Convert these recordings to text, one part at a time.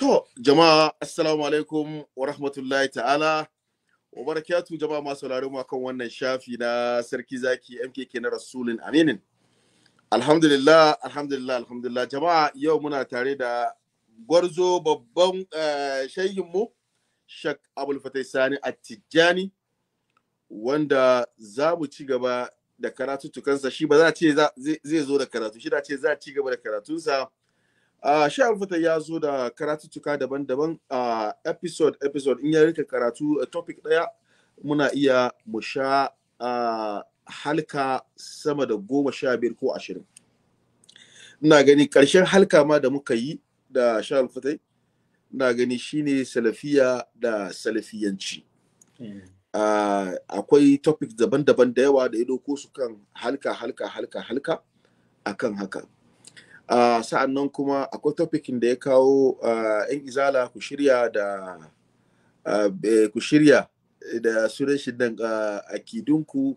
To, jama'a, assalamu alaikum wa rahmatullahi ta'ala. Wa barakatu jama'a masu larin kan wannan shafi na Sarki Zaki MKK na Rasulun Aminin. Alhamdulillah, alhamdulillah, alhamdulillah. Jama'a, yau muna tare da gwarzo babban uh, eh, shayinmu, Shak Abul Fatai Sani Attijani, wanda za mu ci gaba da karatuttukansa shi ba za a ce zai zo da karatu, shi da ce za a ci gaba da karatunsa. Uh, shi alfata ya zo da karatuttuka daban-daban a uh, episode episode in ya rika karatu uh, topic daya muna iya mu sha uh, halka sama da goma sha biyar ko ashirin na gani karshen halka ma da muka yi da sha alfatai na gani shine salafiya da salafiyanci mm. uh, akwai topic daban-daban da yawa da ya doko su kan halka halka halka halka akan haka Uh, ah, sa'an nan kuma akwai topikin da ya kawo uh, ah, 'yan izala ku shirya da uh, ku shirya da sunan akidunku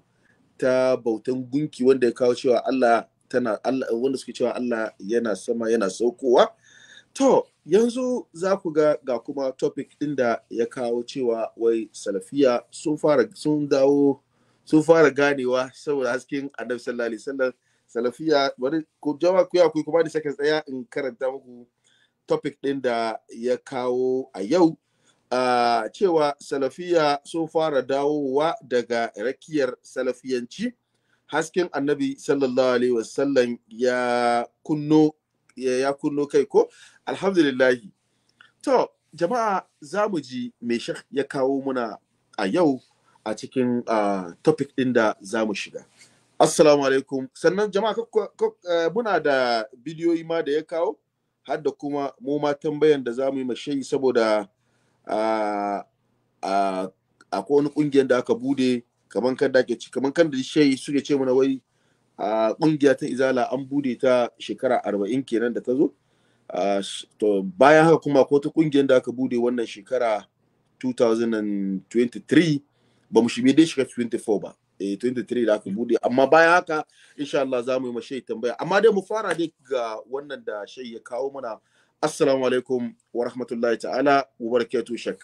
ta bautan gunki wanda ya kawo cewa Allah tana Allah wanda suke cewa Allah yana sama yana saukowa to yanzu za ku ga ga kuma topic din da ya kawo cewa wai salafiya sun fara sun dawo sun fara ganewa saboda hasken annabi sallallahu alaihi wasallam salafiya bari ku jama ku ya ku kuma da seconds tsaya in karanta muku topic din da ya kawo a yau cewa salafiya sun fara dawowa daga rakiyar salafiyanci hasken annabi sallallahu alaihi wasallam ya kunno ya kunno kai ko alhamdulillahi to jama'a za mu ji me shek ya kawo muna a yau a cikin topic din da za mu shiga Assalamu alaikum. Sannan jama'a eh, muna da bidiyoyi ma da ya kawo har da kuma mu ma tambayan da za mu yi mashayi saboda a uh, uh, wani kungiyar da aka bude kaman kan da ke ci kaman kan da shayi suke ce mana wai a kungiya ta izala an bude ta shekara arba'in kenan da ta zo to bayan haka kuma ko ta kungiyar da aka bude wannan shekara 2023 ba mu shige dai shekara 24 ba 23 eh, da aka bude amma bayan haka insha Allah za mu yi mashai tambaya amma dai mu fara dai ga wannan da shai ya kawo mana assalamu alaikum wa rahmatullahi ta'ala wa barakatuh shak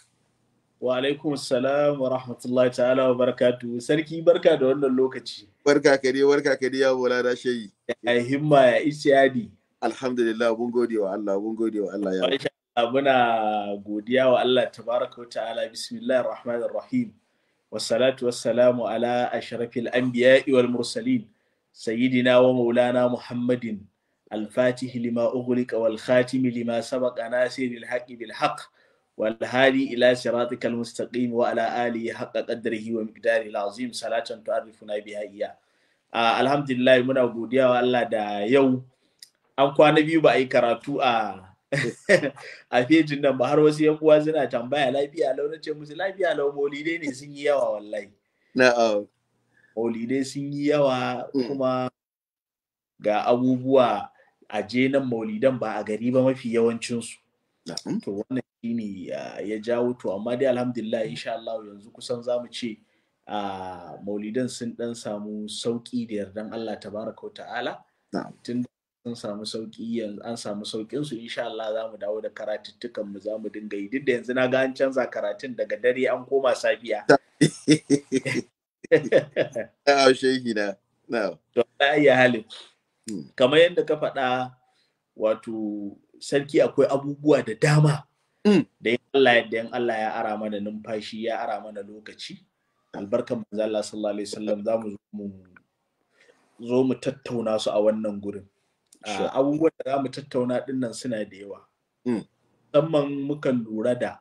wa alaikum assalam wa rahmatullahi ta'ala wa barakatuh sarki barka da wannan lokaci barka ka dai barka ka dai ya bola da shai ya himma ya isyadi alhamdulillah mun gode wa Allah mun gode wa Allah ya muna godiya wa Allah tabaraka wa ta'ala bismillahir rahmanir rahim والصلاة والسلام على أشرف الأنبياء والمرسلين سيدنا ومولانا محمد الفاتح لما أغلق والخاتم لما سبق ناصر الحق بالحق والهادي إلى صراطك المستقيم وعلى آله حق قدره ومقداره العظيم صلاة تعرفنا بها إياه آه الحمد لله من أبو ديا والله دا يوم an kwana biyu ba a yi karatu a a fejin nan ba har wasu yan uwa suna tambaya lafiya lau na ce musu lafiya lau maulidai ne sun yi yawa wallahi na'am maulidai sun yi yawa mm. kuma ga abubuwa a je nan maulidan ba a gari ba mafi yawancinsu to wannan shine ah, ya jawo to amma dai alhamdulillah insha Allah yanzu kusan zamu ce ah, maulidan sun dan samu sauki da yardan Allah tabaraka wa ta'ala tun sun samu sauki yanzu an samu saukin su insha Allah za mu dawo da karatuttukan mu za mu dinga yi duk da yanzu na ga an canza karatun daga dare an koma safiya na shehi na na to halin hmm. kamar yadda ka faɗa wato sarki akwai abubuwa da dama hmm. da yin Allah yadda yin Allah ya ara mana numfashi ya ara mana lokaci albarkan manzo Allah sallallahu alaihi wasallam za mu zo mu tattauna su a wannan gurin Ah, abubuwan da za mu tattauna nan suna da yawa mm. musamman mukan lura da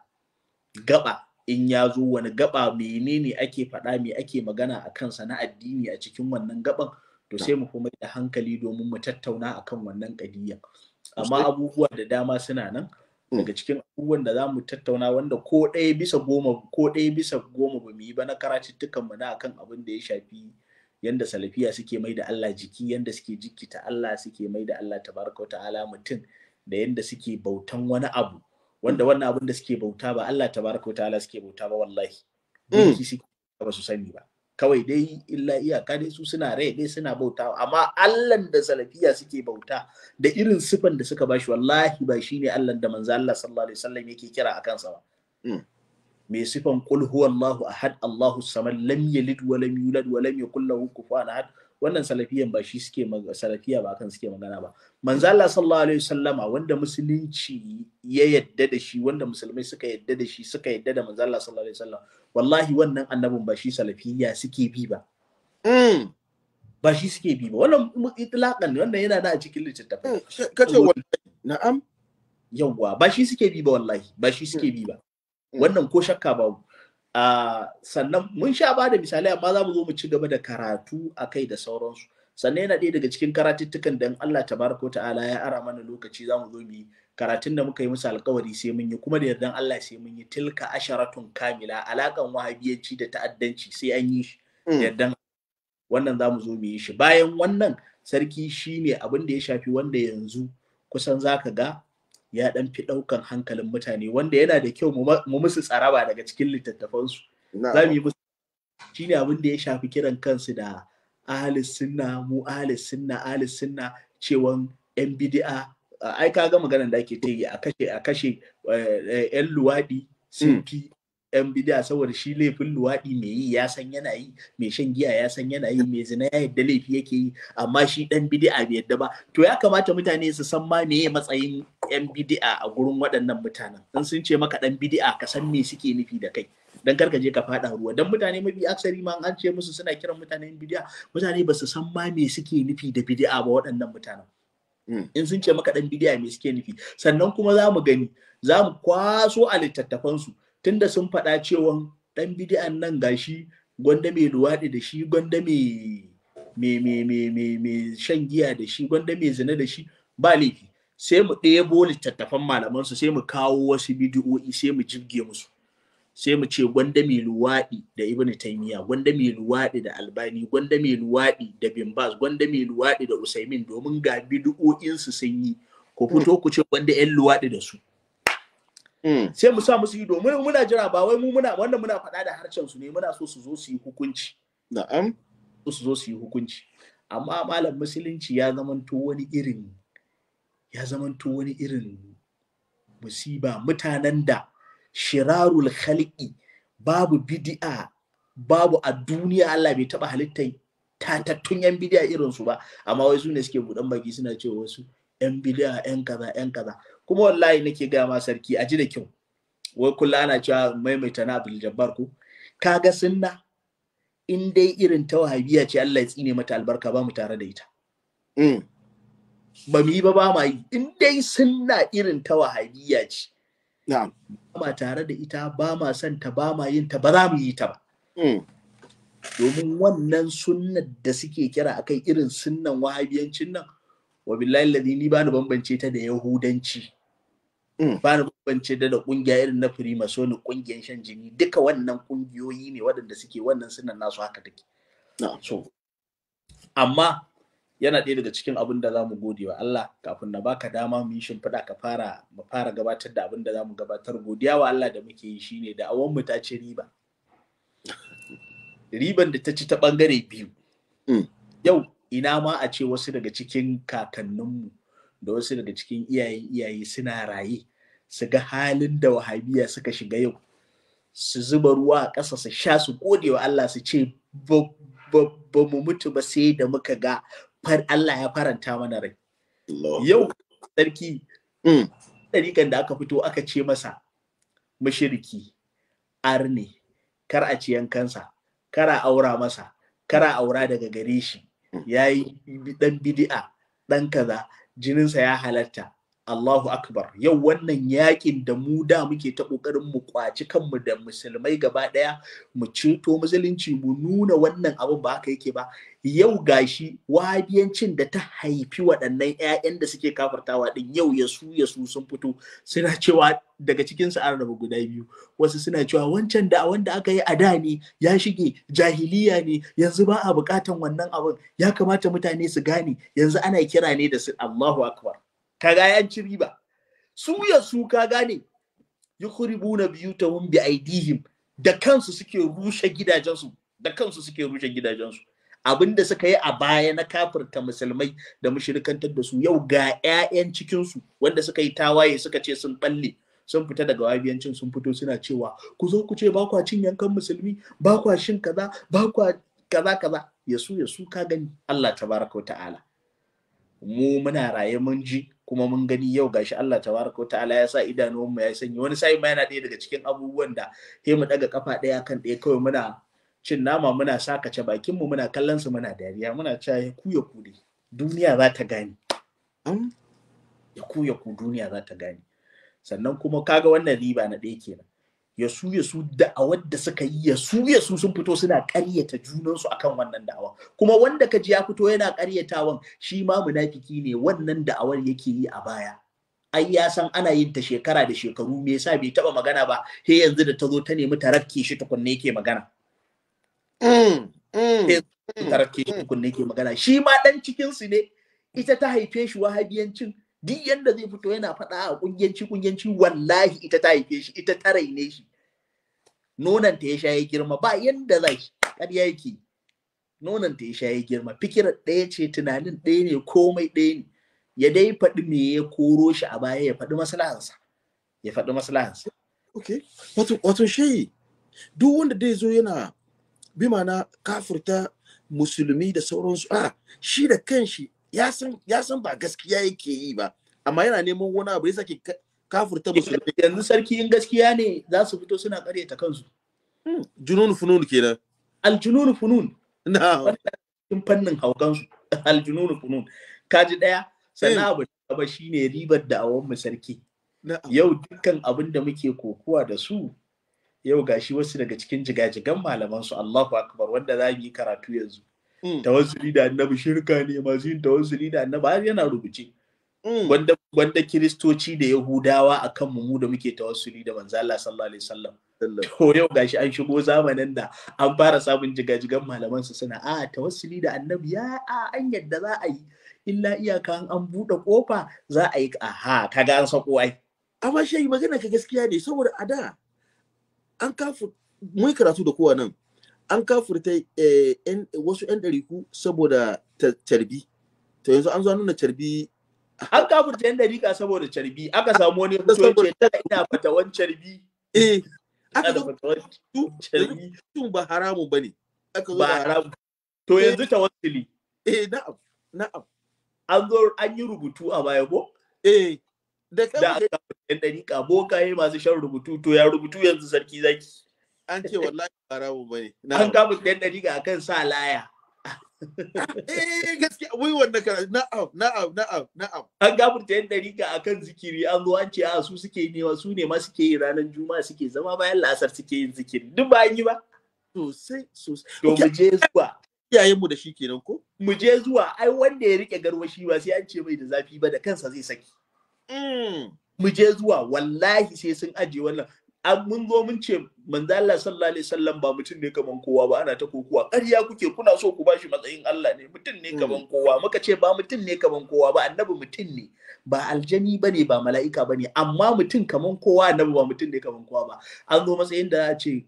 gaba in ya zo wani gaba ne ake faɗa me ake magana a kansa na addini a cikin wannan gaban to sai mu kuma da hankali domin mu tattauna a kan wannan ƙadiyya amma abubuwa da dama suna nan mm. daga cikin abubuwan da za mu tattauna wanda ko ɗaya bisa goma ko ba mu yi ba na karatuttukan mu na akan abin da ya shafi yanda salafiya suke mai da Allah jiki yanda suke jiki ta Allah suke mai da Allah tabaraka ta'ala mutum da yanda suke bautan wani abu wanda wannan abin da suke bauta ba Allah tabaraka ta'ala suke bauta ba wallahi jiki mm. suke ba su sani ba kawai dai illa iyaka dai su suna rai dai suna bauta amma Allahn da salafiya suke bauta da irin sifan da suka bashi wallahi ba shine allan da manzo Allah sallallahu alaihi wasallam yake kira akan sa ba mm. mai sifan kul huwallahu ahad Allahu samad lam yalid wa lam yulad wa lam yakul lahu kufuwan ahad wannan salafiyan ba shi suke salafiya ba kan suke magana ba manzo Allah sallallahu alaihi wasallama wanda musulunci ya yadda da shi wanda musulmai suka yadda da shi suka yadda da manzo Allah sallallahu alaihi wasallam wallahi wannan annabin ba shi salafiya suke bi ba mm. ba shi suke bi ba wannan itlaqan ne wannan yana da a cikin littattafai mm. kace wallahi na'am yawwa ba shi suke bi ba wallahi ba shi suke mm. bi ba wannan ko shakka babu sannan mun sha ba da misalai amma za mu zo mu ci gaba da karatu a kai da sauransu sannan yana ɗaya daga cikin karatuttukan dan Allah tabaraka ta'ala ya ara mana lokaci za mu zo mu yi karatun da muka yi musu alkawari sai mun yi kuma da yardan Allah sai mun yi tilka asharatun kamila alaƙan wahabiyanci da ta'addanci sai an yi shi mm. yardan wannan za mu zo mu yi shi bayan wannan sarki shine abin da ya shafi wanda yanzu kusan zaka ga ya dan fi daukan hankalin mutane wanda yana da kyau mu musu tsaraba daga cikin littattafansu za mu yi musu shine abin da ya shafi kiran kansu da ahli sunna mu ahli sunna ahli sunna cewan yan bid'a ai kaga ga maganar da ake ta yi a kashe a kashe eh, eh, yan luwadi hmm. sun fi yan bidiya saboda shi laifin luwaɗi mai yi ya san yana yi mai shan giya ya san yana yi mai zina ya yadda laifi yake yi amma shi ɗan bidiya bai yadda ba to ya kamata mutane su san ma me matsayin yan bidiya a gurin waɗannan mutanen in sun ce maka ɗan bidiya ka san me suke nufi da kai dan kar ka je ka faɗa ruwa dan mutane mafi aksari ma an ce musu suna kiran mutanen bidiya mutane ba su san ma me suke nufi da bidiya ba waɗannan mutanen hmm. in sun ce maka ɗan bidiya me suke nufi sannan kuma za mu gani za mu kwaso a littattafansu tunda sun faɗa cewa ɗan bidi'an nan gashi gwanda mai luwaɗi da shi gwanda mai shan giya da shi gwanda mai zina da shi ba laifi sai mu ɗaya ɗebo tattafan malamansu sai mu kawo wasu bidiyo'i sai mu jibge musu sai mu ce gwanda mai luwaɗi da ibn taymiya gwanda mai luwaɗi da albani gwanda mai luwaɗi da bimbas gwanda mai luwaɗi da usaimin domin ga bidiyo'insu sun yi ku fito ku ce gwanda yan luwaɗi da su Mm. sai mu sa musu yi domin muna jira ba wai mu muna wanda muna faɗa da harshen su ne muna so su zo su yi hukunci na'am so su zo su yi hukunci amma malam musulunci ya zamanto wani irin ya zamanto wani irin musiba mutanen da shirarul khalqi babu bid'a babu a duniya Allah bai taba ta tatattun yan bidi'a irin su ba amma wai su ne suke budan baki suna cewa wasu yan bidi'a yan kaza yan kaza kuma wallahi nake gaya ma sarki a da kyau wai kullum ana cewa maimaita na abdul jabbar ku kaga sunna in dai irin ta wahabiya ce Allah ya tsine mata albarka ba mu tare da ita mm. ba mu yi ba ba ma yi in dai sunna irin ta wahabiya ce ba tare da ita ba ma son ta ba ma yin ta ba za mu yi ta ba mm. domin wannan sunnar da suke kira akai irin sunnan wahabiyancin nan wa billahi ladini ba ni bambance ta da yahudanci Mm. ba na bambance da da kungiya irin na ni kungiyan shan jini duka wannan kungiyoyi ne waɗanda suke wannan sunan nasu haka take so amma yana ɗaya daga cikin abin da zamu gode wa Allah kafin na baka dama mu yi shimfiɗa ka fara mu fara gabatar da abin da za gabatar godiya wa Allah da muke yi shine da awon mu ta ci riba riban da ta ci ta bangare biyu mm. yau ina ma a ce wasu daga cikin kakanninmu da wasu daga cikin iyaye iyaye suna raye su ga halin da wahabiya suka shiga yau su zuba ruwa a ƙasa su sha su gode wa Allah su ce ba mu mutu ba sai da muka ga far Allah ya faranta mana rai yau sarki mm. ɗarikan da aka fito aka ce masa mashiriki arne kar a ci yankansa kara aura masa kara aura daga gare shi mm. ya yi ɗan bidi'a ɗan kaza jininsa ya halatta Allahu akbar yau wannan yakin da mu da muke ta ƙoƙarin mu kwaci kanmu da musulmai gaba daya mu ceto musulunci mu nuna wannan abin ba haka yake ba yau gashi wadiyancin da ta haifi waɗannan ƴaƴan da suke kafartawa ɗin yau ya su ya su sun fito suna cewa daga cikin su an guda biyu wasu suna cewa wancan da wanda aka yi a da ne ya shige jahiliya ne yanzu ba a buƙatan wannan abin ya kamata mutane su gane yanzu ana kira ne da su Allahu akbar kaga an ci riba su ya su ka gane yukhribuna biyutahum bi aidihim da kansu suke rushe gidajensu da kansu suke rushe gidajensu abinda suka yi a baya na kafirta musulmai da mushrikantar da su yau ga 'ya'yan cikinsu wanda suka yi tawaye suka ce sun balle sun fita daga wabiyancin sun fito suna cewa ku zo ku ce ba kwa cin yankan musulmi ba kwa shin kaza ba kwa kaza kaza yasu yasu ka gani Allah tabaraka ta'ala mu muna raye mun ji kuma mun gani yau gashi Allah tabaraka ta'ala ya sa idanun mu ya sanya wani sai ma yana ɗaya daga cikin abubuwan da he mu daga kafa ɗaya kan ɗaya kawai muna cin nama muna sakace bakin mu muna kallon su muna dariya muna cewa ku ya ku duniya za ta ya ku ya ku duniya za ta gane sannan kuma kaga wannan riba na ɗaya kenan yasu yasu da'awar da suka yi yasu yasu sun fito suna ƙaryata junansu akan wannan da'awa kuma wanda ka ji ya fito yana ƙaryatawan shi ma munafiki ne wannan da'awar yake yi a baya ai ya san ana yin ta shekara da shekaru me yasa bai taba magana ba he yanzu da ta zo ta nemi tarakki shi tukunne yake magana mm, mm, mm, tarakki shi tukunne yake magana shi ma dan cikin su ne ita ta haife shi wahabiyancin duk yadda zai fito yana faɗa a kungiyanci kungiyanci wallahi ita ta haife shi ita ta raine shi nonan ta ya sha ya girma ba yadda zai ƙarya yake nonan ta ya sha ya girma fikirar ɗaya ce tunanin ɗaya ne komai ɗaya ne ya dai faɗi me ya koro shi a baya ya faɗi maslahansa ya faɗi maslahansa ok wato wato shi duk wanda dai zo yana bi ma'ana kafurta musulmi da sauransu a shi da kanshi ya san ba gaskiya yake yi ba amma yana neman wani abu yasa ke kafurta musulmi yanzu sarki in gaskiya ne za su fito suna karyata kansu hmm. junun funun kenan aljunun funun na cikin fannin haukansu aljunun funun kaji daya sannan eh. abu shi shine ribar da awon mu sarki yau dukkan abin da muke kokuwa da su yau gashi wasu daga cikin jigajigan malaman su Allahu akbar wanda za mu yi karatu yanzu Mm. tawassuli da annabi shirka ne masu yin tawassuli da annabi har yana rubuce mm. wanda kiristoci da yahudawa akan mu da muke tawassuli da manzo Allah sallallahu alaihi wasallam to yau gashi an shigo zamanin da an fara samun jigajigan malaman su suna a tawassuli da annabi ya a an yadda za a yi illa iyaka an buɗe kofa za a yi aha kaga an sako ai amma shi magana ka gaskiya ne saboda a da an kafu mun karatu da kowa nan an kafurta eh, wasu 'yan ɗariku saboda carbi to yanzu an zo nuna carbi an kafurta 'yan ɗarika saboda carbi aka samu wani fito ce ta ina fatawan carbi eh aka zo carbi tun ba haramu ba ne ba haramu to eh. yanzu ta tawassuli eh na'am na'am an zo an yi rubutu a baya ko eh da kan da kafurta 'yan ɗarika bokaye masu shan rubutu to ya rubutu yanzu sarki zaki an ce wallahi ba bane an kama ɗan ga akan sa laya eh gaskiya wai wannan kana na'am na'am na'am na'am an gafarta yan ga akan zikiri an zo an ce a su suke ne su ne ma suke yi ranar juma'a suke zama bayan lasar suke yin zikiri duk ba yi ba sosai sosai to mu je zuwa iyayenmu da shi kenan ko mu je zuwa ai wanda ya rike garwashi ba sai an ce mai da zafi ba da kansa zai saki mm. mu je zuwa wallahi sai sun aje wannan mun zo mun ce manzo Allah sallallahu alaihi wasallam ba mutum ne kaman kowa ba ana ta kokuwa ƙarya kuke kuna so ku bashi matsayin Allah ne mutum ne hmm. kaman kowa muka ce ba mutum ne kaman kowa ba annabi mutum ne ba aljani bane ba mala'ika bane amma mutum kaman kowa annabi ba mutum ne kaman kowa ba an zo matsayin da a ce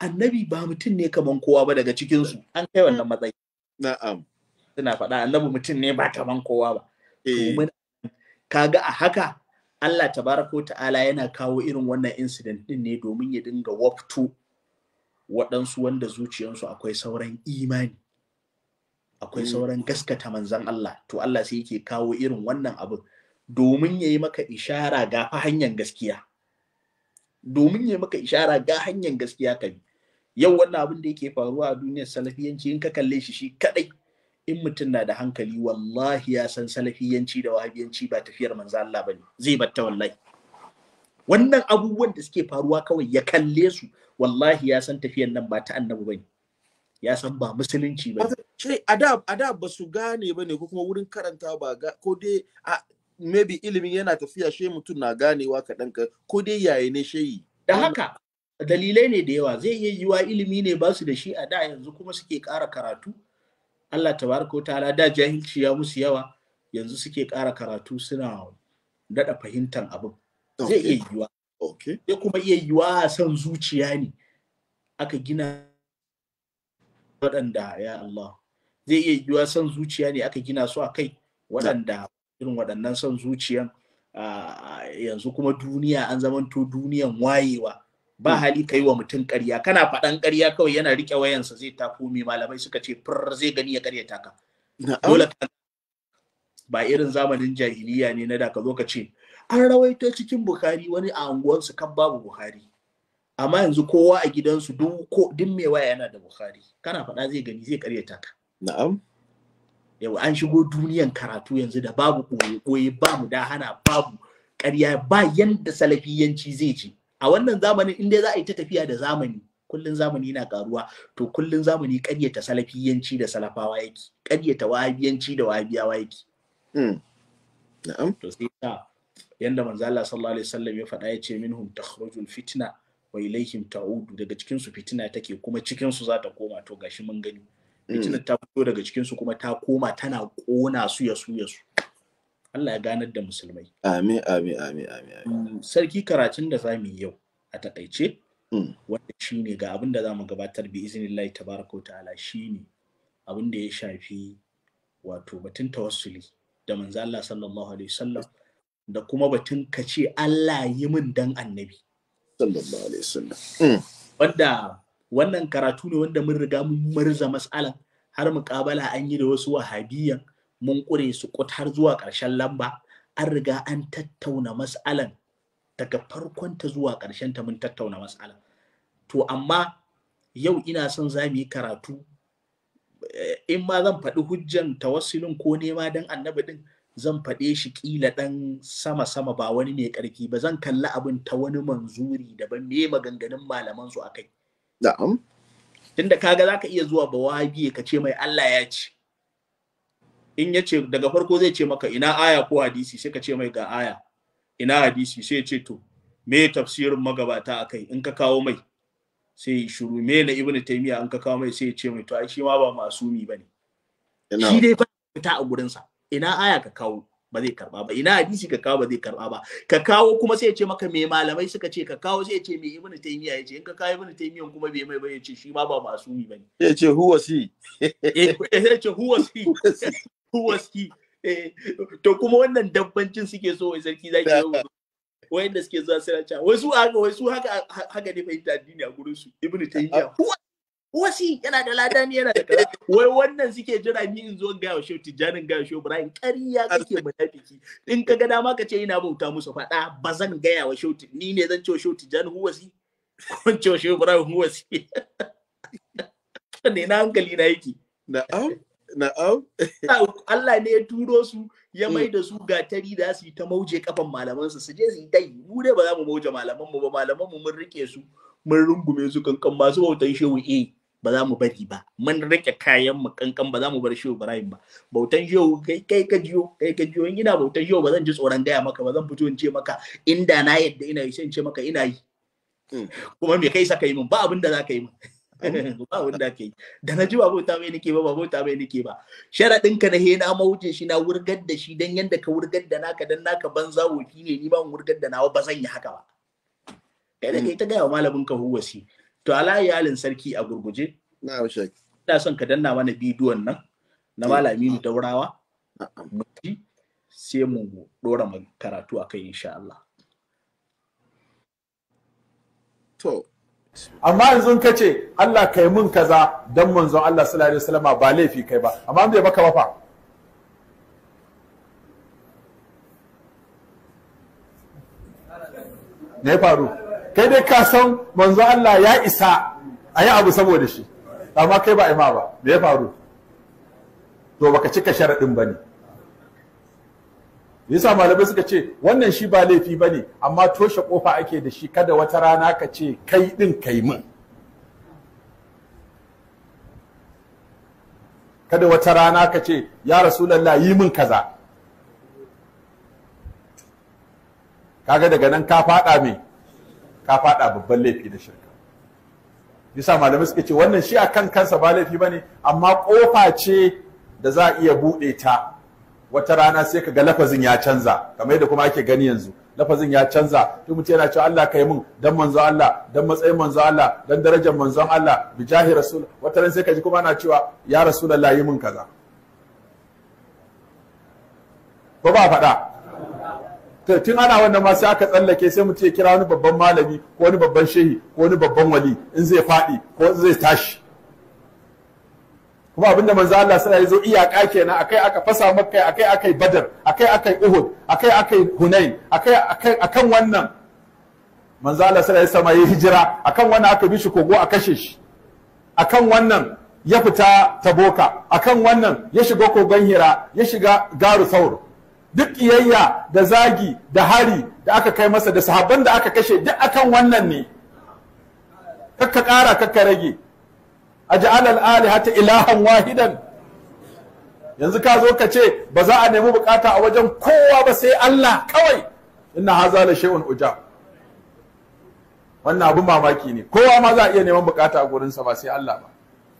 annabi ba mutum ne kaman kowa ba daga cikin su an kai wannan hmm. matsayi na'am suna faɗa annabi mutum ne ba kaman kowa ba eh. kaga a haka Allah tabaraka ta'ala yana kawo irin wannan incident din ne domin ya dinga waftu waɗansu wanda zuciyansu akwai sauran imani akwai mm. sauran gaskata manzan Allah to Allah sai yake kawo irin wannan abin domin ya yi maka ishara ga hanyar gaskiya domin ya yi maka ishara ga hanyar gaskiya ka bi yau wannan abin da yake faruwa a duniyar salafiyanci in ka kalle shi shi kadai in mutum na da hankali wallahi ya san salafiyanci da wahabiyanci ba tafiyar manzo Allah bane zai batta wallahi wannan abubuwan da suke faruwa kawai ya kalle su wallahi ya san tafiyar nan ba ta annabi bane ya san ba musulunci ba sai adab adab ba su gane bane ko kuma wurin karanta ba ko dai maybe ilimin yana tafiya she mutum na ganewa kaɗan ka ko dai yaye ne shayi da haka dalilai ne da yawa zai iya yiwa ilimi ne ba su da shi a da yanzu kuma suke ƙara karatu Allah tabaraka wa ta'ala da jahilci ya musu yawa yanzu suke ƙara karatu suna daɗa fahimtar abu zai iya yiwa zai kuma iya yiwa san zuciya ne aka gina waɗanda ya Allah zai iya yiwa san zuciya ne aka gina su a kai waɗanda irin waɗannan san zuciyan yanzu kuma duniya an zamanto duniyan wayewa ba hmm. hali kai wa mutum ƙarya kana faɗan ƙarya kawai yana riƙe wayansa zai ta mai malamai suka ce fur zai gani ya ƙarya taka dole ba irin zamanin jahiliya ne na da ka zo ka ce an rawaito cikin Bukhari wani a unguwarsu kan babu Bukhari. Amma yanzu kowa a gidansu duk mai waya yana da Bukhari. Kana faɗa zai gani zai karyata ka. Na'am. Yau an shigo duniyan karatu yanzu da babu ɓoye-ɓoye babu da hana babu ƙarya ba yanda salafiyanci zai ce a wannan zamanin in dai za a yi ta tafiya da zamani kullun zamani na karuwa to kullun zamani ƙaryata salafiyanci da salafawa yake ƙaryata wahabiyanci da wahabiyawa yake hmm. na'am to sai ta yanda manzo Allah sallallahu alaihi wasallam ya faɗa ya ce minhum takhrujul fitna wa ilaihim ta'udu daga cikin su fitina take kuma cikin su za ta koma to gashi mun gani hmm. fitinar ta fito daga cikin su kuma ta koma tana kona su ya su Allah ya ganar da musulmai. Amin, amin, amin, amin. Mm, sarki karatun da za mu yi yau a takaice, mm. wanda shi ne ga abin da za mu gabatar bi ta baraka wa ta'ala shi ne abin da ya shafi wato batun tawassuli da manzo Allah sallallahu alaihi wasallam da kuma batun ka ce Allah yi min dan annabi. Sallallahu alaihi wasallam. Mm. Wanda wannan karatu ne wanda mun riga mun marza mas'alan har muƙabala an yi da wasu wahabiyan mun ƙure su har zuwa ƙarshen lamba an riga an tattauna mas'alan daga farkon ta zuwa ƙarshen ta mun tattauna mas'alan to amma yau ina son za mu yi karatu eh, in ma zan faɗi hujjan tawassulin ko nema don annabi din zan faɗe shi ƙila ɗan sama-sama ba wani ne ƙarfi ba zan kalli abin ta wani manzuri daban me maganganun malaman su akai Da'am. tunda kaga zaka iya zuwa bawabi ka ce mai Allah ya ce in ya ce daga farko zai ce maka ina aya ko hadisi sai ka ce mai ga aya ina hadisi sai ya ce to me tafsirin magabata akai in ka kawo mai sai ya shuru me na ibn taymiya in ka kawo mai sai ya ce mai to ai shi ma ba masumi bane shi dai ba fita a gurin sa ina aya ka kawo ba zai karba ba ina hadisi ka kawo ba zai karba ba ka kawo kuma sai ya ce maka me malamai suka ce ka kawo sai ya ce me ibnu taymiya ya ce in ka kawo ibnu taymiya kuma bai mai ba ya ce shi ma ba masumi bane ya ce who was he eh, ya ce who was he who was he eh, to kuma wannan dabbancin suke so wai sarki zaki yi wayanda suke zuwa suna cewa wasu haka wasu haka haka ne fahimta addini a gurin su ibnu taymiya who was wasi yana da lada ne yana da kara. wai wannan suke jira ni in zo ga yaushe tijanin ga yaushe Ibrahim ƙarya kake munafiki in ka ga dama ka ce ina bauta musu faɗa ba zan ga yawa shoti, ni ne zan ce shoti, jan huwasi ko ce shoti, Ibrahim huwasi ne na hankali na yake na'am na'am Allah ne ya turo su ya mm. mai da su tari da su yi ta mauje kafan malaman su su je su yi dai mu dai ba za mu mauje malaman mu ba malaman mu mun rike su mun rungume su kankan masu bautan shehu eh ba za mu bari ba mun rike kayan mu kankan ba za mu bar shehu ibrahim ba bautan jiyo kai kai ka jiyo kai ka jiyo ina bautan jiyo ba zan ji tsoron gaya maka ba zan fito in ce maka inda na yadda ina yi sai in ce maka ina yi hmm. kuma me kai saka yi min ba abin da za ka yi min ba wanda yi, da na ji ba bauta mai nake ba ba bauta mai nake ba sharadin ka na he na mawuce shi na wurgar da shi dan yanda ka wurgar da naka dan naka banza woki ne ni ba wurgar da nawa ba zan yi haka ba kai da kai ta gaya wa malamin ka huwasi to ala yalin sarki a gurguje na ina son ka danna mana bidiyon nan na malami eh. mu daurawa mu sai mu dora mu karatu akai insha Allah to amma yanzu ka ce Allah kai mun kaza dan manzo Allah sallallahu alaihi wasallam ba laifi kai ba amma bai baka ba fa ne faru kai dai ka san manzo Allah ya isa a yi abu saboda shi amma kai ba ima ba me ya faru to baka cika sharaɗin ba ne yasa malamai suka ce wannan shi ba laifi ba ne amma toshe kofa ake da shi kada wata rana ka ce kai ɗin kai min kada wata rana ka ce ya rasulallah yi min kaza kaga daga nan ka faɗa mai ka faɗa babban laifi da shirka yasa malamai suka ce wannan shi kan kansa ba laifi ba ne amma kofa ce da za a iya buɗe ta wata rana sai ka ga lafazin ya canza kamar yadda kuma ake gani yanzu lafazin ya canza to mutum yana cewa Allah kai mun dan manzo Allah dan matsayin manzo Allah dan darajar manzon Allah bi jahi rasul wata ran sai ka ji kuma ana cewa ya rasu lallayi mun kaza ko ba faɗa tun ana wannan ma sai aka tsallake sai mu ya kira wani babban malami ko wani babban shehi ko wani babban wali in zai faɗi ko in zai tashi kuma abinda manzo Allah sai ya zo iyaka kenan akai aka fasa makka akai akai badar akai akai uhud akai akai hunain akai akai akan wannan manzo Allah sai ya sama ya hijira akan wannan aka bi shi kogo a kashe shi akan wannan ya fita taboka akan wannan ya shiga kogon hira ya shiga garu saur duk iyayya da zagi da hari da aka kai masa da sahabban da aka kashe duk akan wannan ne kakka ƙara kakka rage aj'al al ta ilahan wahidan yanzu ka zo ka ce ba za a nemi bukata a wajen kowa ba sai Allah kawai inna haza la shay'un uja wannan abu mamaki ne kowa ma za a iya neman bukata a gurin sa ba sai Allah ba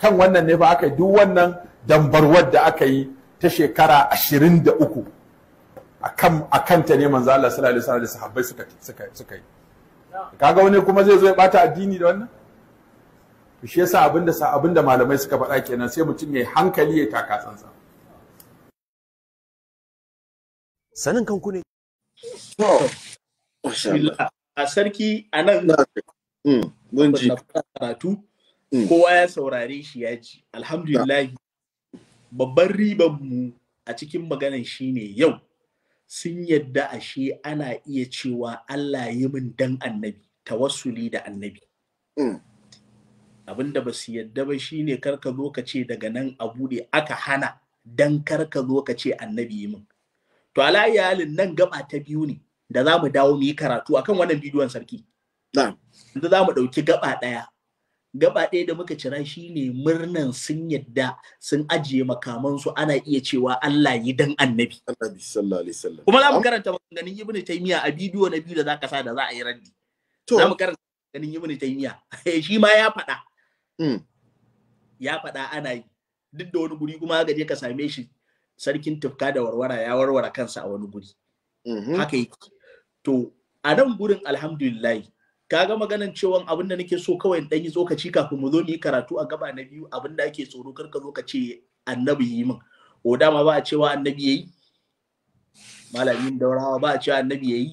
kan wannan ne ba aka yi duk wannan dambarwar da aka yi ta shekara ashirin da uku a ta ne manzo Allah sallallahu alaihi wasallam da sahabbai suka suka suka yi kaga wani kuma zai zo ya bata addini da wannan shi yasa abinda sa abinda malamai suka faɗa kenan sai mutum ya hankali ya taka tsantsa sanin kanku ne to a sarki anan hmm, mun ji karatu hmm. kowa ya saurare shi ya ji alhamdulillah babban riban mu a cikin maganan shine yau sun yadda ashe ana iya cewa Allah yi min dan annabi tawassuli da annabi mm. abinda ba su yadda ba shine karka zo daga nan a bude aka hana dan karka zo annabi yi min to ala iyalin nan gaba ta biyu ne da za mu dawo mu yi karatu akan wannan bidiyon sarki da za mu ɗauki gaba ɗaya gaba ɗaya da muka cira shi ne murnan sun yadda sun ajiye makamansu ana iya cewa Allah yi dan annabi. Kuma za mu karanta maganganun Ibn Taymiya a bidiyo na biyu da za ka sa da za a yi raddi. Za mu karanta maganganun Ibn Taymiya. Eh, shi ma ya faɗa. Hmm. Ya faɗa ana yi. Duk da wani guri kuma ga je ka same shi sarkin tufka da warwara ya warware kansa a wani guri. Mhm. Haka yake. To a nan gurin alhamdulillahi kaga maganan cewa abin da nake so kawai dan yi tsokaci kafin mu zo mu yi karatu a gaba na biyu abin da ake tsoro karka zo ka ce annabi yi min o dama ba a cewa annabi yayi malamin daurawa ba a cewa annabi yayi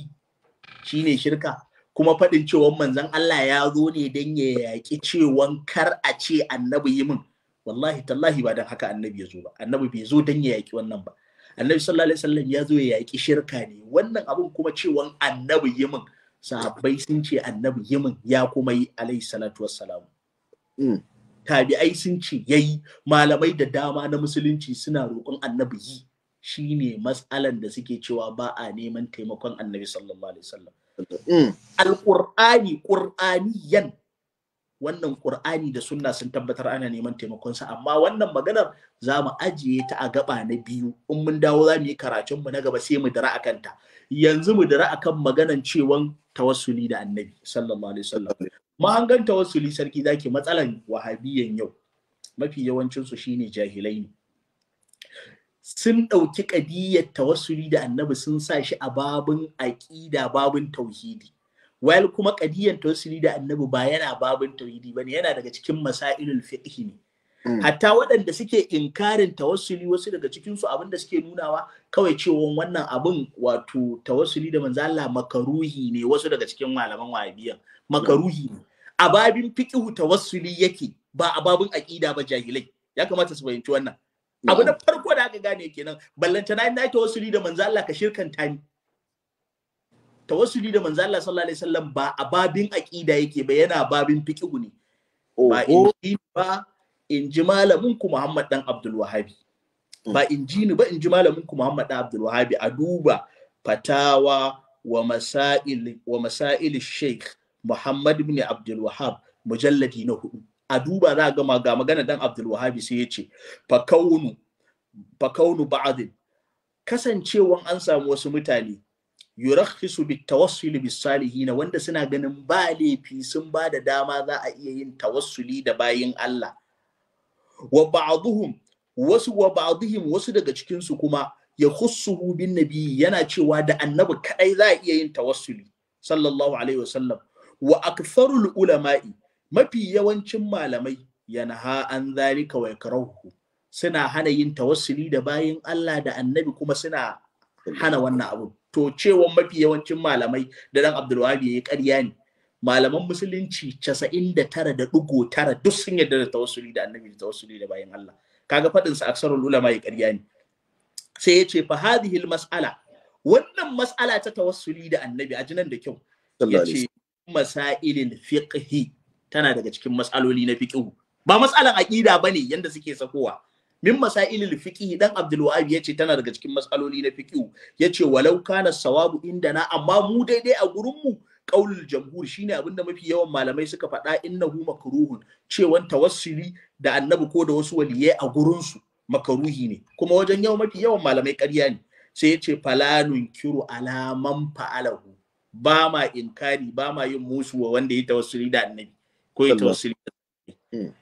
shine shirka kuma faɗin cewa manzon Allah ya zo ne dan ya yaƙi cewan kar a ce annabi yi min wallahi tallahi ba dan haka annabi ya zo ba annabi bai zo dan ya yaƙi wannan ba annabi sallallahu alaihi wasallam ya zo ya yaƙi shirka ne wannan abin kuma cewan annabi yi min sahabbai sun ce annabi yimin ya kuma yi alayhi salatu wassalam hmm. tabi'ai sun ce yayi malamai da dama na musulunci suna roƙon annabi yi shine matsalan da suke cewa ba a neman taimakon annabi sallallahu alaihi wasallam hmm. alqur'ani qur'aniyan wannan ƙur'ani da sunna sun tabbatar ana neman taimakon sa, amma wannan maganar za mu ajiye ta a gaba na biyu in mun dawo za mu yi karatun mu na gaba sai mu dira akan ta yanzu mu dira akan maganan cewan tawassuli da annabi sallallahu alaihi wasallam mahangan tawassuli sarki zaki matsalan wahabiyan yau mafi yawancinsu shine jahilai ne sun ɗauki ƙadiyyar tawassuli da annabi sun sa shi a babun aƙida babun tauhidi wal kuma kadiyan tausiri da annabi ba yana babin tauhidi bane yana daga cikin masailul fiqhi ne mm. hatta waɗanda suke inkarin tawassuli wasu daga cikin su abinda suke nunawa kawai cewa wannan abun wato tawassuli da manzo Allah makaruhi ne wasu daga cikin malaman wahabiya makaruhi ne a babin fiqhu tawassuli yake ba a babin aqida ba jahilai ya kamata su fahimci wannan abu na farko da aka gane kenan ballantana na tawassuli da manzo Allah ka shirkanta ni tawassuli da manzo Allah sallallahu alaihi wasallam ba a babin aqida yake ba yana babin fiqhu ne ba in ba ji malamin ku Muhammad dan Abdul Wahabi mm. ba ji ni ba ji malamin ku Muhammad dan Abdul Wahabi a duba fatawa wa masail wa masail Sheikh Muhammad ibn Abdul Wahhab mujalladi na hudu a duba za ga ga magana dan Abdul Wahabi sai yace, fa kaunu fa kaunu ba'd kasancewan an samu wasu mutane yurakhisu bitawassul bisalihin wanda suna ganin ba laifi sun ba da dama za a iya yin tawassuli da bayin Allah wa ba'dhum wasu wa wasu daga cikin su kuma ya khussuhu bin nabi yana cewa da annabi kadai za a iya yin tawassuli sallallahu alaihi wasallam wa aktharul ulama'i mafi yawancin malamai yanha an zalika wa yakrahu suna hana yin tawassuli da bayin Allah da annabi kuma suna hana wannan abu to cewa mafi yawancin malamai da dan Abdulwahabi yi ƙarya ne malaman musulunci 99.9 duk sun yarda da tawassuli da annabi da tawassuli da bayan Allah kaga fadin sa aksarul ulama ya ƙarya ne sai ya ce fa hadhihi mas'ala wannan mas'ala ta tawassuli da annabi a jinan da kyau Ya ce masailil fiqhi tana daga cikin mas'aloli na fiqhu ba mas'alan aqida bane yanda suke sakowa min masailil fiqh dan Abdul Wahab yace tana daga cikin masaloli na fiqh yace walau kana sawabu na amma mu daidai a gurin mu qaulul jamhur shine abinda mafi yawan malamai suka faɗa innahu makruhun cewan tawassuli da annabi ko da wasu waliyai a gurin su makaruhi ne kuma wajen yau mafi yawan malamai ƙarya ne sai yace falanun kiru alaman fa'alahu ba ma inkari ba ma yin musu wa wanda ya tawassuli da annabi ko ya tawassuli da hmm.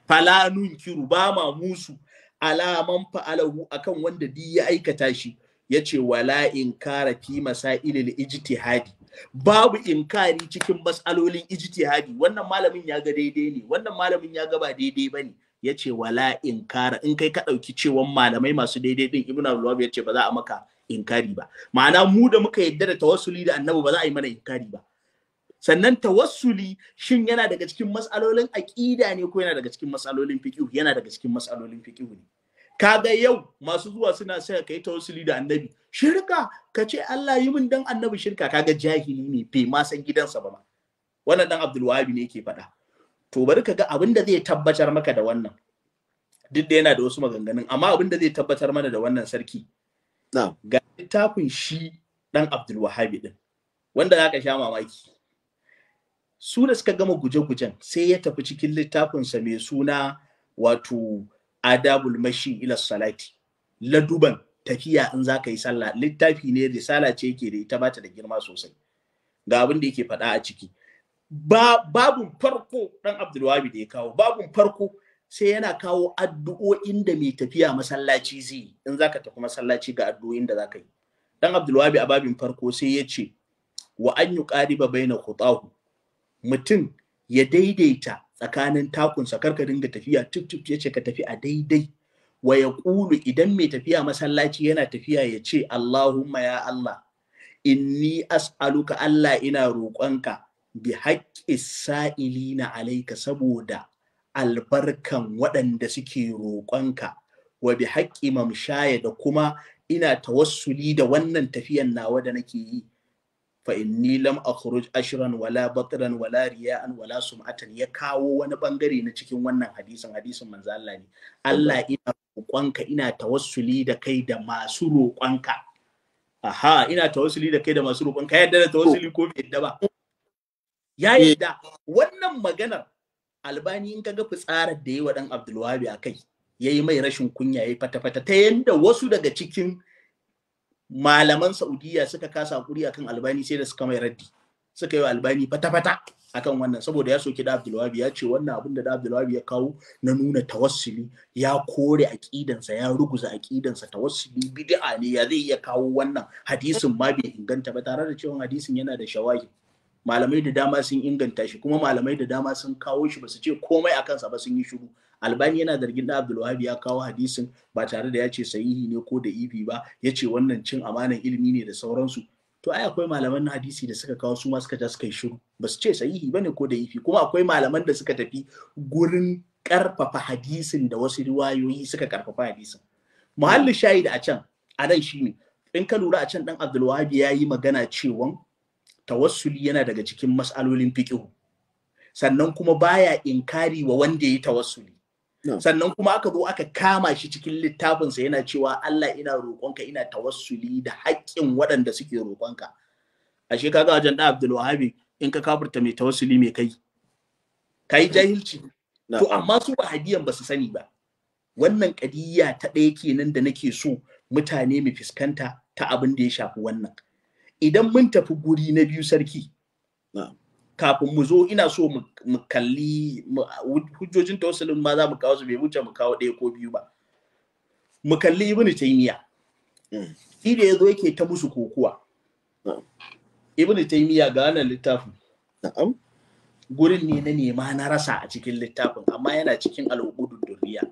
Falanun Kiru ba ma musu alaman fa'alahu akan wanda di ya aikata shi ya ce wala inkara fi masailil ijtihadi babu inkari cikin mas'alolin ijtihadi wannan malamin ya ga daidai ne wannan malamin ya ga ba daidai bane ya ce wala inkara in kai ka ɗauki cewan malamai masu daidai din ibnu abdulwahab ya ce ba za a maka inkari ba ma'ana mu da muka yadda da tawassuli da annabi ba za a yi mana inkari ba sannan tawassuli shin yana daga cikin matsalolin aƙida ne ko yana daga cikin matsalolin fiqh yana daga cikin matsalolin fiqh ne kaga yau masu zuwa suna sai kai tawassuli da annabi shirka ka ce Allah yi min dan annabi shirka kaga jahili ne bai ma san gidansa ba ma wannan dan Abdul Wahabi ne yake faɗa to bari ga abin da zai tabbatar maka da wannan duk da yana da wasu maganganun amma abin da zai tabbatar mana da wannan sarki ga littafin shi dan Abdul Wahabi din wanda zaka sha mamaki su da suka gama guje-gujen sai ya tafi cikin littafinsa mai suna wato adabul mashi ila salati laduban tafiya in za ka yi sallah littafi ne risala ce yake da ita bata da girma sosai ga abin da yake faɗa a ciki ba babun farko dan abdulwabi da ya kawo babun farko sai yana kawo addu'o'in da mai tafiya masallaci zai yi in ka tafi masallaci ga addu'o'in da ka yi dan abdulwabi a babin farko sai ya ce wa an bai na khutahu mutum ya daidaita tsakanin takunsa karka dinga tafiya tuk tuk ya ce ka tafi a daidai wa ya kulu idan mai tafiya masallaci yana tafiya ya ce Allahumma ya Allah inni as'aluka Allah ina roƙonka bi haƙƙi sa'ilina alaika saboda albarkan waɗanda suke roƙonka wa bi haƙƙi mamshaya da kuma ina tawassuli da wannan tafiyan nawa da nake yi fa ni lam akhruj ashran wala batran wala riya'an wala sum'atan ya kawo wani bangare na cikin wannan hadisin hadisin manzo Allah ne Allah ina roƙonka ina tawassuli da kai da masu roƙonka aha ina tawassuli da kai da masu roƙonka yadda da tawassuli ko bai yadda ba ya eh. yadda wannan maganar albani in kaga fitsarar da yi wa dan Abdulwahabi akai yayi mai rashin kunya yayi fata fata ta yanda wasu daga cikin malaman Saudiya suka kasa hakuri akan Albani sai da suka mai raddi suka yi wa Albani fata-fata akan wannan saboda ya soki da Abdulwahabi ya ce wannan abin da da Abdulwahabi ya kawo na nuna tawassuli ya kore aqidansa ya ruguza aqidansa tawassuli bid'a ne ya zai iya kawo wannan hadisin ma bai inganta ba tare da cewa hadisin yana da shawahi malamai da dama sun inganta shi kuma malamai da dama sun kawo shi ba su ce komai a kansa ba sun yi shiru albani yana zargin da Abdullahi ya kawo hadisin ba tare da ya ce sahihi ne ko da ibi ba ya ce wannan cin amanan ilimi ne da sauransu to ai akwai malaman na hadisi da suka kawo su ma suka ta suka yi shiru ba su ce sahihi ba ne ko da ifi kuma akwai malaman da suka tafi gurin karfafa hadisin da wasu riwayoyi suka karfafa hadisin muhallin shahid a can a nan shine in ka lura a can dan Abdullahi ya yi magana cewan tawassuli yana daga cikin mas'alolin fiqhu sannan kuma baya inkari wa wanda ya tawassuli sannan kuma aka zo aka kama shi cikin littafinsa yana cewa Allah ina roƙonka ina tawassuli da haƙƙin waɗanda suke roƙonka ashe kaga wajen da Abdul Wahabi in ka kafirta mai tawassuli mai kai kai jahilci to amma su ba hadiyan ba su sani ba wannan kadiyya ta ɗaya kenan da nake so mutane mu fuskanta ta abin da ya shafi wannan idan mun tafi guri na biyu sarki kafin mu zo ina so mu kalli hujjojin tausalin ma za mu kawo su bai wuce mu kawo ɗaya ko biyu ba mu kalli ibnu taymiya hmm. shi da yazo yake ta musu kokuwa ibnu taymiya ga wannan littafin gurin ne na nema na rasa a cikin littafin amma yana cikin al'ubudun duniya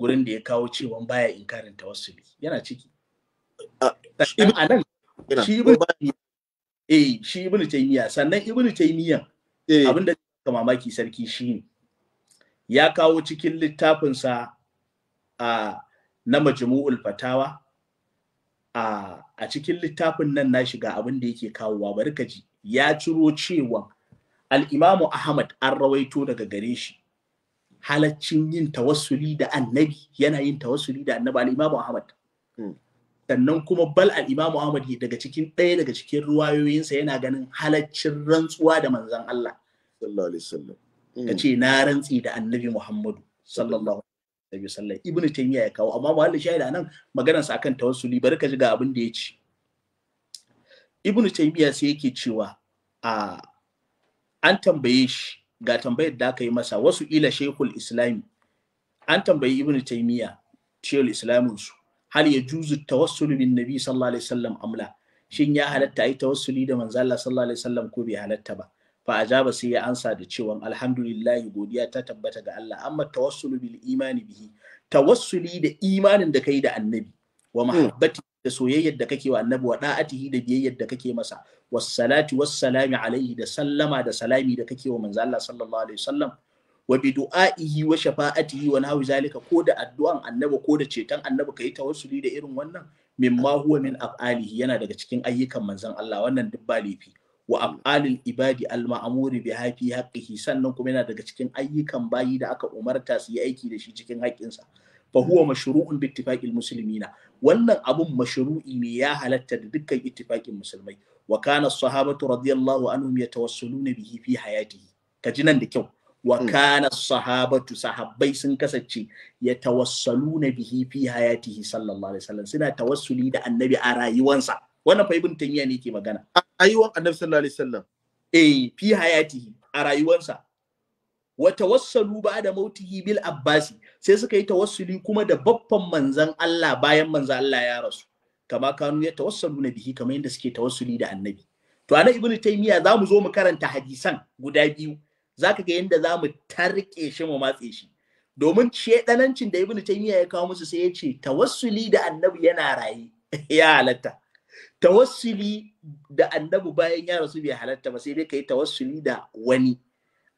gurin da ya kawo cewa baya inkarin tawassuli yana ciki a nan eh shi ibn taymiya sannan ibn taymiya eh. abin da ka mamaki sarki shine ya kawo cikin littafinsa a na majmu'ul fatawa a a cikin littafin nan na shiga abin da yake kawowa bari ka ji ya ciro cewa al-imamu ahmad an rawaito daga gare shi halaccin yin tawassuli da annabi yana yin tawassuli da annabi al ahmad hmm. sannan kuma bal al-imamu ahmad daga cikin ɗaya daga cikin ruwayoyinsa yana ganin halaccin rantsuwa da manzan Allah sallallahu alaihi wasallam hmm. na rantsi da annabi Muhammadu sallallahu alaihi wasallam ibnu taymiya ya kawo amma muhallin da nan maganar sa akan tawassuli bari ka ji ga abin da ya ce ibnu taymiya sai yake cewa a an tambaye shi ga tambayar da aka yi masa wasu ila shaykhul islami an tambayi ibnu taymiya shaykhul islamin su hal ya juzu tawassulu bin nabi sallallahu alaihi wasallam amla shin ya halatta ai tawassuli da manzo Allah sallallahu alaihi wasallam ko bai halatta ba fa ajaba sai ya ansa da cewa alhamdulillahi godiya ta tabbata ga Allah amma tawassulu bil imani bihi tawassuli da imanin da kai da annabi wa mahabbati da soyayyar da kake wa annabi wa da'atihi da biyayyar da kake masa wassalatu wassalami alaihi da sallama da salami da kake wa manzo Allah sallallahu alaihi wasallam wa bi du'a'ihi wa shafa'atihi wa nahwi zalika ko da addu'an annabi ko da ceton annabi kai tawassuli da irin wannan mimma huwa min af'alihi yana daga cikin ayyukan manzon Allah wannan duk ba laifi wa af'alil ibadi al ma'muri bi hafi haqqihi sannan kuma yana daga cikin ayyukan bayi da aka umarta su yi aiki da shi cikin haƙƙinsa fa huwa mashru'un bi ittifaqil muslimina wannan abun mashru'i ne ya halatta da dukkan ittifaqin musulmai wa kana as-sahabatu radiyallahu anhum yatawassaluna bihi fi hayatihi ji nan da kyau wa hmm. kana sahabatu sahabbai sun kasance ya tawassalu na bihi fi hayatihi sallallahu alaihi wasallam suna tawassuli da annabi a rayuwansa wannan fa ibn tayyiya ne ke magana rayuwan annabi sallallahu alaihi wasallam eh fi hayatihi a rayuwansa wa tawassalu ba'da mautihi bil abbasi sai suka yi tawassuli kuma da babban manzan Allah bayan manzan Allah ya rasu kama kanu ya tawassalu na bihi kamar yadda suke tawassuli da annabi to ana ibn taymiya zamu zo mu karanta hadisan guda biyu za ka ga yanda zamu tarke shi mu matse shi domin ɗanancin da ibnu taymiya ya kawo musu sai ya ce tawassuli da annabi yana raye ya halatta tawassuli da annabi bayan ya rasu bai halatta ba sai dai kai tawassuli da wani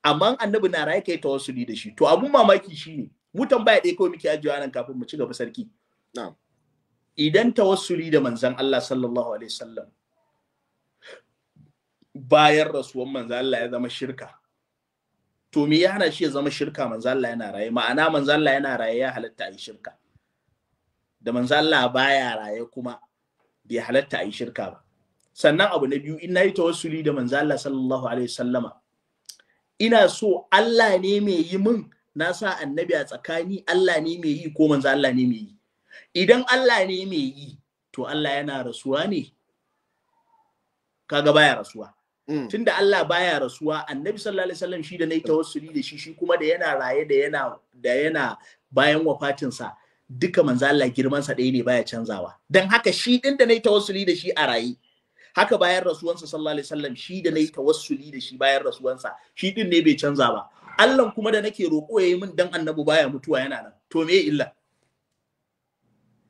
amma annabi na raye kai tawassuli da shi to abun mamaki shine mu tambaya ɗaya kawai muke ajiyewa nan kafin mu ci gaba sarki idan tawassuli da manzon Allah sallallahu alaihi wasallam bayan rasuwan manzo Allah ya zama shirka to me ya hana shi ya zama shirka Manzala yana raye ma'ana Manzala yana raye ya halatta a yi shirka da Manzala baya raye kuma bai halatta a yi shirka ba sannan abu na biyu ina yi tawassuli da Manzala sallallahu alaihi wasallama ina so Allah ne mai yi min na sa annabi a tsakani Allah ne mai yi ko manzo Allah ne mai yi idan Allah ne mai yi to Allah yana rasuwa ne kaga baya rasuwa Mm. tunda Allah baya rasuwa annabi sallallahu alaihi wasallam shi da nayi tawassuli da shi shi kuma da yana raye da yana da yana bayan wafatin duka manzo Allah girman ɗaya ne baya canzawa dan haka shi din da nayi tawassuli da shi a raye haka bayan rasuwansa sallallahu alaihi wasallam shi da nayi tawassuli da shi bayan rasuwansa shi din ne bai canza ba Allah kuma da nake roƙo yayi min dan annabi baya mutuwa yana nan to me illa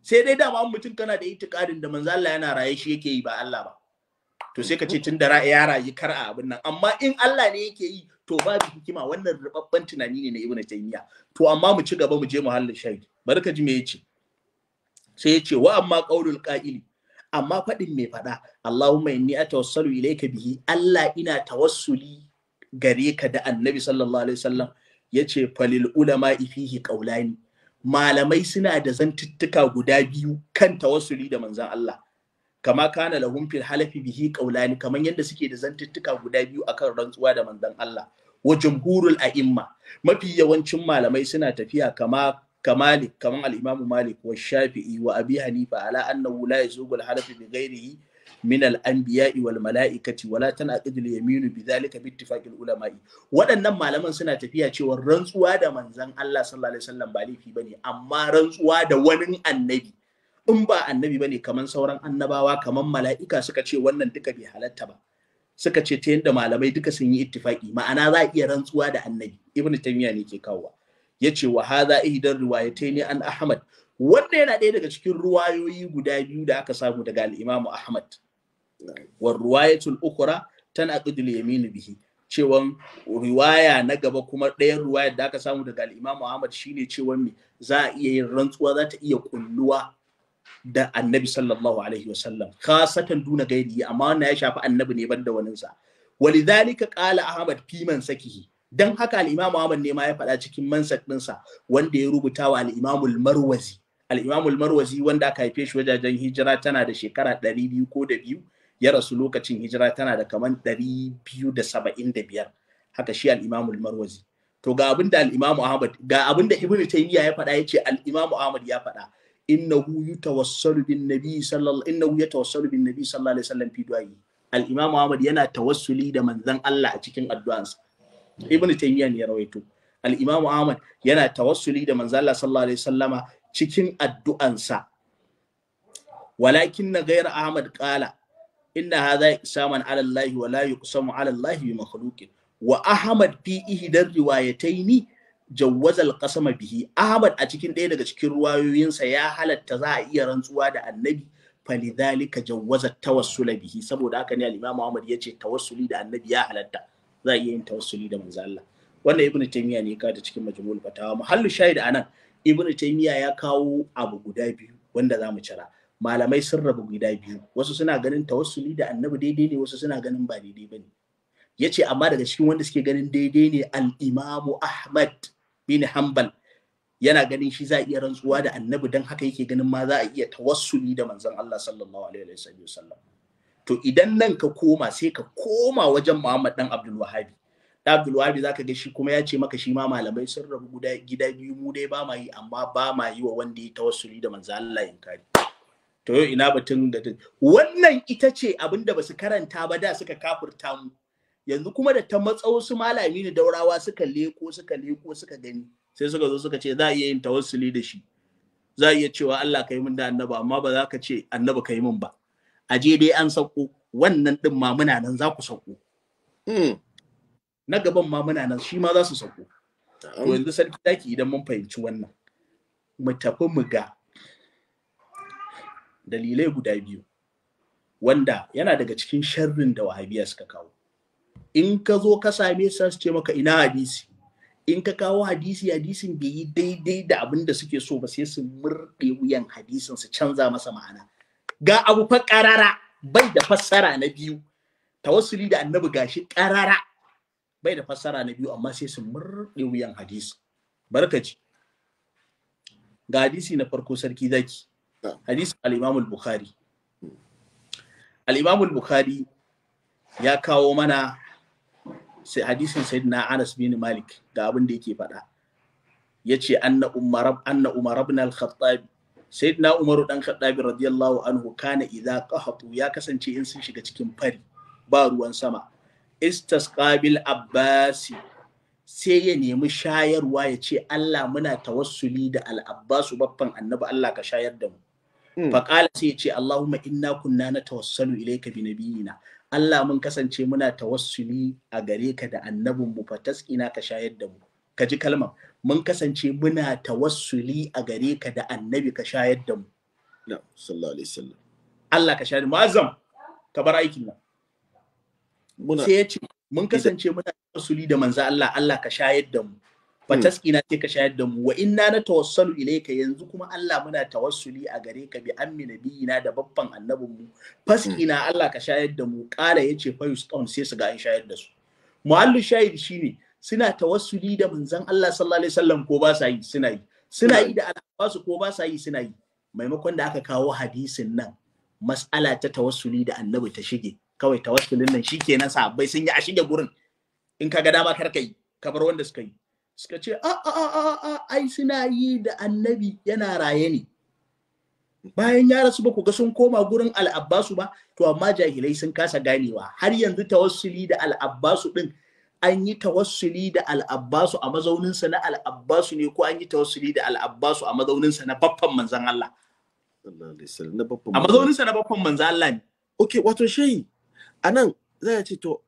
sai dai dama mutum kana da itikadin da manzo Allah yana raye shi yake yi ba Allah ba to sai ka ce tun da ya rayu kar a abin nan amma in Allah ne yake yi to babu hikima wannan rubabban tunani ne na Ibn Taymiya to amma mu ci gaba mu je mu shahid bari ka ji me yace sai yace wa amma qaulul qa'ili amma faɗin me faɗa Allahumma inni atawassalu ilayka bihi Allah ina tawassuli gare ka da Annabi sallallahu alaihi wasallam yace falil ulama fihi qaulani malamai suna da zantuttuka guda biyu kan tawassuli da manzon Allah kama kana lahum fil halafi bihi qawlani kaman yadda suke da zantuttuka guda biyu akan rantsuwa da manzon Allah wa jumhurul a'imma mafi yawancin malamai suna tafiya kama kamalik kaman al-Imam Malik wa Shafi'i wa Abi Hanifa ala annahu la yazugul halafi bi ghairihi min al-anbiya'i wal mala'ikati wala tanaqidu al-yaminu bidhalika bi ittifaqi al-ulama'i waɗannan malaman suna tafiya cewa rantsuwa da manzon Allah sallallahu alaihi wasallam ba laifi bane amma rantsuwa da wani annabi in ba annabi bane kaman sauran annabawa kaman mala'ika suka ce wannan duka bai halatta ba suka ce ta yadda malamai duka sun yi ittifaki ma'ana za a iya rantsuwa da annabi ibnu taymiya ne ke kawowa yace wa hadha ihdan riwayataini an ahmad wanda yana ɗaya daga cikin ruwayoyi guda biyu da aka samu daga al-imamu ahmad wa ruwayatul ukhra tanaqidul yamin bihi cewan riwaya na gaba kuma ɗayan ruwaya da aka samu daga al-imamu ahmad shine cewan za a iya yin rantsuwa za ta iya kulluwa da annabi sallallahu alaihi wasallam khasatan duna gaidi amma wannan ya shafi annabi ne banda waninsa walidhalika qala ahmad fi sakihi dan haka al-imamu ahmad ne ma ya faɗa cikin mansak sa wanda ya rubuta wa al-imamu al-marwazi al-imamu al-marwazi wanda aka haife shi wajajen hijira tana da shekara 200 ko da biyu ya rasu lokacin hijira tana da kaman 275 haka shi al-imamu al-marwazi to ga abinda al-imamu ahmad ga abinda ibnu taymiya ya faɗa yace al-imamu ahmad ya faɗa innahu yatawassalu bin nabi sallallahu innahu yatawassalu bin nabi sallallahu alaihi wasallam fi du'ai al Muhammad yana tawassuli da manzon Allah a cikin addu'ansa ibn taymiyyah ya rawaito al-imam Muhammad yana tawassuli da manzon Allah sallallahu alaihi wasallama cikin addu'ansa walakin na gairar Ahmad kala inna hadha isaman ala Allah wa la yuqsamu ala bi ihi wa Ahmad fi jawwazal qasama bihi ahmad a cikin ɗaya daga cikin ruwayoyinsa ya halatta za a iya rantsuwa da annabi falidhalika jawwaza tawassul bihi saboda haka ne al imamu ahmad yace tawassuli da annabi ya halatta za a iya yin tawassuli da manzo Allah wannan ibnu taymiya ne ka da cikin majmu'ul fatawa muhallu shahid anan ibnu taymiya ya kawo abu guda biyu wanda zamu cira malamai sun rabu guda biyu wasu suna ganin tawassuli da annabi daidai ne wasu suna ganin ba daidai bane yace amma daga cikin wanda suke ganin daidai ne al-imamu ahmad bin hambal yana ganin shi za a iya rantsuwa da annabi don haka yake ganin ma za a iya tawassuli da manzon Allah sallallahu alaihi wa sallam to idan nan ka koma sai ka koma wajen Muhammad dan Abdul Wahhab da Abdul za zaka ga shi kuma ya ce maka shi ma malamai sun rabu guda gida biyu mu dai ba ma yi amma ba ma yi wa wanda ya tawassuli da manzon Allah inkari to ina batun da wannan ita ce abinda basu karanta ba da suka kafurta mu yanzu kuma da ta matsa wasu malami da daurawa suka leko suka leko suka gani sai suka zo suka ce za a iya yin tawassuli da shi za a iya cewa Allah ka yi min da annaba amma ba za ka ce annaba ka yi min ba a je dai an sauko wannan din ma muna nan za ku sauko hmm. na gaban ma muna nan shi ma za su sauko yanzu sarki daki idan mun fahimci wannan mu tafi mu ga dalilai guda biyu wanda yana daga cikin sharrin da wahabiya suka kawo in ka zo ka same su su ce maka ina hadisi in ka kawo hadisi hadisin bai yi daidai da abin da suke so ba sai su murɗe wuyan hadisin su canza masa ma'ana ga abu fa ƙarara bai da fassara na biyu tawassuli da annabi gashi ƙarara bai da fassara na biyu amma sai su murɗe wuyan hadisi barkaci ga hadisi na farko sarki zaki hadisi al-imam al-bukhari al-imam al-bukhari ya kawo mana hadisin sayyidina Anas bin Malik ga abin da yake faɗa yace anna umar anna umar ibn al-khattab sayyidina Umar ɗan Khattab radiyallahu anhu kana idza qahatu ya kasance in sun shiga cikin fari ba ruwan sama Istas istasqabil abbasi sai ya nemi shayarwa ya ce Allah muna tawassuli da al'abbasu baffan annabi Allah ka shayar da mu. Hmm. Faƙala sai ya ce Allahumma inna kunna na tawassalu ilaika bi nabiyina Allah mun kasance muna tawassuli a gare ka da annabin mu fa fataskina ka shayar da mu ka ji kalmar mun kasance muna tawassuli a gare ka da annabi ka shayar da mu na sallallahu alaihi wasallam Allah ka shayar muazzam ka bar aikin nan muna sai ya ce mun kasance muna tawassuli da manzo Allah Allah ka shayar da mu fataski hmm. na ce ka shayar da mu wa inna na tawassalu ilaika yanzu kuma Allah muna tawassuli a gare ka bi ammi nabiyina da babban annabin mu faski hmm. Allah ka shayar da mu kala yace fa yusqon sai su ga an shayar da su muallu shahid shine suna tawassuli da manzon Allah sallallahu alaihi wasallam ko ba sa yi suna yi suna hmm. yi da albasu ko ba sa yi suna yi maimakon da aka kawo hadisin nan mas'ala ta tawassuli da annabi ta shige kawai tawassulin nan shikenan sahabbai sun yi a shige gurin in ka ga dama kar ka yi kamar wanda suka yi suka ce a a a a ai suna yi da annabi yana raye ne bayan ya rasu ba ku ga sun koma gurin al'abbasu ba to amma jahilai sun kasa ganewa har yanzu tawassuli da al'abbasu din an yi tawassuli da al'abbasu a mazauninsa na al'abbasu ne ko an yi tawassuli da al'abbasu a mazauninsa na baffan manzan Allah a mazauninsa na baffan manzan Allah ne okay wato shehi anan za a ce to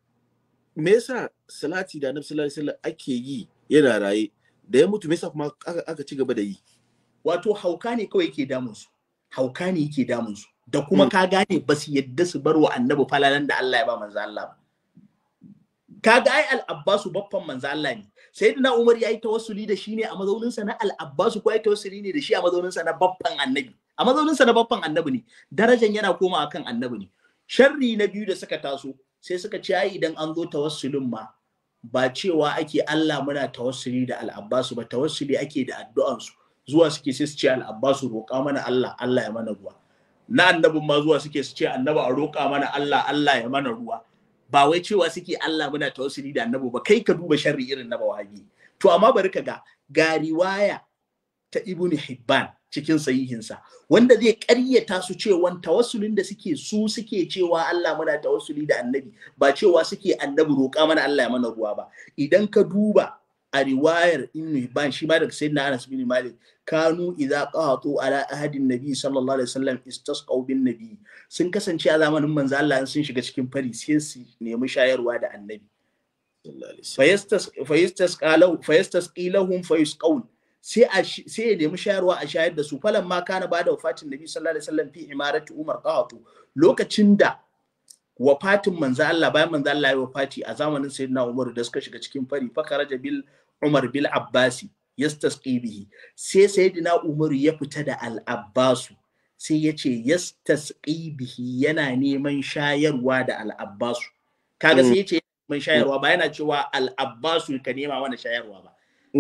me yasa salati da annabi sallallahu alaihi wasallam ake yi yana raye da ya mutu me yasa kuma aka ci gaba da yi wato hauka ne kawai yake damun su hauka ne yake damun da kuma hmm. ka gane ba su yadda su bar wa annabi falalan da Allah ya ba manzo Allah ba ga ai al-Abbasu baffan manzo Allah ne sayyidina Umar yayi tawassuli da shi ne a mazaunin sa na al-Abbasu ko yayi tawassuli ne da shi a mazaunin sa na baffan annabi a mazaunin sa na baffan annabi ne darajan yana koma akan annabi ne sharri na biyu da suka taso sai suka ce ai idan an zo tawassulin ma ba cewa ake Allah muna tawassuli da al'abbasu ba tawassuli ake da addu'ansu zuwa suke sai su ce al'abbasu roƙa mana Allah Allah ya mana ruwa na annabin ma zuwa suke su ce annaba a roƙa mana Allah Allah ya mana ruwa ba wai cewa suke Allah muna tawassuli da annabi ba kai ka duba sharri irin na bawabi to amma bari ka ga ga riwaya ta ibnu hibban cikin sahihinsa wanda zai ƙaryata su cewa tawassulin da suke su suke cewa Allah mana tawassuli da annabi ba cewa suke annabi roƙa mana Allah ya mana ruwa ba idan ka duba a riwayar Ibn Hibban shi ma daga Sayyidina Anas bin Malik kanu idza qahatu ala ahadin nabi sallallahu alaihi wasallam istasqaw bin nabi sun kasance a zamanin manzo Allah sun shiga cikin fari sai su nemi shayarwa da annabi fayastas fayastasqilahum fayasqawl sai ya nemi shayarwa a shayar da su falan ma kana ba da wafatin nabi sallallahu alaihi wasallam fi imarati umar qahatu lokacin da wafatin manzo Allah bayan manzo Allah ya wafati a zamanin sayyidina Umar da suka shiga cikin fari fa karaja bil Umar bil Abbasi yastasqi bihi sai sayyidina Umar ya fita da al Abbasu sai ya ce yastasqi bihi yana neman shayarwa da al Abbasu kaga sai ya ce neman shayarwa ba yana cewa al Abbasu ka nema mana shayarwa ba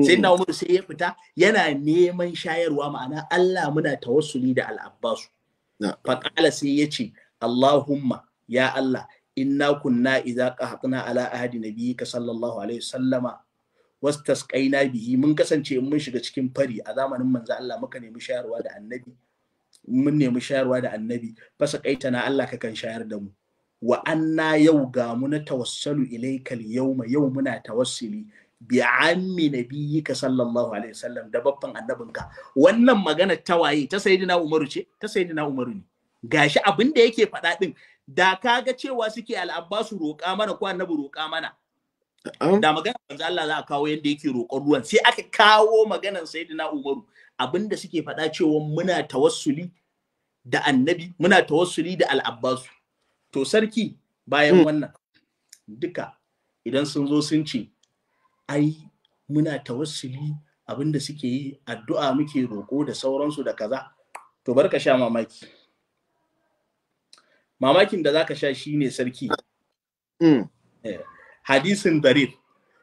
sai mm. na umar sai ya fita yana neman shayarwa ma'ana Allah muna tawassuli da al'abbasu faƙala sai ya ce Allahumma ya Allah inna kunna idza qahatna ala ahadi nabiyyika sallallahu alaihi wasallama wastasqaina bihi mun kasance mun shiga cikin fari a zamanin manzo Allah muka nemi shayarwa da annabi mun nemi shayarwa da annabi fasa kaitana Allah kakan shayar da mu wa anna yau ga mu na tawassalu ilaikal yawma yau muna tawassuli bi ammi nabiyyika sallallahu alaihi wasallam da babban annabinka wannan magana ta waye ta sayyidina Umaru ce ta sayyidina Umaru ne gashi abin da yake faɗa din da kaga cewa suke al'abbasu roƙa mana ko annabi roƙa mana da magana manzo Allah za a kawo yanda yake roƙon ruwan sai aka kawo maganar sayyidina Umaru abin da suke faɗa cewa muna tawassuli da annabi muna tawassuli da al'abbasu to sarki bayan hmm. wannan duka idan sun zo sun ce ai muna tawassuli abinda suke yi addu'a muke roko da sauransu da kaza to bar ka sha mamaki mamakin da zaka sha shine sarki mm. Eh, hadisin darir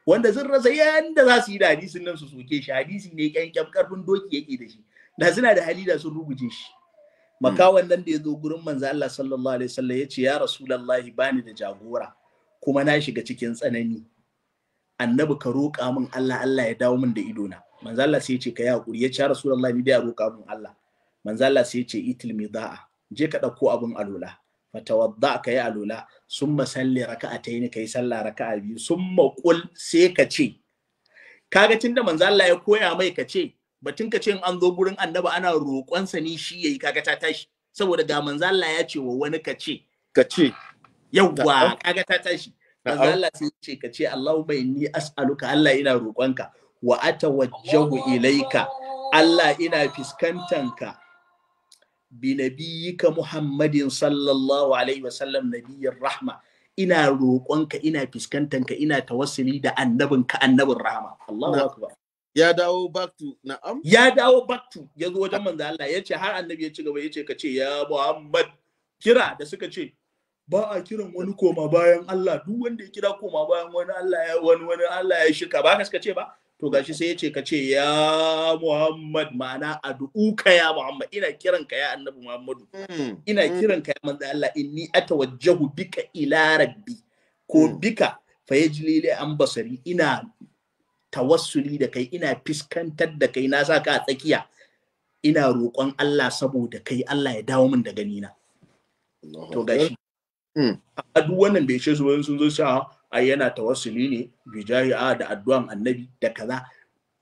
wanda zan rasa yanda za su yi da hadisin nan su soke shi hadisi ne kyankyan karfin doki yake da shi da suna da hali da sun ruguje shi mm. makawan nan da ya zo gurin manzo Allah sallallahu alaihi wasallam ya ce ya rasulullahi bani da jagora kuma na shiga cikin tsanani annabi ka roƙa min Allah Allah ya dawo min da idona manzo Allah sai ya ce ka yi hakuri ya ci rasulullah ni dai roƙa min Allah manzo Allah sai ya ce itil midaa je ka dauko abun alula fatawadda ka yi alula summa salli raka'ataini kai sallah raka'a biyu summa qul sai ka ce kaga tunda manzo Allah ya koya mai ka ce batun ka ce in an zo gurin Annabi ana roƙonsa ni shi yayi kaga ta tashi saboda ga manzo Allah ya ce wa wani ka ce ka ce yauwa kaga ta tashi manzo Allah sai ce ka ce Allahumma inni as'aluka Allah ina roƙonka wa atawajjahu ilaika Allah ina fiskantanka bi nabiyyika Muhammadin sallallahu alaihi wa wasallam nabiyyir rahma ina roƙonka ina fiskantanka ina tawassuli da annabinka annabin rahama Allahu akbar ya dawo back to na'am ya dawo back to ya zo wajen manzo Allah ya ce har annabi ya ci gaba ya ce ka ce ya Muhammad kira da suka ce ba a kiran wani koma bayan Allah duk wanda ya kira koma bayan wani Allah ya wani wani Allah ya shika ba ka ce ba to gashi sai ya ce kace ya Muhammad ma'ana ad'uka ya Muhammad ina kiran ka ya Annabi Muhammadu hmm, ina hmm. kiran ka ya manzo Allah inni atawajjahu bika ila rabbi ko hmm. bika fayajli li an basari ina tawassuli da kai ina fiskantar da kai na sa ka a tsakiya ina roƙon Allah saboda kai Allah ya dawo min da ganina to gashi Hmm. a duk wannan bai ce su wani sun zo sha a yana tawassuli ne bijahi a da addu'an annabi da kaza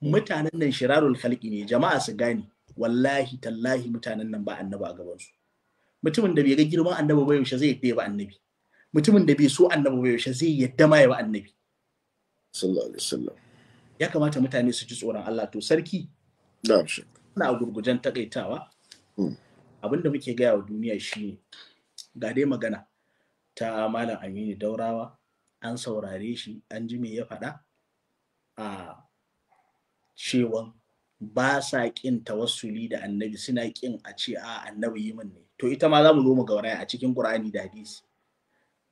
mutanen nan shirarul khalqi ne jama'a su gane wallahi tallahi mutanen nan ba annaba a gaban su mutumin da bai ga girman annaba ba yaushe zai yadda ba annabi mutumin da bai so annaba ba yaushe zai yadda ma ya ba annabi sallallahu alaihi wasallam ya kamata mutane su ji tsoron Allah to sarki na'am shi na gurgujen takaitawa hmm. abinda muke gaya wa duniya shine ga dai magana ta malam aminu daurawa an saurare shi an ji me ya faɗa a cewan ba sa ƙin tawassuli da annabi suna ƙin a ce a annabi yi min ne to ita ma za mu zo mu gauraya a cikin ƙur'ani da hadisi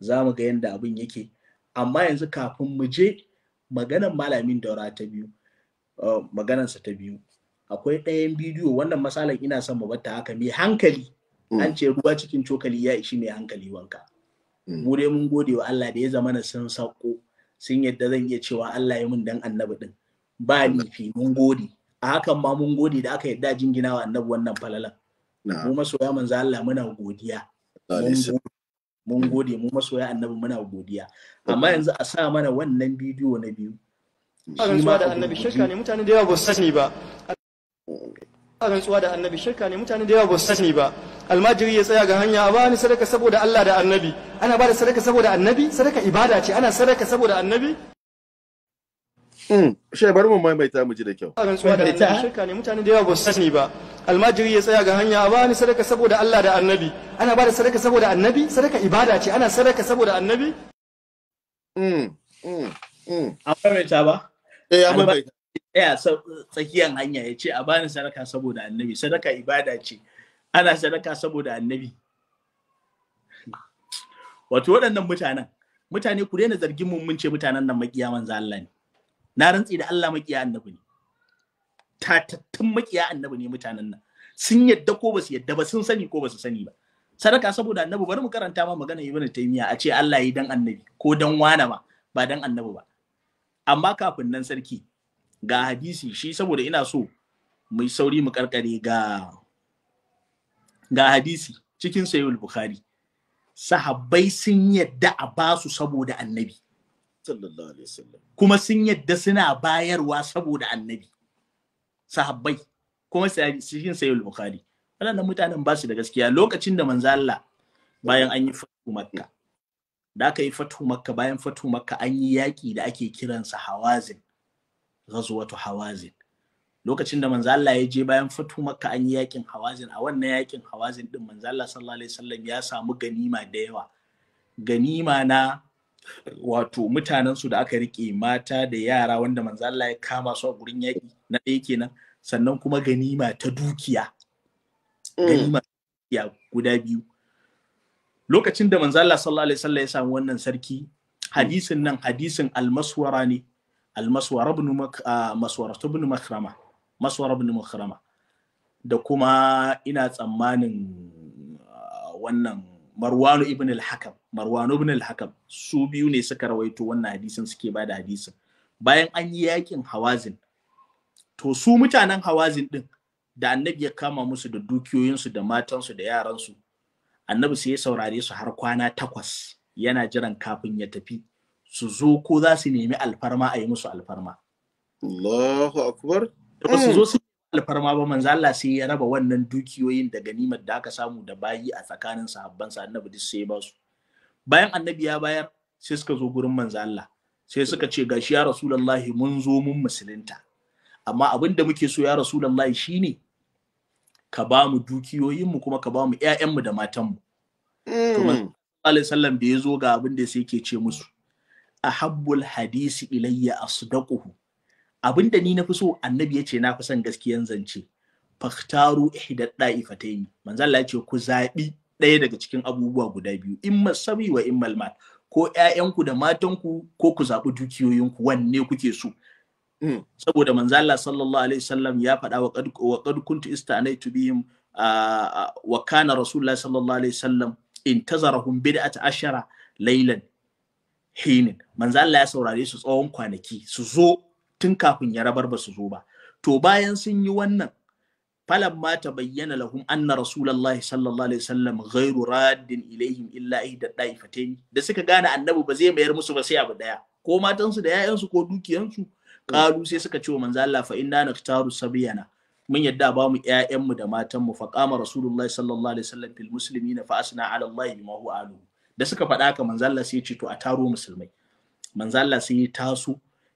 za mu ga yadda abin yake amma yanzu kafin mu je maganan malamin daura ta biyu maganansa ta biyu akwai ɗayan bidiyo wannan masalan ina son mu batta haka mai hankali mm. an ce ruwa cikin cokali ya ishi mai hankali wanka Mm. mu dai mun gode wa Allah da ya zama na sun sako sun yadda zan iya cewa Allah ya mun dan annabi din ba nufi mm. mun gode a hakan ma mun gode da aka yadda jingina wa annabi wannan falalan mu masoya manzo Allah muna godiya mun gode mu masoya annabi muna godiya amma yanzu a sa mana wannan bidiyo na biyu shi ma da annabi shirka ne mutane da yawa ba su sani ba rantsuwa da annabi shirka ne mutane da yawa ba su sani ba almajiri ya tsaya ga hanya a bani sadaka saboda Allah da annabi ana bada sadaka saboda annabi sadaka ibada ce ana sadaka saboda annabi hmm, Shai bari mu maimaita mu ji da kyau. Rantsuwa da annabi shirka ne mutane da yawa ba su sani ba. Almajiri ya tsaya ga hanya a bani sadaka saboda Allah da annabi. Ana bada sadaka saboda annabi sadaka ibada ce ana sadaka saboda annabi. Hmm, hmm, an maimaita ba? Eh, an maimaita. tsaya tsakiyar hanya ya ce a bani sadaka saboda annabi sadaka ibada ce ana sadaka saboda annabi wato waɗannan mutanen mutane ku daina zargin mun mun ce mutanen nan makiya manzo Allah ne na rantsi da Allah makiya annabi ne tatattun makiya annabi ne mutanen nan sun yadda ko ba su yadda ba sun sani ko ba su sani ba sadaka saboda annabi bari mu karanta ma magana ibn taymiya a ce Allah yi dan annabi ko dan wana ma ba dan annabi ba amma kafin nan sarki ga hadisi shi saboda ina so mai sauri mu karkare ga ga hadisi cikin sayyid bukhari sahabbai sun yadda a basu saboda annabi sallallahu alaihi wasallam kuma sun yadda suna bayarwa saboda annabi sahabbai kuma cikin sayyid bukhari waɗannan mutanen ba su da gaskiya lokacin da manzo Allah bayan an yi fatu makka da aka yi fatu makka bayan fatu makka an yi yaƙi da ake kiransa hawazin ghazwatu hawazin lokacin da manzo Allah ya je bayan fatu makka an yi yakin hawazin a wannan yakin hawazin din manzo Allah sallallahu alaihi wasallam ya samu ganima da yawa ganima na wato mutanen su da aka rike mata da yara wanda manzo Allah ya kama su a gurin yaki na ɗaya kenan sannan kuma ganima ta dukiya mm. ganima ya guda biyu lokacin da manzo Allah sallallahu alaihi wasallam ya samu wannan sarki hadisin nan hadisin almaswara ne almaswara ibn maswara ibn makrama maswara ibn makrama da kuma ina tsammanin wannan marwanu ibn al-hakam marwanu ibn al-hakam su biyu ne suka rawaito wannan hadisin suke ba da hadisin bayan an yi yakin hawazin to su mutanen hawazin din da annabi ya kama musu da dukiyoyinsu da matansu da yaransu annabi sai ya saurare su har kwana takwas yana jiran kafin ya tafi su zo ko za su nemi alfarma a yi musu alfarma. Allahu akbar. ba su zo hmm. su alfarma ba manzo Allah sai ya raba wannan dukiyoyin da ganimar da aka samu da bayi a tsakanin sahabban sa annabi duk sai ba su. Bayan annabi ya bayar sai suka zo gurin manzo Allah sai suka ce gashi ya rasulullahi mun zo mun musulunta. Amma abin da muke so ya rasulullahi shine ka ba mu dukiyoyinmu kuma ka ba mu 'ya'yanmu da matanmu. Mm. Sallallahu Alaihi Sallam da ya zo ga abin da sai ke ce musu. ahabbul hadisi ilayya asdaquhu abinda ni nafi so annabi yace na fi son gaskiyan zance faktaru ihdad da'ifatayn manzo Allah yace ku zabi ɗaya daga cikin abubuwa guda biyu imma sabi wa imma almal ko ƴaƴanku da matanku ko ku zabi dukiyoyinku wanne kuke so mm. saboda manzo Allah sallallahu alaihi wasallam ya faɗa wa qad wa qad kuntu istanaitu bihim wa kana rasulullah sallallahu alaihi wasallam intazarahum bid'ata ashara laylan hinin manzo Allah ya saurare su tsawon kwanaki su zo tun kafin ya rabar ba su zo ba to bayan sun yi wannan falan ma ta bayyana lahum anna rasulullahi sallallahu alaihi wasallam ghairu raddin ilaihim illa ihda daifatayn da suka gane annabi ba zai mayar musu ba sai abu daya ko matansu da yayansu ko dukiyansu kalu sai suka ce wa manzo Allah fa inna naktaru sabiyana mun yadda ba mu mu da matanmu fa qama rasulullahi sallallahu alaihi wasallam fil muslimina fa asna ala allahi bima huwa aluhu da suka faɗa ka manzo Allah sai ya ce to a taro musulmai manzo sai ya taso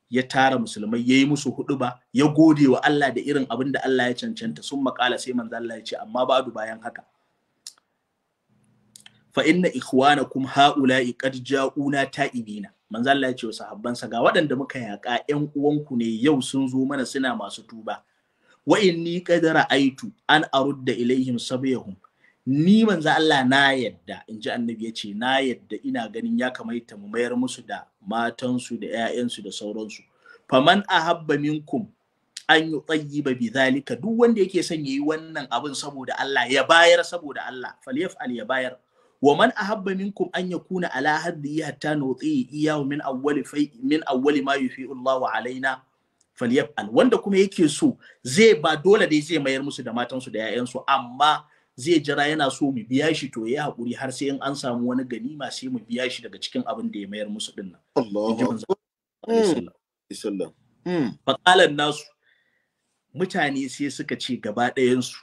ya tara musulmai ya yi musu ba, ya gode wa Allah da irin abin da Allah ya cancanta sun makala sai manzo ya ce amma du bayan haka fa inna ikhwanakum haula'i qad ja'una ta'ibina manzo Allah ya ce wa sahabbansa ga waɗanda muka yaƙa ƴan uwanku ne yau sun zo mana suna masu tuba wa inni qad ra'aitu an arudda ilaihim sabiyahum ni manzo Allah na yadda in ji annabi yace na yadda ina ganin ya kamata mu mayar musu da matansu da 'ya'yansu da sauransu faman ahabba minkum an yi tsayi ba bi zalika duk wanda yake son yi wannan abin saboda Allah ya bayar saboda Allah falyaf'al ya bayar wa man ahabba minkum an yakuna ala haddi hatta nutsi iyahu min awwali min awwali ma yufi Allah alaina Al. wanda kuma yake so zai ba dole dai zai mayar musu da matansu da 'ya'yansu amma zai jira yana so mu biya shi to ya hakuri har sai in an samu wani ganima sai mu biya shi daga cikin abin da ya mayar musu din nan. Hmm. Fakalan nasu mutane sai suka ce gaba su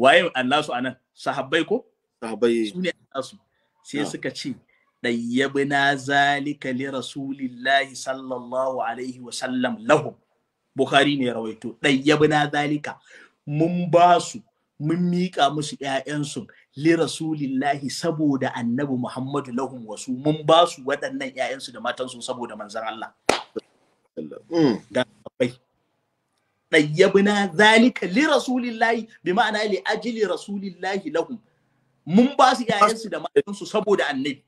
waye annasu anan sahabbai ko? Sahabbai. Su ne annasu sai suka ce ɗayyabina zalika li rasulillahi sallallahu alaihi wa sallam lahum. Bukhari ne rawaito ɗayyabina zalika mun ba su mun miƙa musu ‘ya'yansu li rasulillahi saboda annabi Muhammadu lahum wasu mun ba su waɗannan ‘ya'yansu da matansu saboda manzan Allah. Ɗayyabina mm. zalika li rasulillahi bi ma'ana li ajili rasulillahi lahum mun ba su ‘ya'yansu da matansu saboda annabi.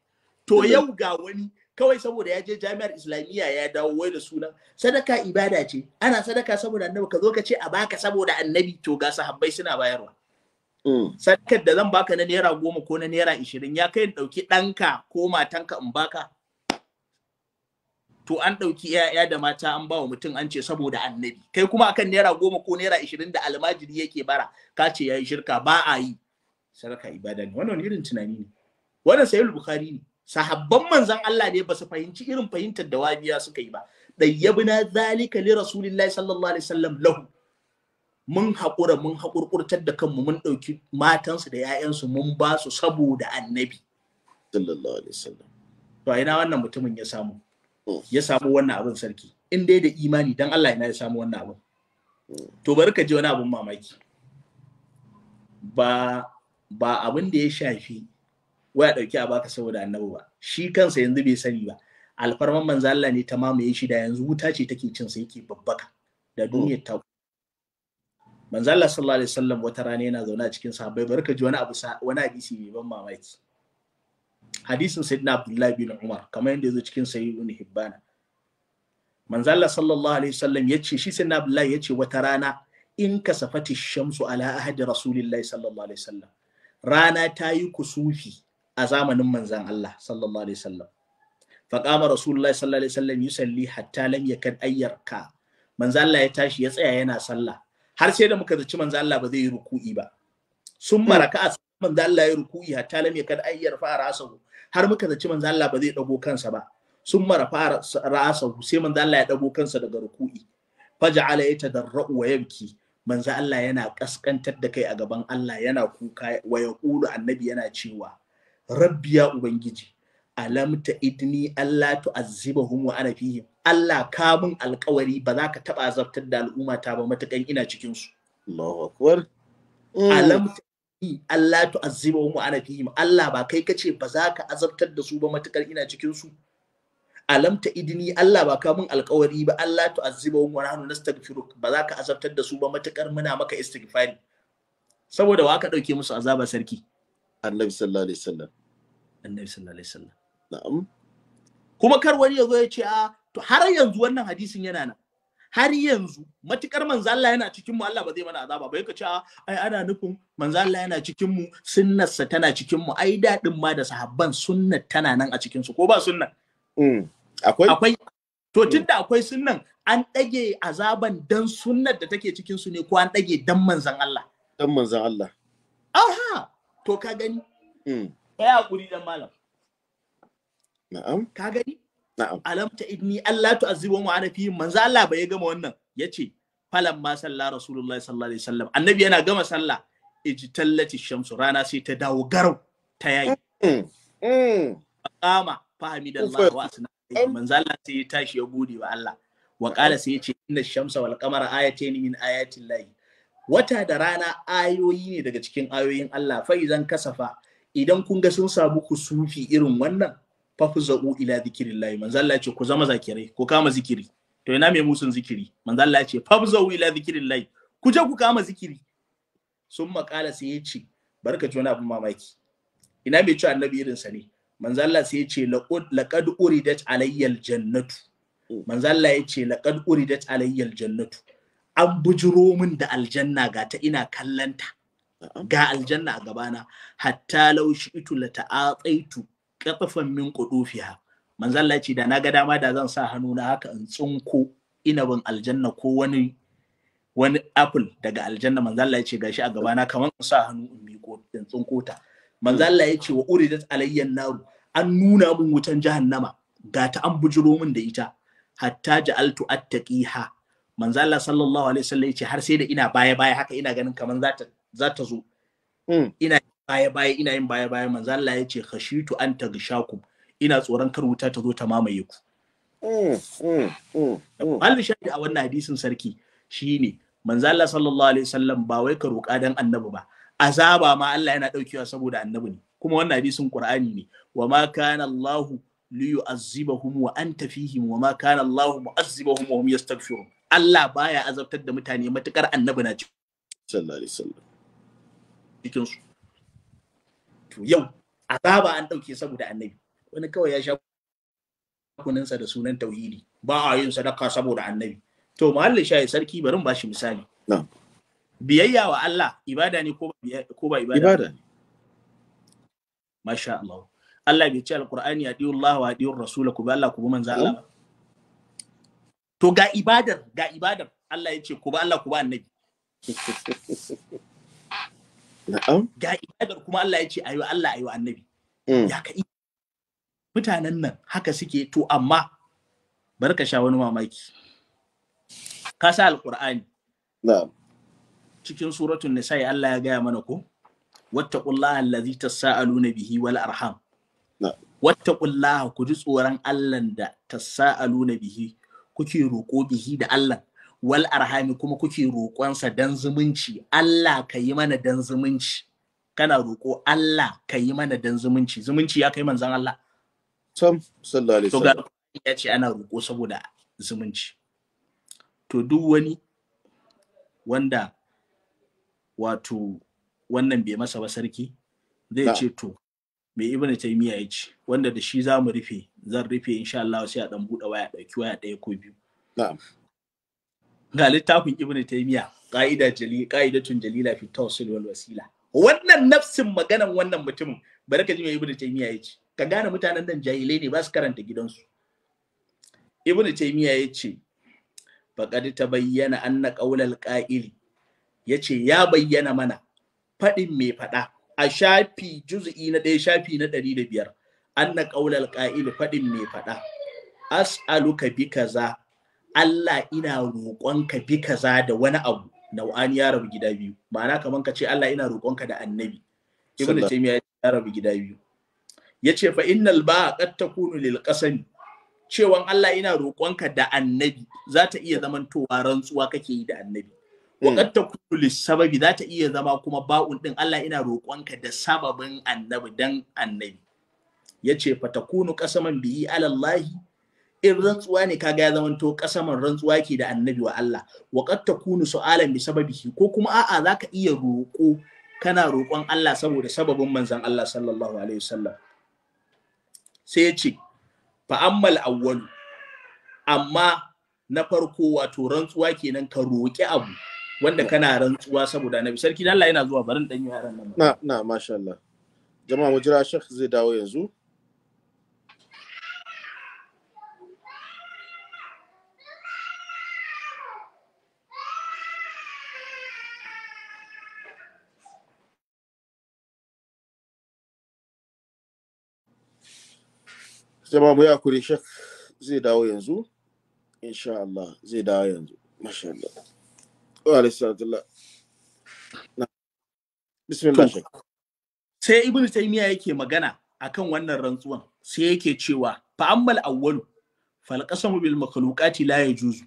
To mm. yau ga wani kawai saboda ya je jami'ar islamiyya ya dawo wai da suna sadaka ibada ce ana sadaka saboda annabi ka zo ka ce a baka saboda annabi to ga sahabbai suna bayarwa Mm. sadakar da zan baka na naira goma ko na naira ishirin ya kai ɗauki ɗanka ko matanka in baka to an ɗauki ‘ya'ya da mata an ba wa mutum an ce saboda annabi kai kuma akan naira goma ko naira ishirin da almajiri yake bara ka ce ya yi shirka ba a yi sadaka ibada ne wannan irin tunani ne wannan sayul bukhari ne sahabban manzan Allah ne ba su fahimci irin fahimtar da wabiya suka yi ba dayyabna zalika li rasulillahi sallallahu alaihi wasallam lahu mun haƙura mun haƙurƙurtar da kanmu mun ɗauki matansu da 'ya'yansu mun ba su saboda annabi sallallahu alaihi wasallam to ina wannan mutumin ya samu hmm. ya samu wannan abin sarki in dai da imani dan Allah ina ya samu wannan abin hmm. to bari ka ji wani abin mamaki ba ba abin da ya shafi waya ɗauki a baka saboda annabi ba shi kansa yanzu bai sani ba alfarman manzo Allah ne ta mamaye shi da yanzu wuta ce take cin sa yake babbaka da duniyar ta manzo Allah sallallahu alaihi wasallam wata rana yana zaune a cikin sahabbai barka ji wani abu wani hadisi mai ban mamaki hadisin sayyidina Abdullahi bin Umar kamar yadda yazo cikin sahihun Hibban manzo Allah sallallahu alaihi wasallam yace shi sayyidina Abdullahi yace wata rana in kasafati shamsu ala ahadi rasulillahi sallallahu alaihi wasallam rana ta yi kusufi a zamanin manzan Allah sallallahu alaihi wasallam faqama rasulullahi sallallahu alaihi wasallam yusalli hatta lam yakad ayyarka manzan Allah ya tashi ya tsaya yana sallah har sai da muka zaci manzo Allah ba zai yi ruku'i ba sun maraka hmm. a manzo Allah ya ruku'i hatta lam yakad ayyar fa rasahu har muka zaci manzo Allah ba zai dago kansa ba sun mara rasahu sai manzo Allah ya dago kansa daga ruku'i faj'ala yatadarra'u wa yabki manzo Allah yana kaskantar da kai a gaban Allah yana kuka wa yaqulu annabi yana cewa Rabbi ya ubangiji alamta idni Allah tu'azzibahum wa ana fihi Allah ka mun alkawari ba za ka taba azabtar da al'umma ta ba matakan ina cikin su Allahu akbar mm. idni Allah tu'azzibahum wa ana fihi Allah ba kai kace ba za ka azabtar da su ba matakan ina cikin su alamta idni Allah ba ka mun alkawari ba Allah tu'azzibahum wa nahnu nastaghfiruk ba za ka azabtar da su ba matakan muna maka istighfari saboda wa ka dauke musu azaba sarki Annabi sallallahu alaihi wasallam Annabi sallallahu alaihi wasallam na'am kuma kar wani ya zo ya ce a to har yanzu wannan hadisin yana nan har yanzu matukar manzo Allah yana cikin mu Allah ba zai mana azaba ba yake cewa ai ana nufin manzo Allah yana cikin mu sunnarsa tana cikin mu ai dadin ma da sahabban sunnar tana nan a cikin su ko ba sunnar mm. akwai akwai to mm. tunda akwai sunnan an ɗage azaban dan sunnar da take cikin su ne ko an ɗage dan manzon Allah dan manzon Allah aha to ka gani mm. ya hakuri dan malam na'am ka gani na'am alam ta idni Allah tu azibu wa ana ba manzo Allah bai gama wannan yace falan ma salla rasulullahi sallallahu alaihi wasallam annabi yana gama sallah ijtallati shamsu rana sai ta dawo garau ta yayi kama mm, mm. fahimidallah wa asna mm. manzo Allah sai ya tashi ya gode wa Allah wa qala sai ya inna shamsa wal qamara ayatayn min ayatil wata da rana ayoyi ne daga cikin ayoyin Allah fa idan kasafa idan kun ga sun samu kusufi irin wannan fafza'u ila zikrillahi manzo Allah ya ce ku zama zakirai ku kama zikiri to ina mai musun zikiri manzo Allah ce fafza'u ila zikrillahi ku je ku kama zikiri sun makala sai ya ce barka ji wani abin mamaki ina mai ci annabi irin sa ne manzo Allah sai ya ce laqad uridat alayyal jannatu manzo Allah ya ce laqad uridat alayyal jannatu an bujiro min da aljanna ga ta ina kallanta ga aljanna a gabana hatta law shi'tu la ta'ataitu Ƙafafan min qudufiha da na ga dama da zan sa hannu na haka in tsinko bin aljanna ko wani wani apple daga aljanna manzo Allah gashi a gabana na kaman in sa hannu in miko in tsinko ta manzo Allah ya wa uridat alayyan naru an nuna mun wutan jahannama ga ta an bujiro min da ita hatta ja'altu attaqiha manzo Allah sallallahu alaihi wasallam ya ce har sai da ina baya baya haka ina ganin kaman za ta za ta zo hmm. ina baya baya ina yin baya baya manzo Allah ya ce khashitu an tagshakum ina tsoron kar wuta ta zo ta mamaye ku mm, mm, mm, Allah shahidi a wannan hadisin sarki shine manzo Allah sallallahu alaihi wasallam ba wai ka roƙa dan annabi ba azaba ma Allah yana daukewa saboda annabi ne kuma wannan hadisin Qur'ani ne wa ma kana Allah liyu'azzibahum wa anta fihim wa ma kana Allah mu'azzibahum wa hum yastaghfirun Allah baya azabtar da mutane matukar annabi na cikin sallallahu alaihi wasallam cikin su to yau azaba an dauke saboda annabi wani kawai ya sha kuninsa da sunan tauhidi ba a yin sadaka saboda annabi to mahallin shayi sarki bari ba shi misali biyayya wa Allah ibada ne ko ba ibada ibada ne masha Allah Allah bai ce alqur'ani adiyu Allah wa adiyu rasul ku ba Allah ku bi manzo Allah to ga ibadar ga ibadar Allah ya ce ku ba Allah ku ba annabi ga ibadar kuma Allah ya ce ayo Allah ayo annabi mm. ya ka mutanen nan haka suke to amma bar ka sha wani mamaki ka sa alqur'ani cikin suratul nisa Allah ya gaya mana ko wattaqullaha allazi tasaaluna bihi wal arham wattaqullaha ku ji tsoron Allah da tasaaluna bihi kuke roƙo bihi da Allah wal arhami kuma kuke roƙonsa dan zumunci Allah ka yi mana dan zumunci kana roƙo Allah ka yi mana dan zumunci zumunci ya kai manzon Allah tam sallallahu alaihi wasallam ya ce ana roƙo saboda zumunci to duk wani wanda wato wannan bai masa ba sarki zai ce to me ibnu taymiya ya ce wanda da shi za mu rufe zan rufe insha Allah sai a dan buɗe waya dauki waya ɗaya ko biyu ga littafin ibn Taymiyyah qaida jali qaidatun jalila fi tawsil wal wasila wannan nafsin maganan wannan mutumin bari ka ji mai ibn ya yace ka gane mutanen nan jahilai ne ba su karanta gidansu ibn taymiya yace faqad tabayyana anna qawlal qa'ili yace ya bayyana mana fadin mai fada a shafi juz'i na ɗaya shafi na ɗari da biyar anna qawlal qa'ili fadin mai fada as'aluka bi kaza Allah ina roƙonka bi kaza da wani abu nau'an ya rabu gida biyu ma'ana kamar ka ce Allah ina roƙonka da annabi ibn taymiya ya rabu gida biyu yace fa innal ba'a qad takunu lil qasami cewan Allah ina roƙonka da annabi za ta iya zamantowa rantsuwa kake yi da annabi wa hmm. qad takunu lis sababi za ta iya zama kuma ba'un din Allah ina roƙonka da sababin annabi dan annabi yace fa takunu qasaman bihi ala Allah in rantsuwa ne kaga ya zamanto kasaman rantsuwa ke da annabi wa Allah wa qad takunu su'alan bi sababihi ko kuma a'a zaka iya roko kana roƙon Allah saboda sababin manzon Allah sallallahu alaihi wasallam sai ya ce fa ammal awwal amma na farko wato rantsuwa kenan ka roƙi abu wanda kana rantsuwa saboda annabi sarki Allah yana zuwa barin dan yaran nan na na masha Allah jama'a mu jira shekh zai dawo yanzu jama mu ya kure shek zai dawo yanzu insha Allah zai dawo yanzu masha Allah wa alaihi bismillah shek sai ibnu taymiya yake magana akan wannan rantsuwan sai yake cewa fa ammal awwal fal qasamu bil makhluqati la yajuzu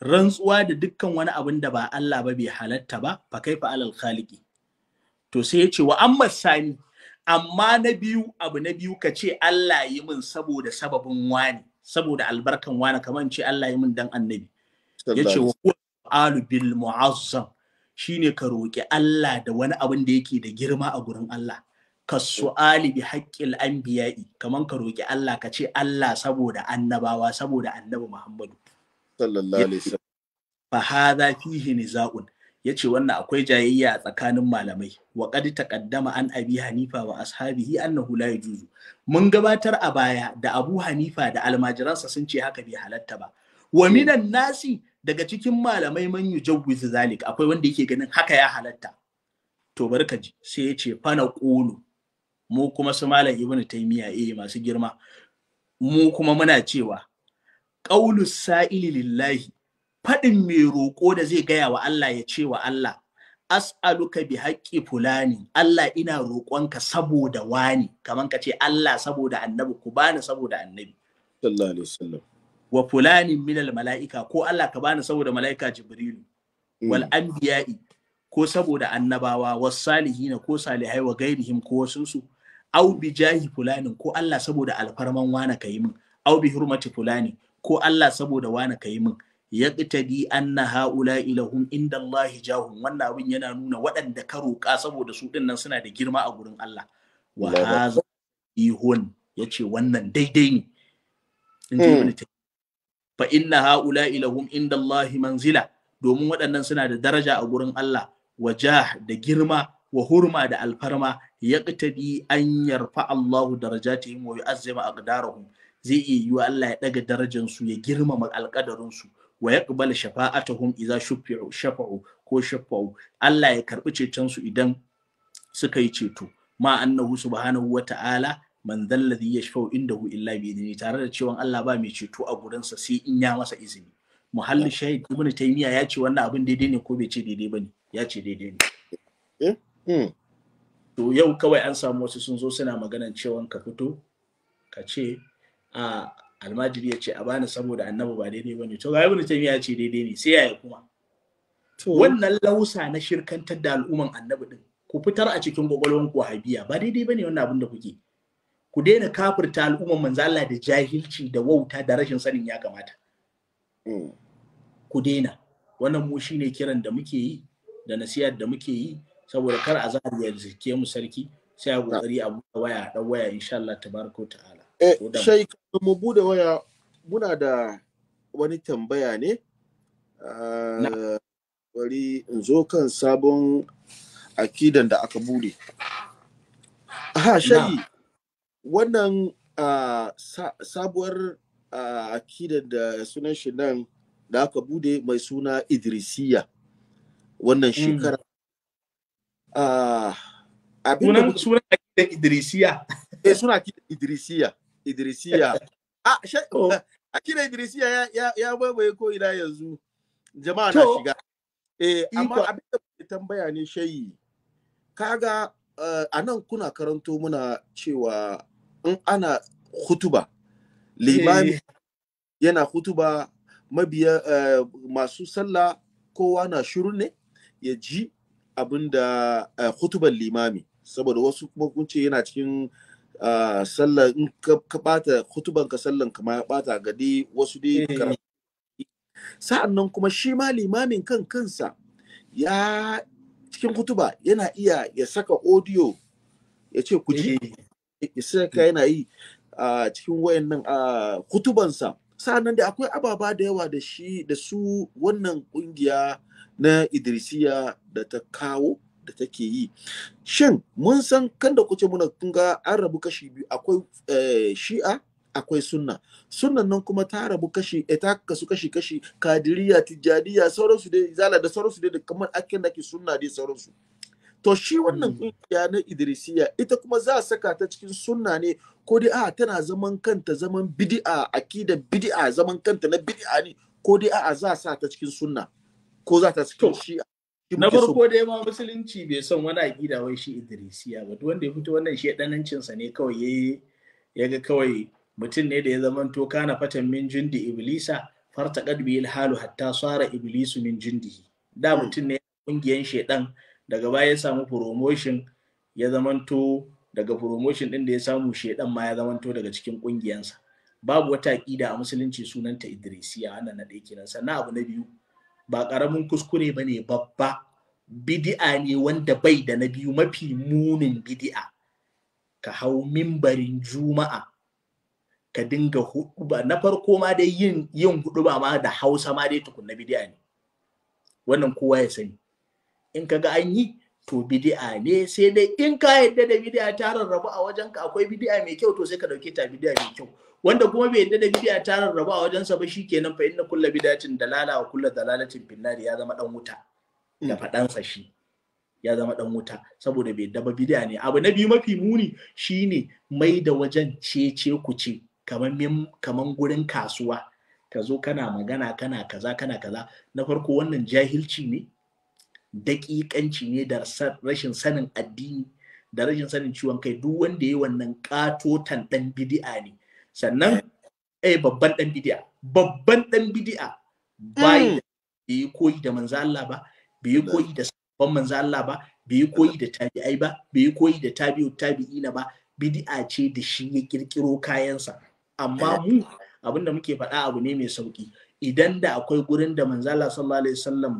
rantsuwa da dukkan wani abin da ba Allah ba bai halatta ba fa kaifa alal khaliqi to sai ya ce wa sani amma na biyu abu na biyu ka ce Allah yi min saboda sababin wani saboda albarkan wani kamar ce Allah yi min dan annabi Ya ce wa alu bil mu'azzam shine ka roƙi Allah da wani abin da yake da girma a gurin Allah ka su'ali bi haqqil anbiya'i kaman ka roƙi Allah ka ce Allah saboda annabawa saboda annabi Muhammadu sallallahu alaihi wasallam fa niza'un ya ce wannan akwai jayayya a tsakanin malamai wa qad taqaddama an abi hanifa wa ashabihi annahu la yajuzu mun gabatar a baya da abu hanifa da almajiransa sun ce haka bai halatta ba wa hmm. minan nasi daga cikin malamai man yujawwiz zalik akwai wanda yake ganin haka ya halatta to barka ji sai ya ce fana qulu mu kuma su malam ibnu taymiya eh masu girma mu kuma muna cewa qaulus sa'ili lillahi faɗin mai roƙo da zai gaya wa Allah ya ce wa Allah as'aluka bi haƙƙi fulani Allah ina roƙonka saboda wani Kamar ka ce Allah saboda annabi ku bani saboda annabi sallallahu alaihi wasallam wa fulani minal mala'ika ko Allah ka bani saboda mala'ika jibrilu mm. wal anbiya'i ko saboda annabawa was salihina ko salihai wa gairihim ko wasu su au bi jahi fulani ko Allah saboda alfarman wana kayi min au bi hurmati fulani ko Allah saboda wana kayi min yaqtadi anna haula ilahum inda jahum wannan abin yana nuna waɗanda ka roƙa saboda su ɗin suna da girma a gurin Allah wa hadha ihun yace wannan daidai ne in ji hmm. fa inna haula ilahum Indallahi manzila domin waɗannan suna da daraja a gurin Allah wa jah da girma wa hurma da alfarma yaqtadi an yarfa Allahu darajatihim wa yu'azzima aqdarahum zai iya yiwa Allah ya ɗaga darajansu ya girmama alƙadarinsu wa yaqbalu shafa'atuhum idza shufi'u shafa'u ko shafa'u Allah ya karɓi ceton su idan suka yi ceto ma annahu subhanahu wa ta'ala man dhalladhi yashfa'u indahu illa bi ni. tare da cewa Allah ba mai ceto a gurinsa sai in ya masa izini Muhallin shahid ibn taymiya ya ce wannan abin daidai ne ko bai ce daidai bane ya ce daidai ne eh? hmm. to yau kawai an samu wasu sun zo suna maganan cewa ka fito ka ce ah, almajiri ya ce a bani saboda annabi ba daidai bane to ga ibnu taymiya ce daidai ne sai yaya kuma to wannan lausa na shirkantar da al'umman annabi din ku fitar a cikin gogolon ku habiya ba daidai bane wannan abin da kuke ku daina kafirta al'umman manzo Allah da jahilci da wauta da rashin sanin ya kamata mm. ku daina wannan mu shine kiran da muke yi da nasiyar da muke yi saboda kar a zahar ya zike mu sarki sai a gogari a waya dan waya insha Allah tabaraka ta'ala Eh, shai mu bude waya muna da wani tambaya ne ah, bari in zo kan sabon akidan da aka bude aha shai wannan ah, sabuwar ah, akidan da sunan shi nan da aka bude mai suna idrisiya wannan hmm. shekara sunan akidan idrisiya eh suna akidan idrisiya idrisiya ah, oh. a kira idrisiya ya baibaye ko ina yanzu jama'a na shiga eh amma abin da tambaya ne shayi kaga eh, a nan kuna karanto muna cewa in ana hutuba limami eh. yana hutuba mabiya eh, masu sallah kowa na shiru ne ya ji abin da hutuban limami saboda wasu kuma kun ce yana cikin sallar in ka bata hutuban ka sallan ma ya bata gadi wasu dai eh. sa'an nan kuma shi ma limamin kan kansa ya cikin kutuba yana iya ya saka audio ya ce ku ji eh. ya saka yana yi a cikin wayannan hutubansa sa'an nan da akwai ababa da yawa da shi da su wannan kungiya na idrisiya da ta kawo da take yi shin mun san kan da kuce muna kun ga an rabu kashi biyu akwai eh, shi'a akwai sunna sunnan nan kuma ta rabu kashi e ta kasu kashi kashi kadiriya tijjariya, sauransu dai zala da sauransu dai da kamar akin da ke sunna dai sauransu to shi wannan kungiya mm. na idrisiya ita kuma za a saka ta cikin sunna ne ko dai a tana zaman kanta zaman bid'a akida bid'a zaman kanta na bid'a ne ko dai a za a sa ta cikin sunna ko za ta cikin shi'a na farko dai ma musulunci bai son wani aƙida wai shi idrisiya ba wanda ya fito wannan shedanancin sa ne kawai ya ya ga kawai mutum ne da ya zama to kana fatan min jundi iblisa farta qadbi halu hatta sara iblisu min jundi. da hmm. mutum ne kungiyan shedan daga baya ya samu promotion ya zama to daga promotion din da ya samu shedan ma ya zama to daga cikin kungiyansa babu wata aƙida a musulunci sunanta idrisiya wannan na ɗaya kenan sannan abu na biyu ba ƙaramin kuskure ba ne babba bidi'a ne wanda bai da na biyu mafi munin bidi'a ka hau mimbarin juma'a ka dinga hudu ba na farko ma dai yin yin hudu ba ma da hausa ma dai tukunna bidi'a ne wannan kowa ya sani in ka ga an yi to bidi'a ne sai dai in ka yadda da bidi'a ta rarrabu a wajenka akwai bidi'a mai kyau to sai ka dauke ta bidi'a mai kyau wanda kuma bai yadda da bidiya ta rarraba a wajensa ba shi kenan fa inna kullu bidatin dalala wa kullu dalalatin finnari ya zama dan wuta da hmm. fadansa shi ya zama dan wuta saboda bai yadda ba bidiya ne abu na biyu mafi muni shine mai da wajen cece kuce kaman kaman gurin kasuwa ka zo kana magana kana kaza kana kaza na farko wannan jahilci ne daƙiƙanci ne da rashin sanin addini da rashin sanin ciwon kai duk wanda ya wannan ƙatotan ɗan bidi'a ne sannan eh babban dan bid'a babban dan bid'a mm. bai yi koyi da manzo Allah ba bai yi koyi da sabon manzo Allah ba bai yi koyi da tabi'ai ba bai yi koyi da tabi'u tabi'ina ba bid'a ce da shi ya kirkiro kayansa amma mu abinda muke faɗa abu ne mai sauƙi. idan da akwai gurin da manzo Allah sallallahu alaihi wasallam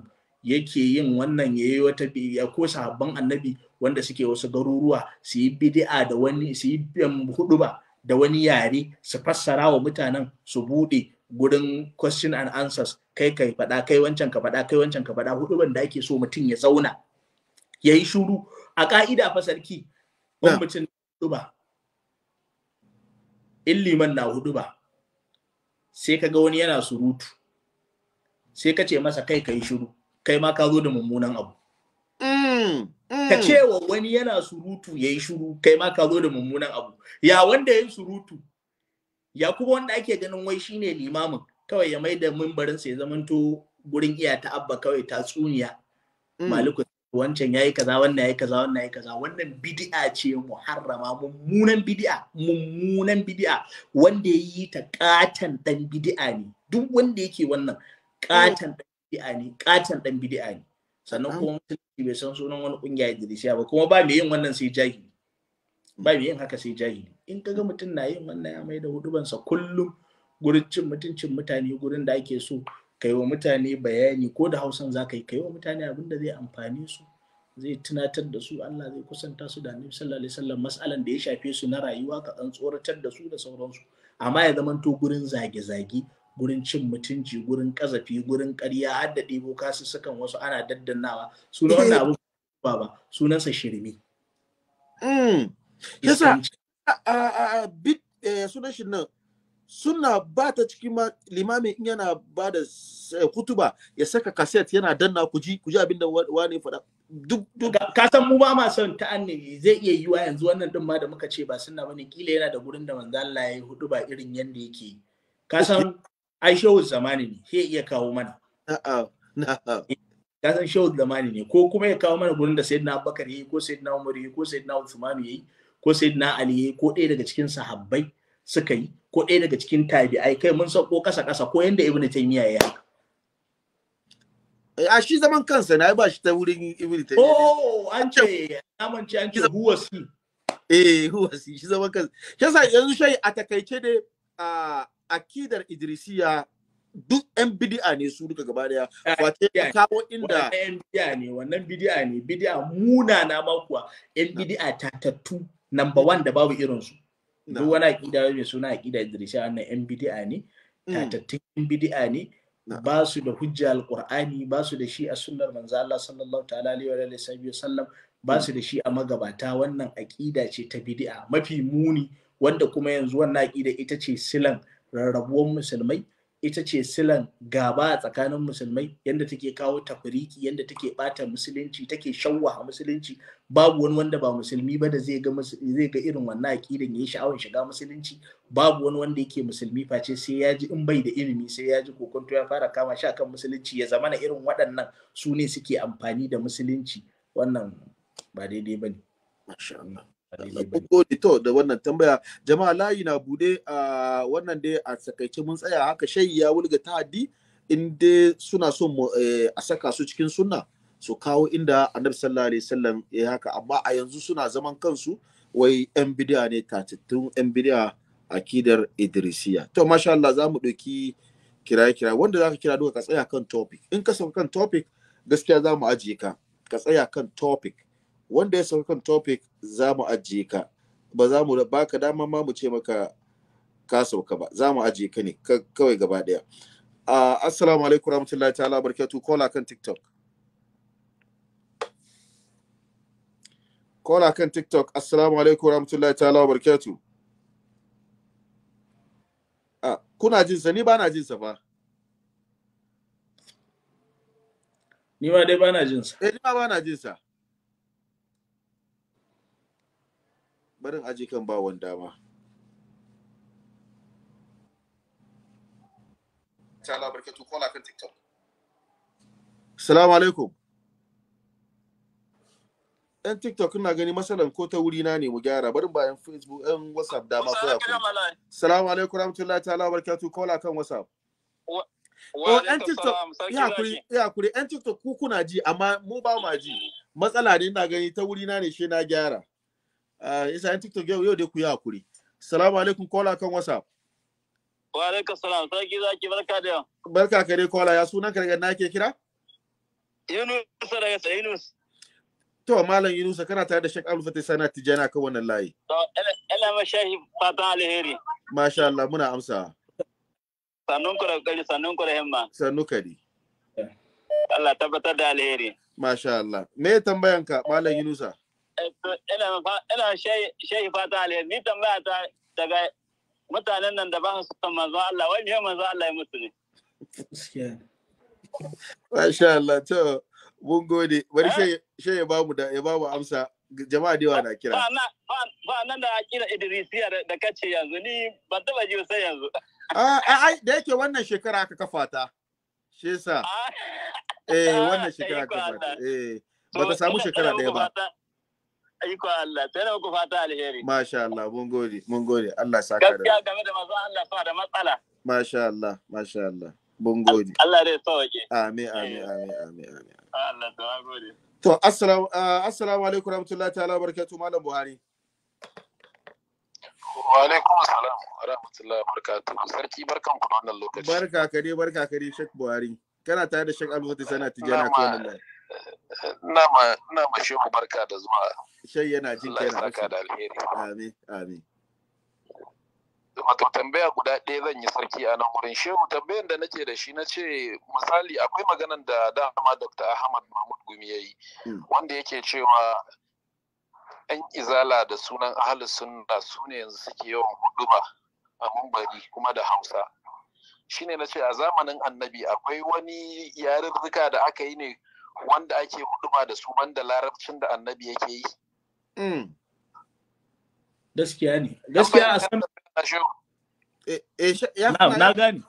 yake yin wannan yayi wata biya ko sahabban annabi wanda suke wasu garuruwa su yi bid'a da wani su yi um, hudu ba da wani yare su fassara wa mutanen su buɗe gurin question and answers kai kai faɗa kai wancan ka faɗa kai wancan ka faɗa hudu da ake so mutum ya zauna ya yi shuru a ƙa'ida fa sarki ban mutum hudu ba in liman na hudu ba sai ka wani yana surutu sai ka ce masa kai ka yi shuru kai ma ka zo da mummunan abu mm. ka mm. ce wa wani yana surutu ya yi shuru kai ma ka zo da mummunan abu ya wanda ya yi surutu ya kuma wanda ake ganin wai shine limamin kawai ya mai da mimbarinsa ya zamanto gurin iya ta abba kawai ta tsuniya mm. Maliku wancan yi kaza wannan yi kaza wannan yi kaza wannan bidi'a ce muharrama mummunan bidi'a mummunan bidi'a wanda yayi ta katan dan bidi'a ne duk wanda yake wannan katan dan bidi'a ne katan dan bidi'a ne sannan kuma musulunci bai san sunan wani kungiya idrisiya ba kuma ba mai yin wannan sai jahili ba mai yin haka sai jahili in kaga mutum na yin wannan ya mai da hudubansa kullum gurin cin mutuncin mutane gurin da ake so kai wa mutane bayani ko da hausan za ka yi kai wa mutane abin da zai amfani su zai tunatar da su Allah zai kusanta su da annabi sallallahu alaihi wasallam mas'alan da ya shafe su na rayuwa ka tsoratar da su da sauransu amma ya zamanto to gurin zage-zage gurin cin mutunci gurin kazafi gurin karya har da ɗebo sukan wasu ana daddannawa suna wanda abu ba ba sunansa shirme mm. yasa bit eh, sunan shi suna ba ta cikin limamin in yana ba da eh, kutuba ya saka kaset yana danna kuji kuji abinda wani faɗa ka san mu ba ma son ta annabi zai iya yiwa yanzu wannan din ma da muka ce ba sunna bane kila yana da gurin da manzo Allah ya hudu ba irin yanda yake ka san ai shehu zamani ne sai iya kawo mana ya san shehu zamani ne ko kuma ya kawo mana gurin da sayyidina abubakar yayi ko sayyidina umar yayi ko sayyidina usman yayi ko sayyidina ali yayi ko ɗaya daga cikin sahabbai suka yi ko ɗaya daga cikin tabi'ai kai mun sauko kasa kasa ko yanda ibnu taymiya ya haka eh, a shi zaman kansa na ba shi ta wurin ibnu taymiya oh an ce an ce an ce huwasi eh huwasi shi zaman kansa shi yanzu shai a takaice ne a ah, akidar idrisiya duk yan bidi'a ne su duka gaba daya eh, wace ya kawo inda yan bidi'a ne wannan bidi'a ne bidi'a muna na makuwa yan bidi'a tatattu number one da babu irin su duk wani akida mai suna akida idrisiya wannan yan bidi'a ne mm. tatattun yan bidi'a ne ba su da hujja alqur'ani ba su da shi a sunnar manzo Allah sallallahu ta'ala alaihi wa sallam ba mm. su da shi a magabata wannan akida ce ta bidi'a mafi muni wanda kuma yanzu wannan akida ita ce silan rarrabuwan musulmai ita ce silan gaba a tsakanin musulmai yadda take kawo tafriki yadda take bata musulunci take shawwa a musulunci babu wani wanda ba musulmi ba da zai ga irin irin wannan ya yi sha'awar shiga musulunci babu wani wanda yake musulmi face sai ya ji in bai da ilimi sai ya ji kokonto ya fara kama shi akan musulunci ya zamana irin waɗannan su ne suke amfani da musulunci wannan ba daidai bane masha gode to da wannan tambaya jama'a layi na bude a wannan da a sakaice mun tsaya haka shayi ya wulga ta'addi in dai suna son eh, a saka su cikin sunna su kawo inda annabi sallallahu alaihi wasallam ya haka amma a yanzu suna zaman kansu wai yan bidiya ne tatattun yan bidiya akidar idrisiya to masha Allah za mu ɗauki kiraye-kiraye wanda za ka kira duka ka tsaya kan topic in ka sauka kan topic gaskiya za mu ajiye ka ka tsaya kan topic wanda ya sauka kan topic za mu ajiye ka ba za mu ba ka dama ma mu ce maka ka sauka ba za mu ajiye ka ne kawai gaba daya uh, assalamu alaikum rahmatullahi ta'ala barkatu kola kan tiktok kola kan tiktok assalamu alaikum rahmatullahi ta'ala barkatu uh, kuna jin sa ni ba na jin sa ba ni ma dai ba na jin sa eh ni ma ba na jin sa barin aji kan bawon dama salamu alaikum yan tiktok ina gani masalan ko ta wuri na ne mu gyara barin bayan facebook yan whatsapp dama ko yaku salamu alaikum rahmatullahi ta'ala barkatu kola kan whatsapp Oh, yan TikTok, ya kuri, ya kuri, yan TikTok ku kuna ji, amma mu ba ma ji. Matsala ne na gani ta wuri na ne shi na gyara. Eh, Isa yan tiktok yau yau dai ku yi hakuri salamu alaikum kola kan whatsapp wa alaikum salam sarki zaki barka da yau barka ka dai kola ya sunan ka daga na ke kira yunus daga sa yunus to malam yunus kana tare da shek abdul fatih sana tijana kan wannan layi to ina ma shahi fata alheri masha Allah muna amsa sannun ku da kokari sannun ku da himma sannu kadi Allah tabbatar da alheri masha Allah me tambayanka malam yunusa ina shayi fata alayyar ni tambaya ta daga mutanen nan da ba su san manzon Allah wai me manzon Allah ya mutu ne Masha Allah to mun gode bari eh? shi ya bamu da ya bamu amsa jama'a da yawa na kira ba nan da kira Idrisiya da kace yanzu ni ban taba ji sai yanzu a a da yake wannan shekara aka kafa ta Shesa. Ah. eh ah, wannan shekara aka kafa eh ba ta samu shekara daya ba Iko Allah, sai da ku fata alheri. Masha Allah, mun gode, mun gode. Allah sa ka da. Gaskiya game da manzon Allah fa da matsala. Masha Allah, masha Allah. Mun gode. Allah dai sauke. Amin, amin, eh. amin, amin, amin. Allah ta gode. To, assalamu ah, assalamu alaikum warahmatullahi ta'ala barakatuh Malam Buhari. Wa alaikum assalam wa rahmatullahi barakatuh. Sarki barkan ku wannan lokaci. Barka kare, barka kare Sheikh Buhari. Kana tare da Sheikh Alhuti sana tijana ko wannan. ina ma shehu barka da zuwa shai yana jin kai na da alheri amin amin wato tambaya guda ɗaya zan yi sarki a nan wurin shehu tambayan da nake da shi na ce misali akwai maganan da dama dr ahmad mahmud gumi ya yi hmm. wanda yake cewa yan izala da sunan ahalus sunna su ne yanzu suke yawan huduma a mumbari kuma da hausa shine na ce a zamanin annabi akwai wani yarirrika da aka yi ne wanda ake huduma da su banda larabcin da annabi yake yi hmm. gaskiya ne gaskiya a san eh, eh, na gani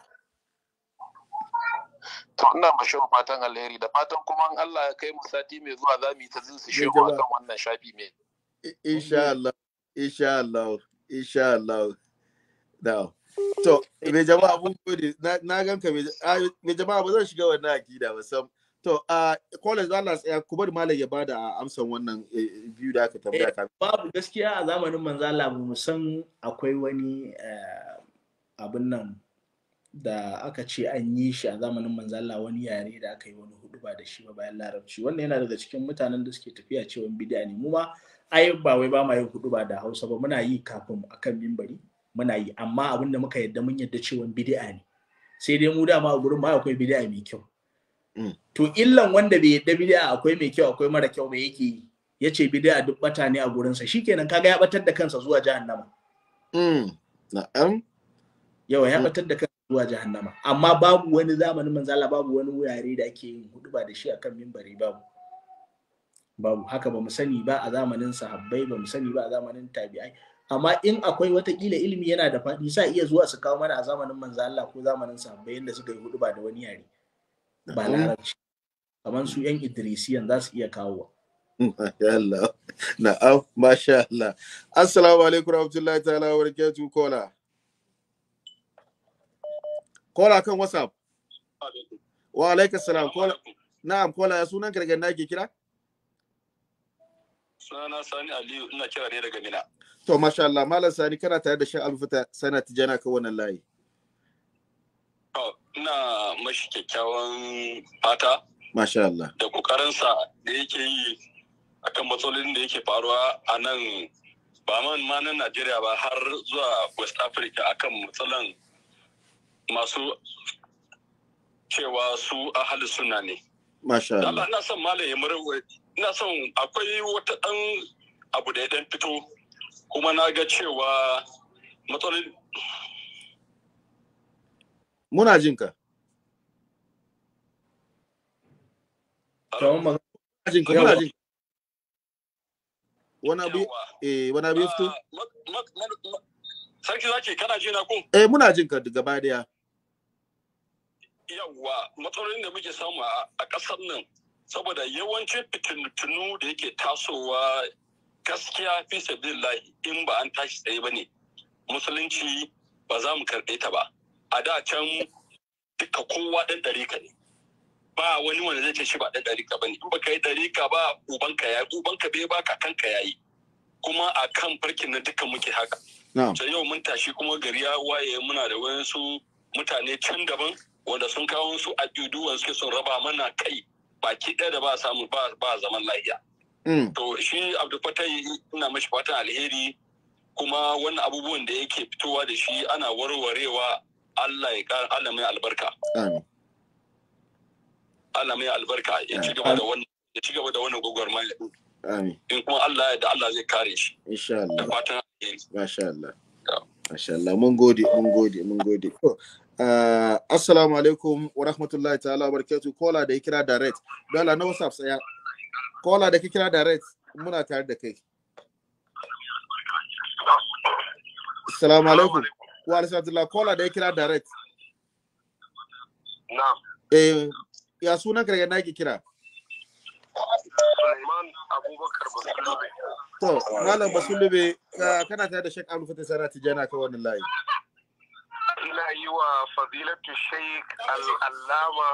to ina ma shehu fatan alheri da fatan kuma in Allah ya kai sati mai zuwa za mu yi ta zinsu shehu kan wannan shafi mai insha Allah insha Allah insha Allah now to mai jama'a mun gode na ganka mai jama'a ba zan shiga wannan akida ba sam To, Collins Allah tsaya ku bari malam ya da amsan wannan eh, biyu da aka tambaya eh, Babu gaskiya a zamanin manzala mu san akwai wani eh, abin nan da aka ce an yi shi a zamanin manzala wani yare da aka yi wani hudu ba da shi ba bayan larabci wannan yana daga cikin mutanen da suke tafiya cewa bidiya ne mu ma ai ba wai ba ma yin hudu ba da Hausa ba muna yi kafin akan mimbari muna yi amma abin da muka yadda mun yadda cewa bidiya ne sai dai mu dama a gurin ma akwai bidiya mai kyau Mm. to illan wanda bai yadda bid'a akwai mai kyau akwai mara kyau mai yake yi ce bid'a duk bata ne a gurinsa shikenan kaga ya batar da kansa zuwa jahannama mm na'am yawa ya batar mm. da kansa zuwa jahannama amma babu wani zamanin manzala babu wani wurare da ake yin hudu ba da shi akan mimbari babu babu haka ba mu sani ba a zamanin sahabbai ba mu sani ba a zamanin tabi'ai amma in akwai watakila ilimi yana da faɗi sa iya zuwa su kawo mana a zamanin manzo Allah ko zamanin sahabbai yanda suka yi hudu ba da wani yare ba mm. larabci kamar su yan idrisiyan za su iya kawo mm, Allah na'am masha Allah assalamu alaikum rahmatullahi ta'ala wa barakatuh kola kola kan whatsapp wa alaikum salam kola na'am kola ya sunan ka daga ina ke kira sunana sani aliyu ina kira ne daga mina to masha Allah malam sani kana tare da shan alfuta sana tijana ka wannan layi ina mashi kyakkyawan fata. Masha Allah. Da kokarinsa da yake yi kan matsalolin da yake faruwa a nan ba man ma na Najeriya ba har zuwa West Africa a kan matsalan masu cewa su ahali suna ne. Masha Allah. na son malaye na son akwai wata ɗan abu da ya ɗan fito kuma na ga cewa matsalolin muna jin ka eh, fito ah, sarki zaki na eh, muna jin ka gaba daya yawwa matsalolin da muke samu a ƙasar nan saboda yawancin fitinu da yake tasowa gaskiya fi sabilillahi in ba an tashi tsaye ba ne musulunci ba za mu karɓe ta ba a da can duka kowa ɗan ɗarika ne ba wani wanda zai ce shi ba ɗan ɗarika ba ne in baka yi ɗarika ba ubanka ya yi ubanka bai ba kanka ya yi kuma a kan farkin na duka muke haka can yau mun tashi kuma gari ya waye muna da wayansu mutane can daban wanda sun kawo su a wanda suke son raba mana kai baki ɗaya da ba samu ba zaman lafiya. Mm. To shi Abdulfatai ina mashi fatan alheri kuma wani abubuwan da yake fitowa da shi ana warwarewa Allah ya ƙara Allah mai albarka amin Allah mai albarka ya ci gaba da wannan ya ci gaba da wannan gwagwarmaya amin in kuma Allah ya da Allah zai kare shi insha Allah da fatan masha Allah masha Allah mun gode mun gode mun gode Uh, assalamu alaikum wa rahmatullahi ta'ala wa barakatuh kola da ya kira direct dala na whatsapp tsaya kola da ka kira direct muna tare da kai assalamu alaikum wa alisatullah kola da ya kira direct Na. eh ya sunan ka na ke kira Suleiman Abubakar Basulube. To, Malam Basulube, kana tare da Sheikh Abdul Fatah Sana Tijana kan wannan layi. Ina yi wa Fadilatu Sheikh Al-Allama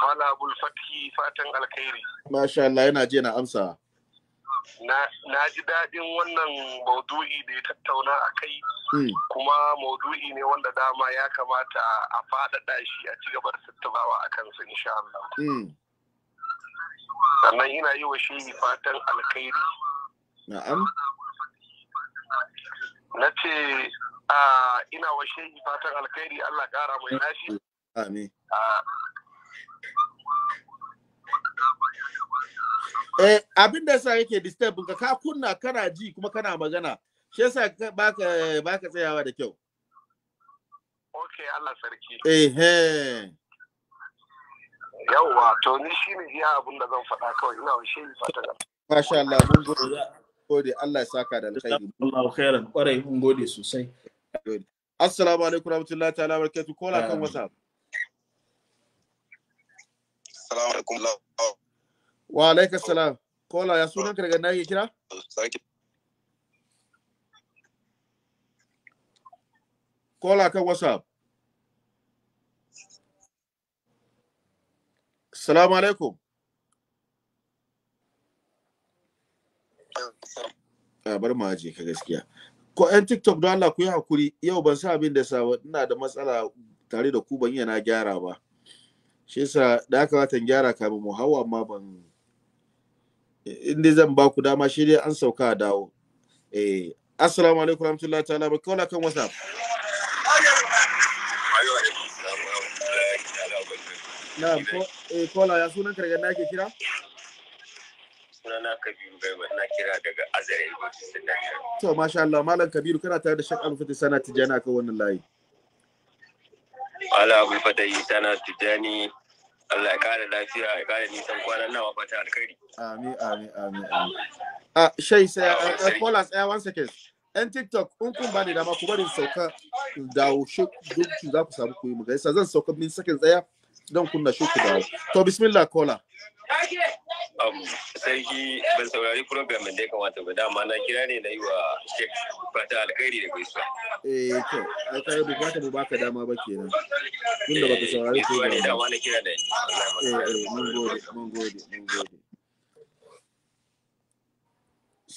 Malabul Fatih fatan alkhairi. Masha Allah yana je na amsa. na ji daɗin wannan maudu'i da ya tattauna a kai hmm. kuma maudu'i ne wanda dama ya kamata a faɗaɗa shi a ci gaba da tattaunawa a kansa insha Allah. Hmm. Sannan ina yi wa shi fatan alkhairi. Na ce ina wa shi fatan alkhairi Allah ƙara mai nashi. Eh, abin da yasa yake disturb ka ka kunna kana ji kuma kana magana. Shi yasa baka baka tsayawa da kyau. Okay, Allah sarki. Eh, eh. Yawwa, to ni ne iya abin da zan faɗa kawai ina wa shehi fata. Masha Allah, mun gode. Gode, Allah ya saka da alkhairi. Allah khairan, kwarai mun gode sosai. Assalamu alaikum warahmatullahi ta'ala barakatuh. Kola kan WhatsApp. Assalamu alaikum. Wa alaikar salam. Kola ya sunan daga na yake kira? Kola kan WhatsApp. Salamu alaikum. a bar ma je ka gaskiya ko yan tiktok don Allah ku yi hakuri yau ban sa abin da sa ina da matsala tare da ku ban yana gyara ba shi yasa da aka watan gyara kamin mu hawa amma ban inda zan ba ku dama shi dai an sauka a dawo eh assalamu alaikum warahmatullahi ta'ala ba kawai kan whatsapp na'am ko eh kola ya sunan karga na ake kira sunana kabiru gaiwa na kira daga azare to masha Allah malam kabiru kana tare da shakka alfati sana tijana akan wannan layi Ala Abulfata Isana Tijani Allah ya kare lafiya ya kare nisan kwanan nawa fata alkhairi. Amin amin amin amin. shai sai a kola tsaya uh, uh, uh, one second. Yan TikTok in kun bani dama ku bari sauka dawo shi dukki za ku samu ku yi magana. zan sauka min sakin tsaya don kunna shi ku dawo. To bismillah kola. sarki ban saurari program da ya kamata ba dama na kira ne na yi wa shek fata alkhairi da gaisuwa eh to ai kai bu mu baka dama ba kenan da eh, eh mun gode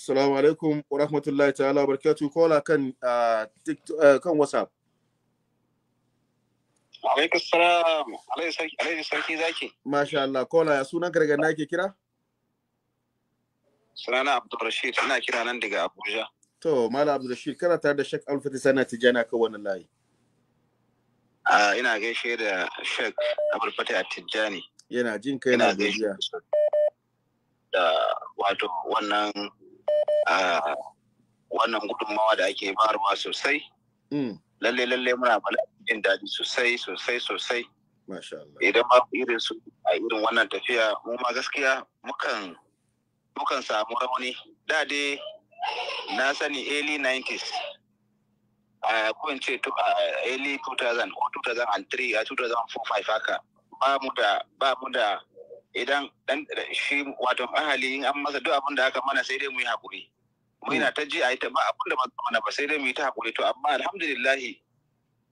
alaikum wa rahmatullahi ta'ala barkatu kola kan ah, TikTok eh, kan WhatsApp Alaikum salam, alaikum sarki zaki. Masha Allah, kola ya sunan gargar na ke kira? Sunana Abdul ina kira nan daga Abuja. To, Mala Abdul Rashid, kana tare da Sheikh Alfati sana tijana kan wannan layi. ina gaishe da Sheikh Abdul a At-Tijani. Yana jin kai na gajiya. Da wato wannan wannan gudunmawa da ake bayarwa sosai. Mm. lalle lalle muna mala jin daɗi sosai sosai sosai idan ma ku irin su a irin wannan tafiya mu ma gaskiya mukan mukan samu rauni da dai na sani early 90s a kun ce to early 2000 ko 2003 a 2004 haka ba mu da ba mu da idan dan shi wato ahali in an masa duk abin da aka mana sai dai mu yi hakuri mu yana ta ji a yi ta ba abin da ba mana ba sai dai mu yi ta haƙuri to amma alhamdulillahi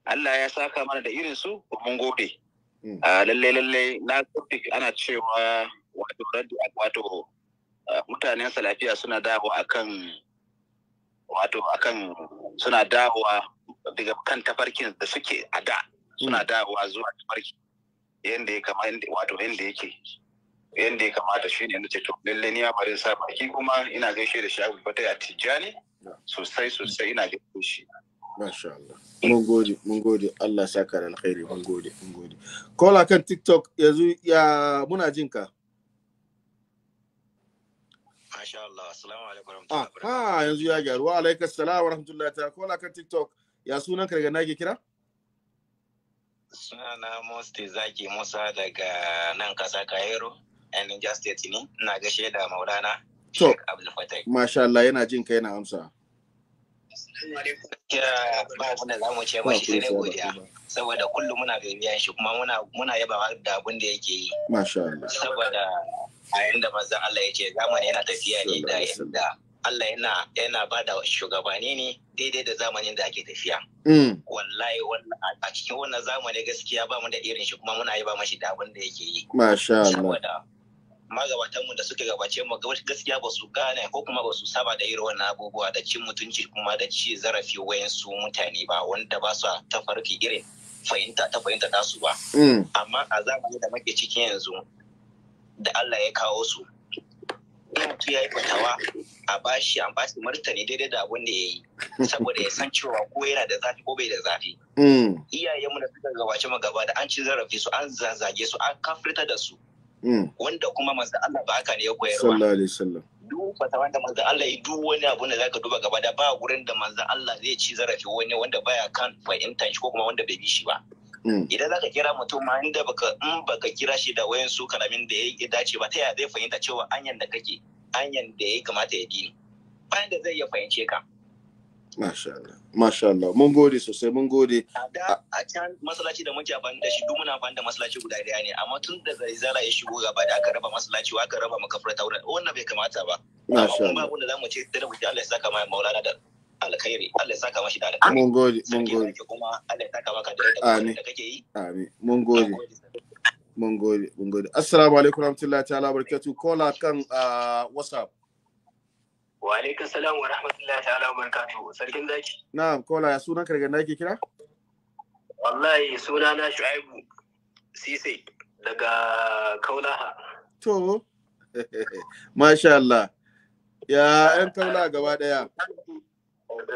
Allah ya saka mana da irin su mun gode hmm. ah, lallai lallai na topic ana cewa wato radio wato ah, mutanen salafiya suna dawo akan wato akan suna dawowa daga kan tafarkin da suke a da suna hmm. dawowa zuwa tafarki yadda ya kama wato yadda yake yadda ya kamata shi ne na ce to lalle ni ya bari sa baki kuma ina gaishe da shi a a tijjani sosai sosai ina gaishe shi Masha Allah. Mun gode, mun gode. Allah sa da alkhairi, mun gode, mun gode. Kola kan TikTok yanzu ya muna jin ka. Masha Allah, assalamu alaikum warahmatullahi Ah, yanzu ya gyaru. Wa alaikum assalam wa rahmatullahi ta'ala. Kola kan TikTok ya sunan ka daga nake kira? Sunana Musti Zaki Musa daga nan kasa Cairo. 'yan Niger ne, na gashe da Maulana Masha Allah yana jin kai na amsa. a Allah ya zamani yana tafiya ba shugabanni ne daidai da zamanin da ake mm. a cikin wannan zamani gaskiya ba mu irin shi kuma muna yaba mashi da abin da Masha Allah. magabatanmu da suka gabace mu gaskiya ba su gane ko kuma ba su saba da irin wannan abubuwa da cin mutunci kuma da ci zarafi wayansu mutane ba wanda ba su tafarki irin fahimta ta fahimta su ba mm. amma a zamanin da muke cikin yanzu da Allah ya kawo su in mutum ya yi fatawa a bashi an bashi martani daidai da abin da ya yi saboda ya san cewa ko yana da zafi ko bai da zafi mm. iyayenmu da suka gabace mu gaba da an ci zarafi su an zazage su an kafirta da su Mm. wanda kuma manzo Allah ba haka ne ya koyarwa. sallallahu alaihi wasallam duk fatawan wanda manzo Allah ya duk wani abu da zaka duba gaba da ba gurin da manzo Allah zai ci zarafi wani wanda baya kan fahimtar shi ko kuma wanda bai bi shi ba mm. idan zaka kira mutum ma inda baka in baka kira shi da wayan su kalamin da ya dace ba ta yaya zai fahimta cewa anyan da kake anyan da ya kamata ya dini bayan da zai ya fahimce ka Masha Allah. Mun gode sosai, mun gode. Da a can masallaci da muke abin da shi duk muna abin da masallaci guda daya ne, amma tun da zara ya shigo gaba da aka raba wa aka raba makafar tauran wannan bai kamata ba. Masha Allah. Amma kuma da zamu ce da rubuta Allah ya saka mai Maulana da alkhairi. Allah ya saka mashi da alkhairi. Mun gode, mun gode. Kuma Allah ya saka maka da da kake yi. Amin. Mun gode. Mun gode, mun gode. Assalamu alaikum warahmatullahi ta'ala barakatuh. Kola kan uh, WhatsApp. Wa alaikum salam wa rahmatullahi ta'ala wa barakatuhu. Sarkin zaki. Na'am, kola ya sunan kargan da ake kira? Wallahi suna na Shu'aibu Sise daga Kaulaha. To. Masha Allah. Ya ɗan kaula gaba ɗaya.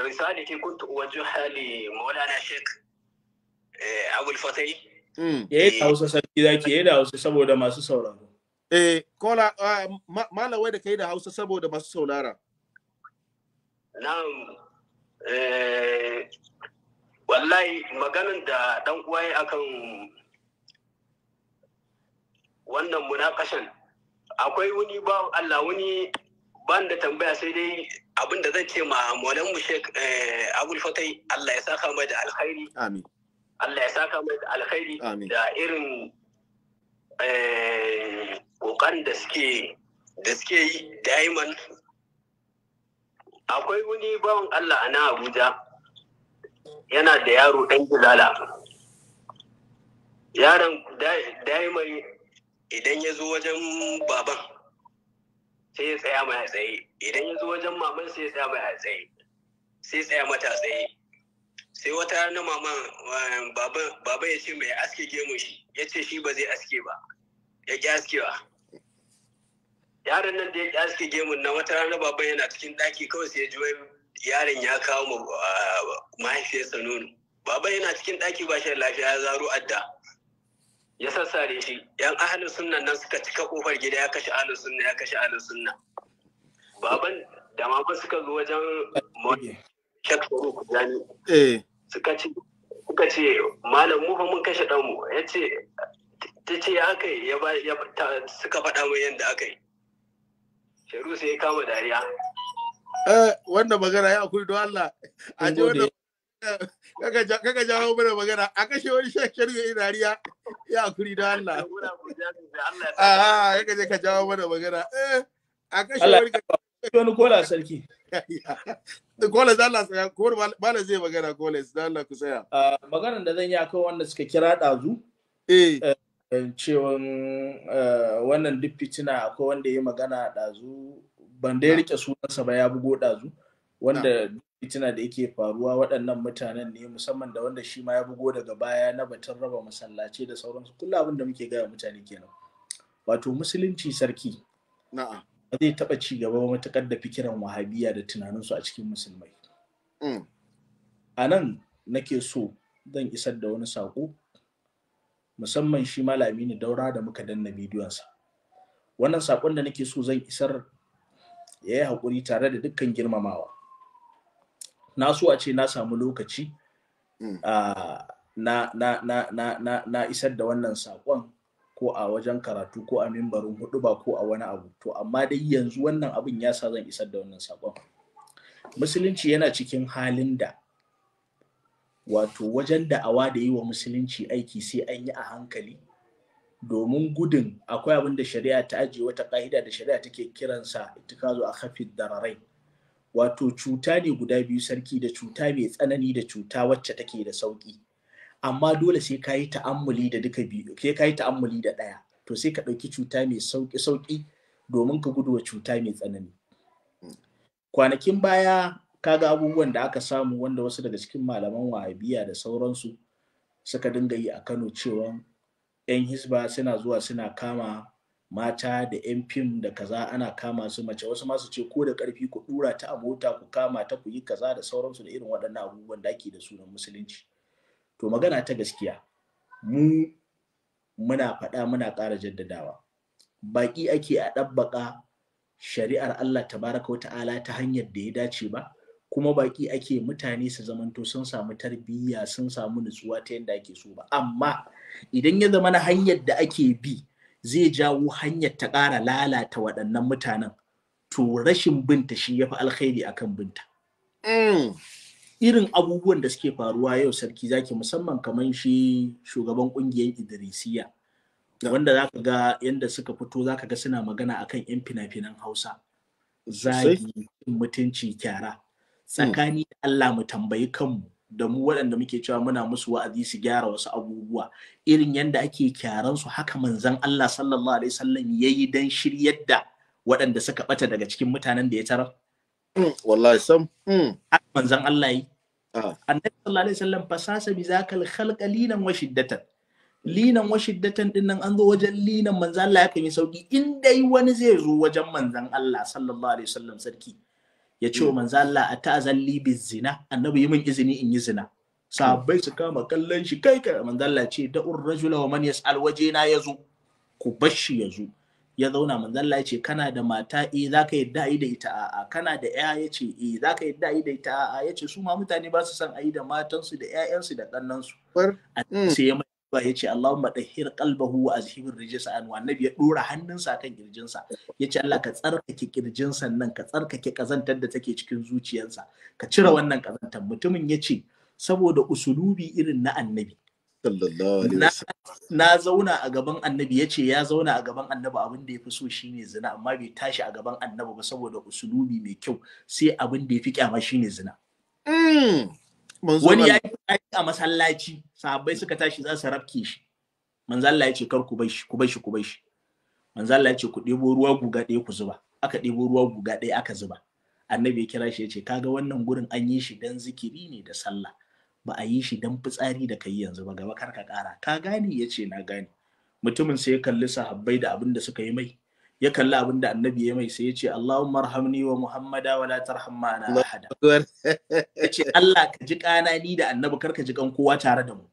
Risalati kuntu wajen hali Maulana Sheikh eh, Abul Fatai. Hmm. Ya yi da Hausa sarki zaki, ya yi da Hausa saboda masu sauraro. Eh, kola, ah, malawai da ka yi da Hausa saboda masu saurara. Na eh, wallahi maganin da dan uwaye akan wannan munakashan akwai wani ba Allah wani ban da tambaya sai dai abin da zan ce ma maulan mu shek eh, abul fatai Allah ya saka mai da alkhairi amin Allah ya saka mai da alkhairi da irin eh, kokarin da suke da suke yi diamond akwai wani bawan Allah a nan Abuja yana da yaro ɗan gudala yaron daimai idan ya zo wajen baban sai ya tsaya mai tsaye idan ya zo wajen maman sai ya tsaya mai tsaye sai tsaya mata tsaye sai wata na mama eh, baban ya ce mai aske gemun shi ya ce shi ba zai aske ba ya ƙi askewa yaron nan da ya aske gemun nan wata rana baban yana cikin ɗaki kawai sai ya ji yaron ya kawo mu ah, mahaifiyarsa nono baban yana cikin ɗaki ba shi lafiya ya zaro adda ya sassare shi yan ahalin sunna nan suka cika kofar gida ya kashe ahalin sunna ya kashe ahalin sunna baban da mama suka zo wajen shek eh. suka ce suka ce malam mu fa mun kashe ɗanmu ya ce ta ce ya aka yi suka faɗa mu yadda aka yi Sharu sai ya kama dariya. Eh, wanda magana ya akwai don Allah. A ji wanda kaka jawo mana magana a kashe wani shekaru ya yi dariya ya akwai don Allah. Ah, kaka je ka jawo mana magana. Eh, a kashe wani wani kola sarki. Kola da Allah tsaya, kowar bala zai magana kola da Allah ku tsaya. Ah, maganan da zan yi akan wanda suka kira ɗazu. Eh. eh cewan eh, wannan duk fitina akwai wanda ya magana a ɗazu ban dai rike sunansa ba ya bugo ɗazu wanda fitina da yake faruwa waɗannan mutanen ne musamman da wanda shi ma ya bugo daga baya na batun raba masallaci da sauransu kullum abin da muke gaya mutane kenan wato musulunci sarki ba zai taɓa ci gaba matuƙar da fikiran wahabiya da tunaninsu a cikin musulmai mm. a nan nake so zan isar da wani saƙo musamman shi malami ne daura da muka danna bidiyonsa wannan sakon da nake so zan isar ya yi haƙuri tare da dukkan girmamawa na so a ce na samu lokaci hmm. na, isar da wannan sakon ko a wajen karatu ko a mimbarin hudu ba ko a wani abu to amma dai yanzu wannan abin ya sa zan isar da wannan sakon musulunci yana cikin halin da wato wajen da'awa da yi wa musulunci aiki sai an yi a hankali domin gudun akwai abin da shari'a ta ajiye wata ƙa'ida da shari'a take kiransa itikazu a kafin dararai wato cuta ne guda biyu sarki da cuta mai tsanani da cuta wacce take da sauƙi amma dole sai ka yi ta'ammuli da duka biyu sai ka yi ta'ammuli da ɗaya to sai ka ɗauki cuta mai sauƙi sauƙi domin ka gudu wa cuta mai tsanani mm. kwanakin baya kaga abubuwan da aka samu wanda wasu daga cikin malaman wahabiya da sauransu suka dinga yi a kano cewa 'yan hisba suna zuwa suna kama mata da 'yan fim da kaza ana kama su mace wasu masu ce ko da karfi ku dura ta a mota ku kama ta ku yi kaza da sauransu da irin waɗannan abubuwan da ake da sunan musulunci to magana ta gaskiya mu muna faɗa muna ƙara jaddadawa baƙi ake a ɗabbaƙa shari'ar Allah tabaraka Ta'ala ta hanyar da ya dace ba kuma baki ake mutane su zamanto sun samu tarbiyya sun samu nutsuwa ta yadda ake so ba amma idan ya zama na hanyar da ake bi zai jawo hanyar ta ƙara lalata waɗannan mutanen to rashin binta shi ya fi alkhairi a kan binta mm. irin abubuwan da suke faruwa yau sarki zaki musamman kamar shi shugaban ƙungiyar idrisiya wanda zaka ga yadda suka fito zaka ga suna magana akan 'yan fina-finan hausa zagi mutunci kyara Mm. tsakani da Allah mu tambayi kanmu da mu waɗanda muke cewa muna musu wa'azi su gyara wasu abubuwa irin yadda ake kyaran su haka manzon Allah sallallahu alaihi wasallam yayi dan shiryar da waɗanda suka bata daga cikin mutanen da ya tarar mm, wallahi sam mm. manzon Allah yi ah. annabi sallallahu alaihi wasallam fasasa bi zakal khalqa linan wa shiddatan linan wa shiddatan din an zo wajen linan manzon Allah ya kai sauki in dai wani zai zo wajen manzon Allah sallallahu alaihi wasallam sarki ya ce wa mm. manzo Allah a zalli bi zina annabi yi min izini in yi zina sahabbai su kama kallon shi kai kai manzo Allah ce ur rajula wa man yas'al wajina yazo ku bashi yazo ya zauna manzo Allah ya ce kana da mata eh zaka yadda ai da ita a a kana da ya ya ce eh zaka yadda ai da ita a a ya ce su ma mutane ba su san ai da matansu da ƴaƴansu da kannansu sai zuwa ya ce Allahumma dahhir qalbahu wa azhibir rijsa an annabi ya dora hannunsa kan kirjinsa ya ce Allah ka tsarkake kirjinsa nan ka tsarkake kazantar da take cikin zuciyarsa ka cire wannan kazantar mutumin ya ce saboda usulubi irin na annabi na zauna a gaban annabi ya ce ya zauna a gaban annabi abin da ya fi so shine zina amma bai tashi a gaban annabi ba saboda usulubi mai kyau sai abin da ya fi kyama shine zina hmm. wani ya yi a masallaci sahabbai suka tashi za su rafke shi manzo Allah ya ce kar ku bai shi ku bai shi ku bai shi manzo Allah ya ku ɗebo ruwa guga ɗaya ku zuba aka ɗebo ruwa guga ɗaya aka zuba annabi ya kira shi ya ce kaga wannan gurin an yi shi dan zikiri ne da sallah ba a yi shi dan fitsari da kai yanzu ba gaba kar ka kara ka gane yace ce na gane mutumin sai ya kalli sahabbai da abin da suka yi mai ya kalli abin da annabi ya mai sai ya ce Allahun marhamni wa Muhammada wa la tarham ma'ana ahada ya ce Allah ka ji kana ni da annabi kar ka ji kan kowa tare da mu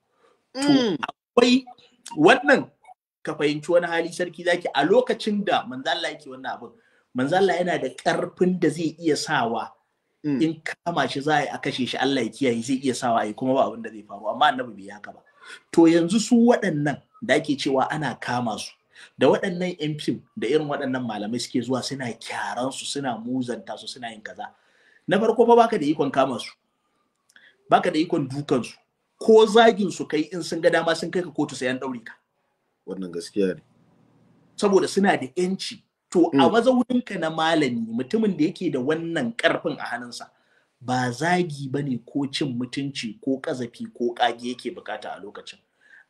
to mm. akwai wannan ka fahimci wani hali sarki zaki a lokacin da manzo Allah yake wannan abin manzo yana da karfin da zai iya sawa mm. in kama shi za a yi a kashe shi Allah ya kiyaye zai iya sawa yi kuma ba abin da zai faru amma annabi bai yi haka ba to yanzu su waɗannan da ake cewa ana kama su da waɗannan yan fim da irin waɗannan malamai suke zuwa suna kyaran su suna muzanta su suna yin kaza na farko fa baka da ikon kama su baka da ikon dukan su ko zagin su kai in sun ga dama sun kai ka kotu sai an daure ka wannan gaskiya ne saboda suna da yanci to a hmm. mazauninka na malami mutumin da yake da wannan karfin a hannunsa ba zagi bane ko cin mutunci ko kazafi ko ƙage yake bukata a lokacin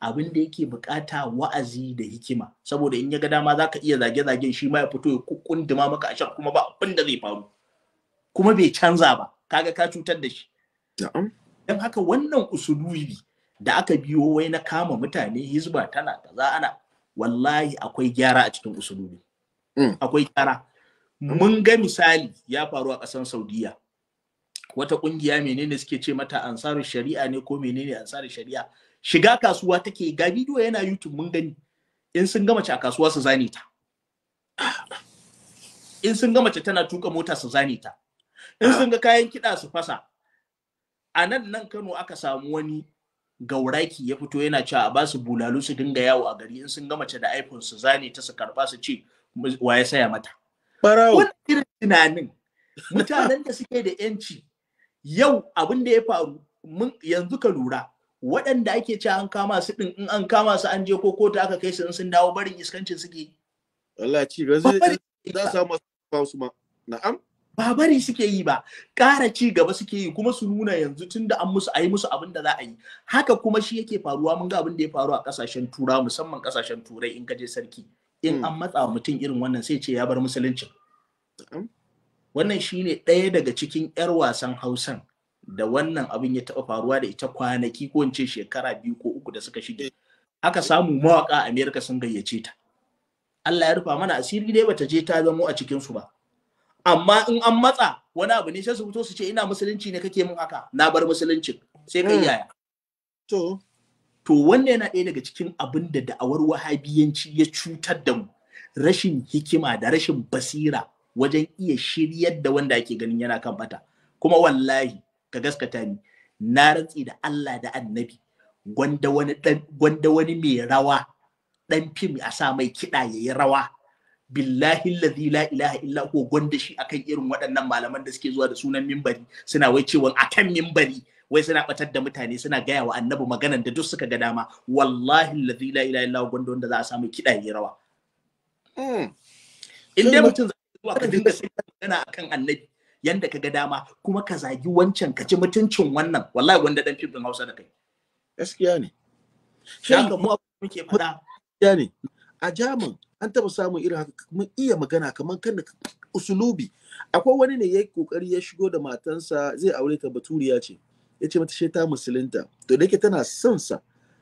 abin da yake bukata wa'azi da hikima saboda in ya ga dama zaka iya zage-zagen shi ma ya fito ya kunduma maka a shan kuma ba abin da zai faru kuma bai canza ba kaga ka cutar da shi don haka wannan usulubi da aka biyo wai na kama mutane hizba tana kaza ana wallahi akwai gyara a cikin usulubi mm. akwai gyara mun ga misali ya faru a ƙasar saudiya wata ƙungiya menene suke ce mata ansarin shari'a ne ko menene ansarin shari'a shiga kasuwa take ga bidiyo yana YouTube mun gani in sun ga mace a kasuwa su zane ta in sun ga mace tana tuka mota su zane ta in sun ga kayan kiɗa su fasa a nan nan Kano aka samu wani gauraki ya fito yana cewa a basu bulalu su dinga yawo a gari in sun ga mace da iPhone su zane ta su karba su ce wa ya saya mata wannan irin tunanin mutanen da suke da yanci yau abin da ya faru yanzu ka lura waɗanda ake ci an kama su ɗin in an kama su an je ko kotu aka kai su in sun dawo barin iskancin suke Allah ci ga za su samu su ma na'am ba bari suke yi ba ƙara ci gaba suke yi kuma su nuna yanzu tun da an musu a yi musu abin da za a yi haka kuma shi yake faruwa mun ga abin da ya faru a ƙasashen tura musamman ƙasashen turai in je sarki in hmm. an matsa mutum irin wannan sai ce ya bar musuluncin wannan shi ne ɗaya daga cikin 'yar wasan hausan da wannan abin ya taɓa faruwa da ita kwanaki ko in ce shekara biyu ko uku da suka shige aka samu mawaƙa a amerika sun gayyace ta Allah ya rufa mana asiri dai bata je ta zamo a cikin ba amma in an matsa wani abu ne sai su fito su ce ina musulunci ne kake min haka na bar musulunci sai kai mm. yaya to to wannan yana ɗaya daga cikin abin da da'awar wahabiyanci ya cutar da mu rashin hikima da rashin basira wajen iya shiryar da wanda ake ganin yana kan bata kuma wallahi ka gaskata ni na rantsi da Allah da annabi gwanda wani gwanda wani mai rawa dan fim a sa mai kiɗa yayi rawa billahi allazi la ilaha illa huwa gwanda shi akan irin waɗannan malaman da suke zuwa da sunan mimbari suna wai cewa akan mimbari wai suna batar da mutane suna gaya wa annabi maganan da duk suka ga dama wallahi allazi la ilaha illa huwa gwanda wanda za a sa mai kiɗa yayi rawa hmm. in dai mutum zai zuwa ka dinga sai magana akan annabi yanda kaga dama kuma ka zagi wancan ka ci mutuncin wannan wallahi wanda dan fim Hausa da kai gaskiya ne muke faɗa gaskiya ne a jaman an taba samun irin haka kuma iya magana kamar kan usulubi akwai wani ne yayi kokari ya shigo da matansa zai aure ta baturiya ce yace mata she ta musulunta to da yake tana son sa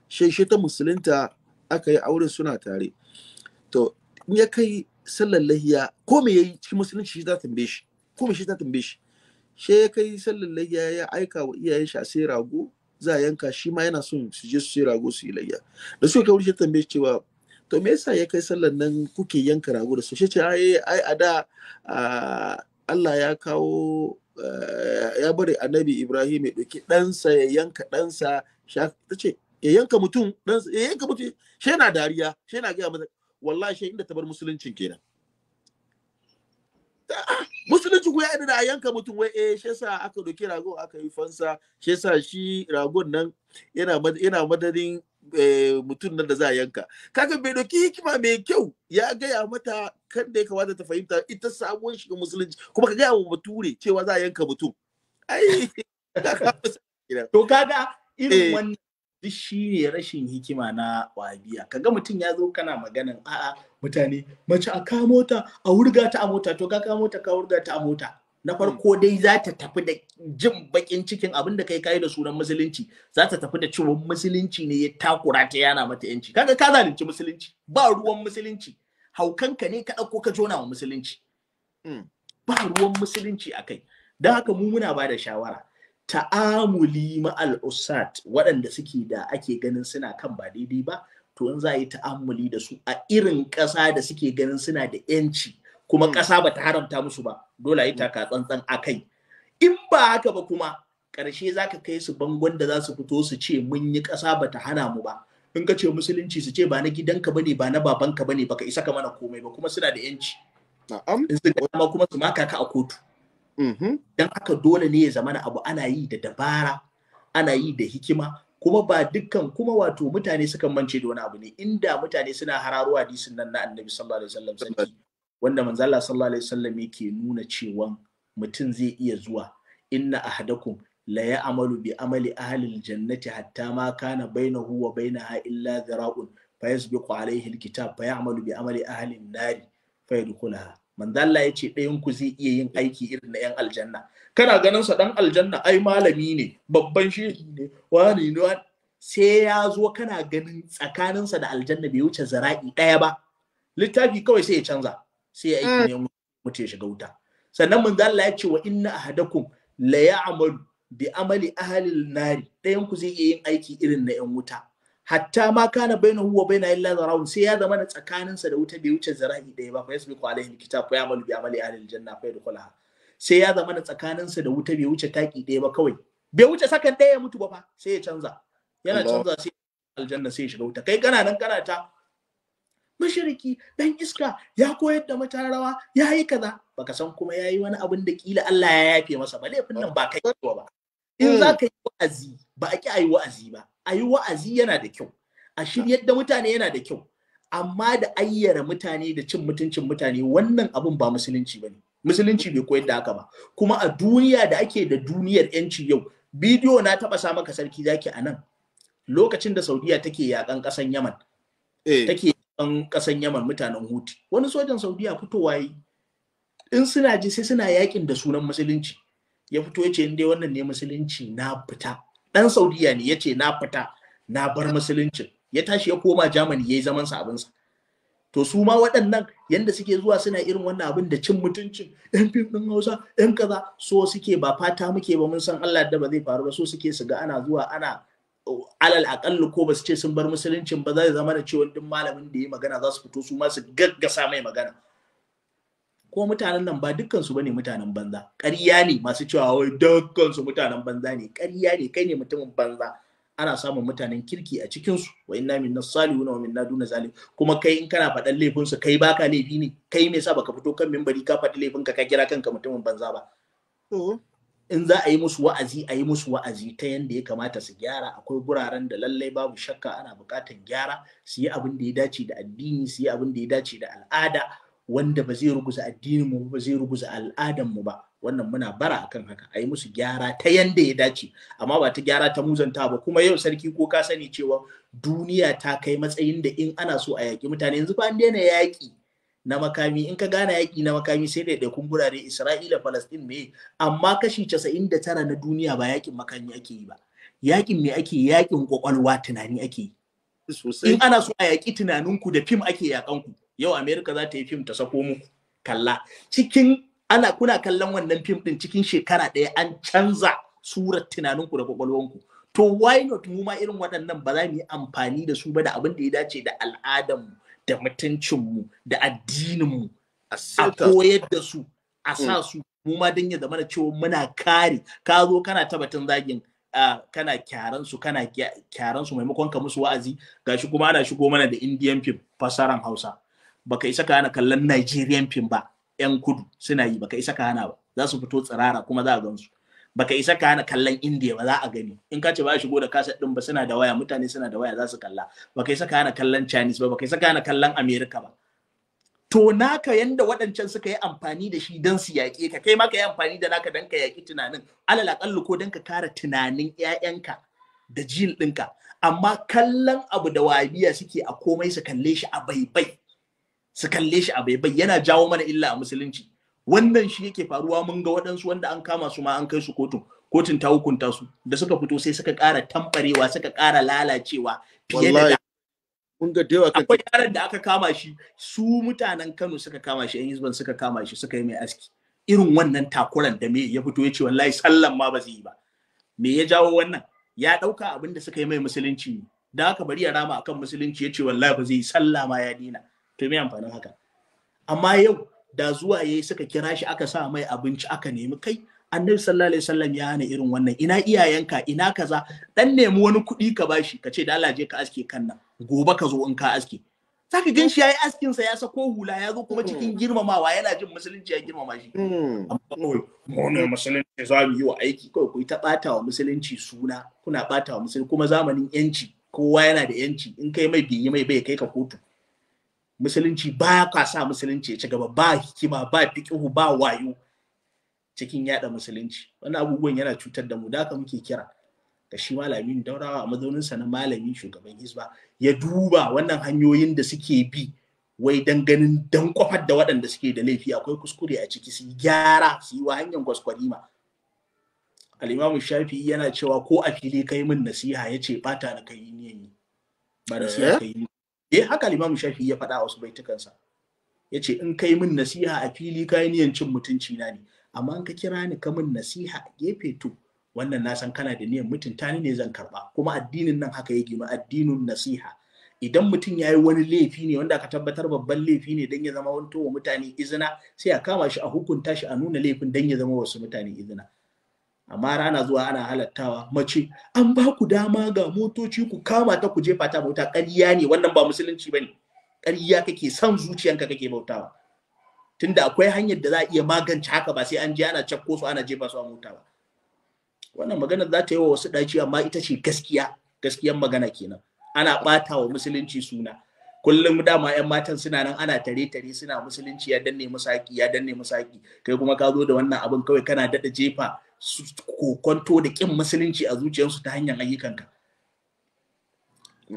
shi ta musulunta aka yi aure suna tare to in ya kai sallar lahiya ko me yayi cikin musulunci shi za ta tambaye shi kuma shi ta tambaye shi she ya kai sallar layya ya aika wa iyayen shi a sai rago za a yanka shi ma yana son su je su sai rago su yi layya da suka kawo shi ta tambaye shi cewa to me yasa ya kai sallar nan kuke yanka rago da su shi ce ai ai a da Allah ya kawo eh, ya bari annabi Ibrahim ya ɗauki ɗansa ya yanka ɗansa ta ce ya yanka mutum ɗansa ya yanka mutum shi yana dariya shi yana gaya mata wallahi shi inda ta bar musuluncin kenan musulunci ku ya da a yanka mutum wai eh shi yasa aka doke rago aka yi fansa shi yasa shi ragon nan yana yana madadin eh, mutum nan da za a yanka kaga bai doki hikima mai kyau ya gaya mata kan da ya kamata ta fahimta ita sabuwar shiga musulunci kuma ka gaya wa bature cewa za a yanka mutum ai to kaga irin eh. wannan duk shi ne rashin hikima na wabiya kaga mutum ya zo kana maganan a'a mutane mace a ka mota a wurga ta a mota to ka ka mota ka wurga ta a mota na hmm. farko dai za ta tafi da jin bakin cikin abin da kai kai da sunan musulunci za ta tafi da ciwon musulunci ne ya takura ta yana mata yanci kaga ka zalunci musulunci ba ruwan musulunci haukanka ne ka ɗauko ka jona wa musulunci hmm. ba ruwan musulunci akai don haka mu muna ba da shawara ta'amuli ma'al usat waɗanda suke da ake ganin suna kan ba daidai ba to in za a yi ta'amuli da su a irin ƙasa da suke ganin suna da yanci kuma mm. ƙasa ba ta haramta musu ba dole a yi mm. taka tsantsan a kai in ba haka ba kuma ƙarshe za ka kai su bangon da za su fito su ce mun yi ƙasa ba ta hana mu ba in ka ce musulunci su ce ba na gidanka ba ne, ba na babanka ba ba baka isa ka mana komai ba kuma suna da yanci in su kuma su maka ka a kotu Mm-hmm. Don haka dole ne ya zama zamana abu ana yi da dabara, ana yi da hikima, kuma ba dukkan kuma wato mutane sukan mance da wani abu ne inda mutane suna hararo hadisin nan na annabi sallallahu alaihi wasallam wanda manzo Allah sallallahu alaihi wasallam yake nuna cewa mutum zai iya zuwa inna ahadakum la ya'malu bi amali ahli aljannati hatta ma kana bainahu wa bainaha illa fa yasbiqu alaihi alkitab fayamalu bi amali ahli an-nari yadkhulaha manzo ya ce ɗayan ku zai iya yin aiki irin na 'yan aljanna kana ganin sa dan aljanna ai malami ne babban shehi ne wani ne sai ya zo kana ganin tsakaninsa da aljanna bai wuce zara'i ɗaya ba littafi kawai sai ya canza sai ya aiki mm. ne mutu ya shiga wuta sannan manzo Allah ya ce wa inna ahadakum la ya'malu bi amali ahli nari ɗayan ku zai iya yin aiki irin na 'yan wuta hatta ma kana bainahu wa baina illa zarawun sai ya zama na tsakaninsa da wuta bai wuce zara'i ɗaya ba fa yasbiqu alaihi alkitab fa ya'malu bi amali ahli aljanna fa yadkhulaha sai ya zama na tsakaninsa da wuta bai wuce taki ɗaya ba kawai bai wuce sakan ɗaya ya mutu ba fa sai ya canza yana canza sai aljanna sai ya shiga wuta kai kana nan kana ta mashiriki dan iska ya koyar da mata rawa ya yi kaza baka san kuma ya yi wani abin da kila Allah ya yafe masa ba laifin nan ba kai ba in mm. za ka yi wa'azi ba a ki a yi wa'azi ba a yi wa'azi yana da kyau a shiryar da mutane yana da kyau amma da ayyara mutane da cin mutuncin mutane wannan abun ba musulunci ba ne musulunci bai koyar da haka ba kuma a duniya da ake da duniyar yanci yau bidiyo na taba sa maka sarki zaki a nan lokacin da saudiya take yakan kasan yaman eh. take yakan kasan yaman mutanen huti wani sojan saudiya fitowa yi in suna ji sai suna yakin da sunan musulunci ya fito ya ce inda wannan ne musulunci na fita dan saudiya ne ya ce na fita na bar musuluncin ya tashi ya koma germany ya yi zaman sa sa. to su ma waɗannan yanda suke zuwa suna irin wannan abin da cin mutuncin Yan fim din hausa yan kaza so suke ba fata muke ba mun san allah da ba zai faru ba so suke su ga ana zuwa ana alal aƙallu ko ba su ce sun bar musuluncin ba zai zama da cewa duk malamin da ya magana za su fito su ma su gaggasa mai magana ko mutanen nan ba dukkansu bane mutanen banza ƙarya ne masu cewa wai dukkansu mutanen banza ne ƙarya ne kai ne mutumin banza ana samun mutanen kirki a cikinsu wa inna minna salihuna wa min duna zalim kuma kai in kana faɗan laifinsu kai baka laifi ne kai me yasa baka fito kan mimbari ka faɗi laifinka ka kira kanka mutumin banza ba mm-hmm. in za a yi musu wa'azi a yi musu wa'azi ta yadda ya kamata su gyara akwai guraren da lallai babu shakka ana buƙatar gyara su yi abin da ya dace da addini su yi abin da ya dace da al'ada wanda ba zai ruguza addinin mu ba zai ruguza al'adan mu ba wannan muna bara akan haka a yi musu gyara ta yanda ya dace amma ba ta gyara ta muzanta ba kuma yau sarki ko ka sani cewa duniya ta kai matsayin da in ana so a yaƙi mutane yanzu ba an daina yaƙi na makami in ka gane yaƙi na makami sai da kun gurare Isra'ila Falastin me amma kashi 99 na duniya ba yaƙin makami ake yi ba yaƙin me ake yaƙin kwakwalwa tunani ake yi in ana so a yaƙi tunaninku da fim ake yaƙanku ku yau amerika za ta yi fim ta sako muku kalla cikin ana kuna kallon wannan fim din cikin shekara ɗaya an canza surar tunaninku da kwakwalwanku to why not mu ma irin waɗannan ba za mu yi amfani da su ba da abin da ya dace da al'adarmu da mutuncinmu da addininmu a koyar da su a sa mm. su mu ma don ya zama da cewa muna kare ka zo kana tabbatin zagin kana kyaran su kana kyaran su maimakon ka musu wa'azi gashi kuma ana shigo mana da indian fim fasaran hausa baka isa ka hana kallon Nigerian film ba yan kudu suna yi baka isa ka hana ba za su fito tsirara kuma za a gansu baka isa ka hana kallon India ba za a gani in ka ce ba shigo da kaset din ba suna da waya mutane suna da waya za su kalla baka isa ka hana kallon Chinese ba baka isa ka hana kallon America ba to naka yanda waɗancan suka yi amfani da shi don su yaƙe ka kai ma ka yi amfani da naka don ka yaƙi tunanin alal aƙallu ko don ka kara tunanin ƴaƴanka da jil ɗinka amma kallon abu da wabiya suke a komai su kalle shi a baibai su kalle shi a bai yana jawo mana illa a musulunci wannan shi yake faruwa mun ga waɗansu wanda an kama su ma an kai su kotun kotun ta hukunta su da suka fito sai suka ƙara tambarewa suka ƙara lalacewa fiye da mun ga dewa kan akwai yaran da aka kama shi su mutanen Kano suka kama shi yan Hizban suka kama shi suka yi mai aski irin wannan takuran da me ya fito ya ce wallahi sallan ma ba zai yi ba me ya jawo wannan ya ɗauka abin da suka yi mai musulunci da aka bari ya rama akan musulunci ya ce wallahi ba zai yi sallah ma ya dina to me amfanin haka amma yau da zuwa yayi suka kira shi aka sa mai abinci aka nemi kai annabi sallallahu alaihi wasallam ya hana irin wannan ina iyayenka ina kaza dan nemi wani kuɗi ka bashi ka ce da Allah je ka aske kan nan gobe ka zo in ka aske Saka jin shi yayi askin sa ya sako hula ya zo kuma cikin mm. girmamawa yana jin musulunci ya girmama shi mm. amma ne musulunci za mu yi wa aiki kawai ku ta bata wa musulunci suna kuna bata wa musulunci kuma zamanin yanci kowa yana da yanci in kai mai biyi mai bai kai ka kotu musulunci ba ka sa musulunci ya ci gaba ba hikima ba fiqihu ba wayo cikin yada musulunci wannan abubuwan yana cutar da mu da ka muke kira da shi malamin daurawa a mazauninsa na malami shugaban hisba ya duba wannan hanyoyin da suke bi wai dan ganin dan kwafar da waɗanda suke da laifi akwai kuskure a ciki su gyara su yi wa hanyar kwaskwarima al'imamu shafi yana cewa ko a fili kai min nasiha ya ce bata da kai niyan yi ba nasiha eh? kai eh haka Imam Shafi ya faɗa wasu baitukansa yace in kai min nasiha a fili kai niyan cin mutunci na ne amma in ka kira ni ka min nasiha a gefe to wannan na san kana da niyan mutunta ni ne zan karɓa, kuma addinin nan haka ya gima addinin nasiha idan mutum ya yi wani laifi ne wanda aka tabbatar babban laifi ne don ya zama wanto wa mutane izina sai a kama shi a hukunta shi a nuna laifin don ya zama wasu mutane izina amma rana zuwa ana halattawa mace an ba ku dama ga motoci ku kama ta ku jefa ta bauta ƙarya ne wannan ba musulunci bane ƙarya kake son zuciyanka kake bautawa tunda akwai hanyar da za a iya magance haka ba sai an je ana cakko su ana jefa su a mota ba wannan magana za ta yi wa wasu daci amma ita ce gaskiya gaskiyan magana kenan ana ɓata wa musulunci suna kullum dama yan matan suna nan ana tare tare suna musulunci ya danne musaki ya danne musaki kai kuma ka zo da wannan abin kawai kana dada jefa kokonto da kin musulunci a zuciyarsu ta hanyar ayyukan ka.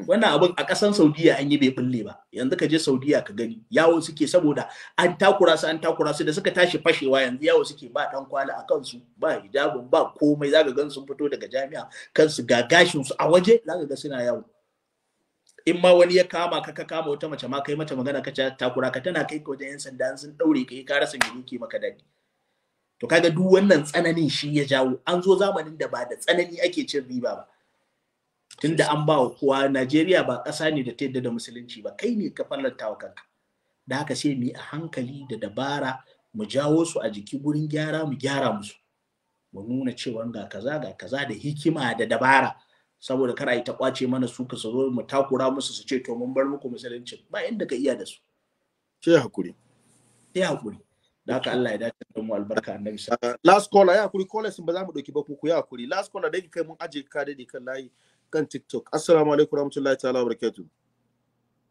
wannan abun a ƙasan saudiya an yi bai bulle ba yanzu ka je saudiya ka gani yawo suke saboda an takura su an takura su da suka tashi fashewa yanzu yawo suke ba dan kwala a kansu ba hijabin ba komai zaka gan sun fito daga jami'a kansu ga gashin su a waje zaka ga suna yawo in ma wani ya kama ka ka kama wata mace ma kai mata magana ka takura ka tana kai ka wajen yan sanda sun daure ka ka rasa yake maka dadi to kaga duk wannan tsananin shi ya jawo an zo zamanin da ba da tsanani ake cin riba ba tunda an ba kowa Najeriya ba ƙasa ne da ta yadda da musulunci ba kai ne ka fallanta wa kanka da haka sai mu yi a hankali da dabara mu jawo su a jiki gurin gyara mu gyara musu mu nuna cewa ga kaza ga kaza da hikima da dabara saboda kar a yi ta kwace mana su ka zo mu takura musu su ce to mun bar muku musulunci ba inda ka iya da su sai hakuri sai hakuri da haka Allah ya dace da mu albarka annabi sallallahu uh, last caller ya hakuri caller sun ba za mu dauki ba ku ku ya hakuri last caller dai kai mun aje ka dade kan layi kan TikTok assalamu alaikum warahmatullahi ta'ala wabarakatuh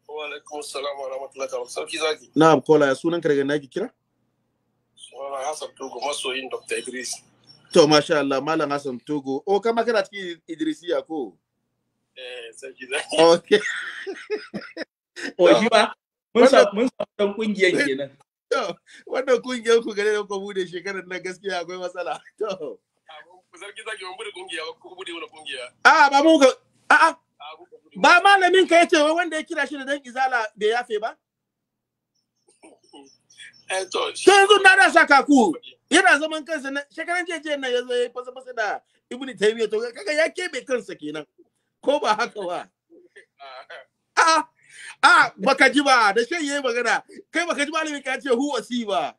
wa alaikum assalam wa rahmatullahi ta'ala sauki zaki na'am caller ya sunan ka daga naki kira sunana Hassan Togo masoyin Dr. Idris to masha Allah malam Hassan Togo o oh, kama kana cikin ya ko eh ki zaki okay o oh, ba mun sa mun sa kungiyan kenan To, wannan kungiyar ku gane da ku bude shekarar nan gaskiya akwai matsala. To. bude kungiya ba ku bude kungiya. A ba mu ka a ba malamin ka yace wai wanda ya kira shi da dan izala bai yafe ba? Eh, Ta to. yanzu na da saka ku. Yana zaman kansa na shekaran jeje nan ya yayi fasa fasa da Ibn Taymiyyah to kaga ya kebe kansa kenan. Ko ba haka ba? Ah. A Ah, baka ji ba da shan yayi magana kai baka ji malami ka ce hu wasi ba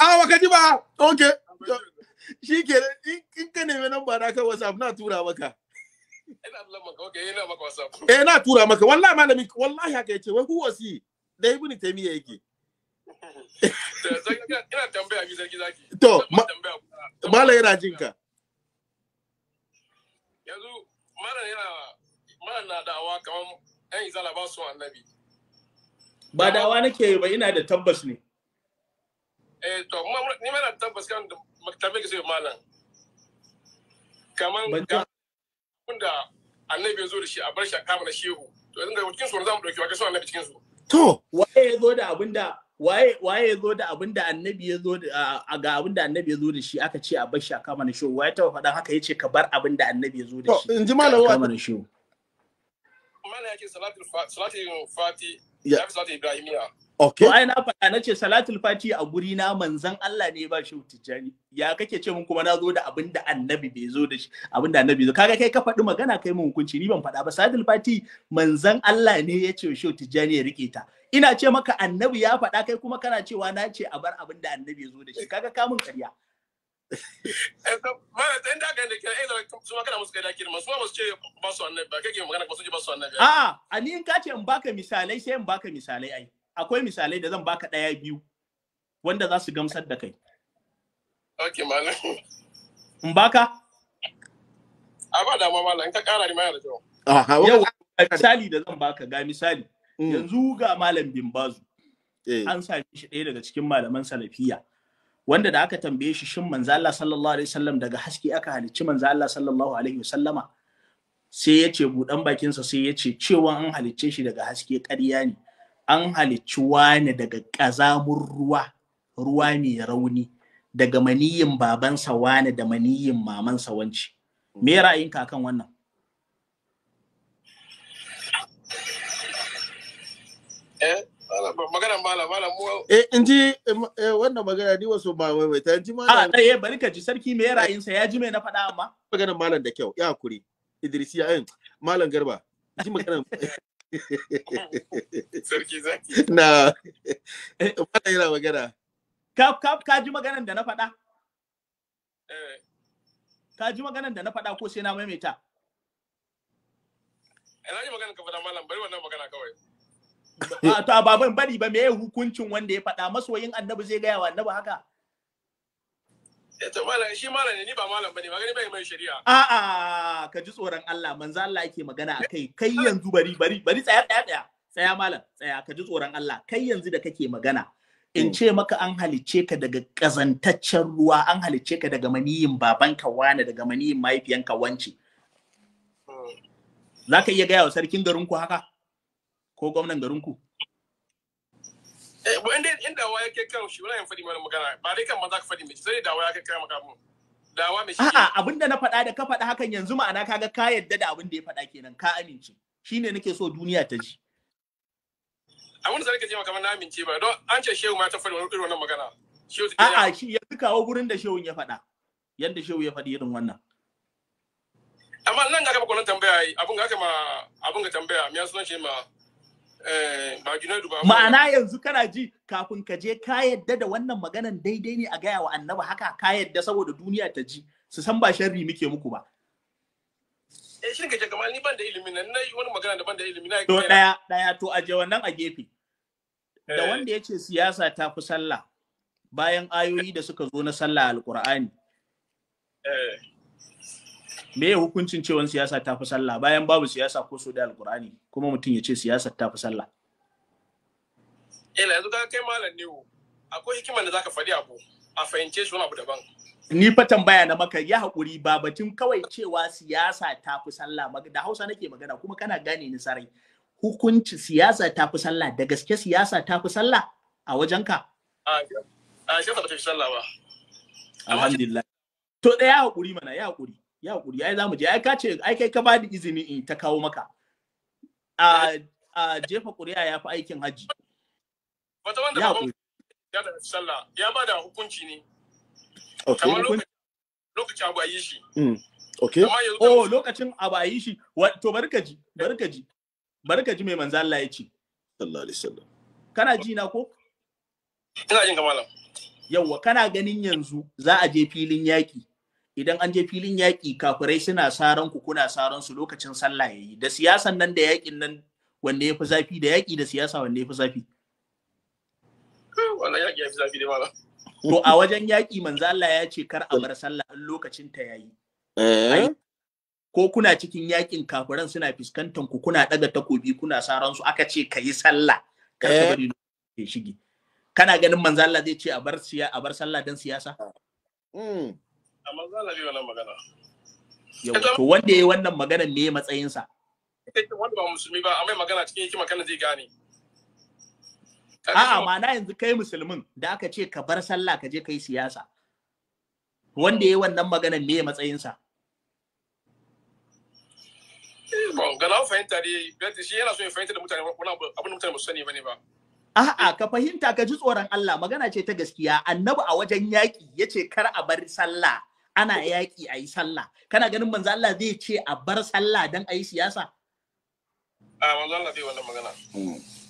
Ah, baka ji ba okay shi ke in ka nemi namba na kan whatsapp na tura maka eh na tura maka wallahi malami wallahi haka yace wai hu wasi da ibnu taymiya yake ina tambaya mi zaki zaki to mala yana jinka yanzu mala yana mana na da'awa kamar yan izala ba su annabi ba da'awa nake ba ina da tabbas ne eh to ni ma na tabbas kan da maktabe ke sai malam kaman ga da annabi ya zo da shi a bar shi a kama na shehu to idan da cikin su za mu dauki wa su annabi cikin su to waye ya zo da abinda waye waye ya zo da abin da annabi ya zo a ga abin da annabi ya zo da shi aka ce a bar shi a kama na shehu waye ta faɗa haka yace ka bar abin da annabi ya zo da shi To in ji wa. kama na shehu mana yake ya Okay. To ai na faɗa na ce salatul fati a guri na manzan Allah ne ba shi tijjani. Ya kake ce mun kuma na zo da abin da annabi bai zo da shi abin da annabi zo. Kaga kai ka faɗi magana kai mun hukunci ni ban faɗa ba salatul fati manzan Allah ne ya ce shi tijjani ya rike ta. Ina ce maka annabi ya faɗa kai kuma kana cewa na ce a bar abin da annabi zo da shi. Kaga kamun karya. A'a, eh, eh, ah, a ni in kace in baka misalai sai in baka misalai ai. Akwai misalai da zan baka ɗaya biyu wanda za su gamsar da kai. Okay, malam. In baka? A ba dama malam, in ka kara ni ma yana da Yau, misali da zan baka ga misali. Mm. Yanzu ga malam Bimbazu. Eh. An sami shi ɗaya daga cikin malaman salafiya. wanda da aka tambaye shi shin manzo Allah sallallahu alaihi wasallam daga haske aka halicci manzo Allah sallallahu alaihi wasallama sai ya ce budan bakinsa sai ya ce cewa an halicce shi daga haske ƙarya ne an halicci wani daga ƙazamun ruwa ruwa ne rauni daga maniyin babansa wani da maniyin mamansa wanci me ra'ayinka kan wannan eh magana malam malam mu eh in ji eh, wannan magana ni wasu ba mai mai ta ji malam a ah, eh bari ka ji sarki me ra'ayin sa ya ji me na faɗa amma magana malam da kyau ya hakuri Idris ya ayin eh, malam Garba ji magana sarki zaki na malam yana magana ka ka ka ji maganan da na faɗa eh. ka ji maganan da na faɗa ko sai na maimaita ina ji maganar ka faɗa malam bari wannan magana kawai to a baban bari ba me hukuncin wanda ya faɗa masoyin annabi zai gaya wa annabi haka Eto eh, malam shi malam ne ni ba malam bane magani bai mai shari'a. a a ka ji tsoron Allah manzo Allah yake magana akai kai yanzu bari bari bari tsaya tsaya tsaya tsaya malam tsaya ka ji tsoron Allah kai yanzu da kake magana in hmm. ce maka an halicce ka daga kazantaccen ruwa an halicce ka daga maniyin babanka wani daga maniyin mahaifiyanka wance. Hmm. Za ka iya gaya wa sarkin garinku haka? ko gwamnan garinku? Eh, wanda in dawa ya kai kan shi wani faɗi mana magana ba dai kan maza ka faɗi mai sai dawa ya kai kai makamu. Dawa mai shi. A'a abinda na faɗa da ka faɗa hakan yanzu ma'ana kaga ka yadda da abinda ya faɗa kenan ka amince. Shine nake so duniya ta ji. Abin da zan ce maka na amince ba don an ce shehu ma ta faɗi wani irin wannan magana. A'a shi yanzu kawo gurin da shehun ya faɗa. Yanda shehu ya faɗi irin wannan. Amma nan ga gaba kwanan tambaya abin ga haka ma abin ga tambaya mai ya sunan shi ma Eh, ma'ana yanzu kana ji kafin ka je ka yadda da wannan maganan daidai ne a gaya wa annaba haka ka yadda saboda duniya ta ji su san ba sharri muke muku ba eh shin kace kamar ni ban da ilimi nan nayi wani magana da ban da ilimi na to daya daya to aje wannan a gefe da eh. wanda yace siyasa ta fi sallah bayan ayoyi da suka zo na sallah alqur'ani eh me hukuncin cewa siyasa ta fi sallah bayan babu siyasa ko so da alkur'ani kuma mutum ya ce siyasa ta fi sallah ila yanzu ka kai malam ne akwai hikimar da zaka faɗi abu a fahimce shi wani abu daban ni fa tambaya na maka ya haƙuri ba batun kawai cewa siyasa ta fi sallah da Hausa nake magana kuma kana gane ni sarai hukunci siyasa ta fi sallah da gaske siyasa ta fi sallah a wajenka a siyasa ba ta fi sallah ba alhamdulillah to ɗaya haƙuri mana ya haƙuri ya hakuri ai zamu je ai ka ce ai kai ka ba bani izini in ta kawo maka a a jefa kuriya ya fi aikin haji wata wanda ya hakuri ya da sallah ya ba da hukunci ne okay lokacin abu a shi okay oh lokacin abu a yi shi mm, oh, to ji barka ji mai manzo Allah ya ce sallallahu alaihi wasallam kana ji na ko ina jin ka malam yauwa kana ganin yanzu za a je filin yaki idan an je filin yaƙi kafirai suna saran ku kuna saran su lokacin sallah yayi da siyasan nan da yaƙin nan wanne ya fi zafi da yaƙi da siyasa wanne ya fi zafi eh, wannan yaƙi ya fi zafi dai malam to a wajen yaƙi manzo Allah ya ce kar a bar sallah in lokacin ta yayi eh? ko kuna cikin yaƙin kafiran suna fuskantar ku kuna daga takobi kuna saran su aka ce kayi sallah kar ka eh? bari shige kana ganin manzo Allah zai ce a bar siya a bar sallah dan siyasa hmm. amma wannan magana yau to wanda yi wannan magana me matsayinsa? wanda ba musulmi ba amma magana cikin hikima kana zai gane a'a ma'ana yanzu kai musulmin da aka ce ka bar sallah ka je kai siyasa wanda yi wannan magana me matsayinsa? Eh, fahimta dai, shi yana so ya fahimta da mutane wani abin da mutane ba su sani ba. A'a ka fahimta ka ji tsoron Allah magana ce ta gaskiya annabi a wajen yaƙi ya ce kar a bar sallah ana yaƙi a yi sallah kana ganin manzo Allah zai ce a bar sallah dan a yi siyasa a manzo Allah bai wannan magana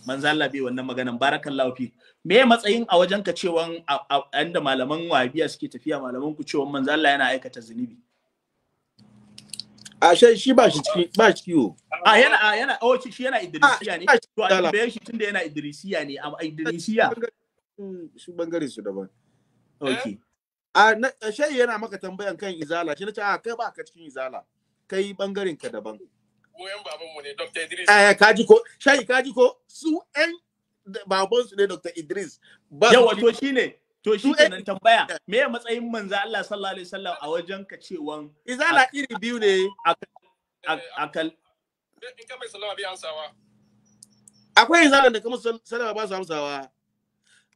manzo Allah bai wannan maganan barakallahu fi me matsayin a wajen ka cewan inda malaman wabiya suke tafiya malaman ku cewan manzo Allah yana aikata zunubi a shan shi ba shi ciki ba shi kiwo a yana a yana oh shi yana idrisiya ne to a shi tunda yana idrisiya ne a idrisiya su bangare su daban okay a na yana maka tambayan kan izala shi nace a ah, kai ba ka cikin izala kai bangaren ka daban goyen baban mu ne Dr. Idris eh kaji ko shayi kaji ko su ɗan baban su ne Dr. Idris ba yawa to shine to shi kenan tambaya eh. me ya matsayin manzo Allah sallallahu alaihi wasallam a wajen ka cewan izala iri biyu ne eh, akal in ka mai sallama bi akwai izala da kuma sallama ba su amsawa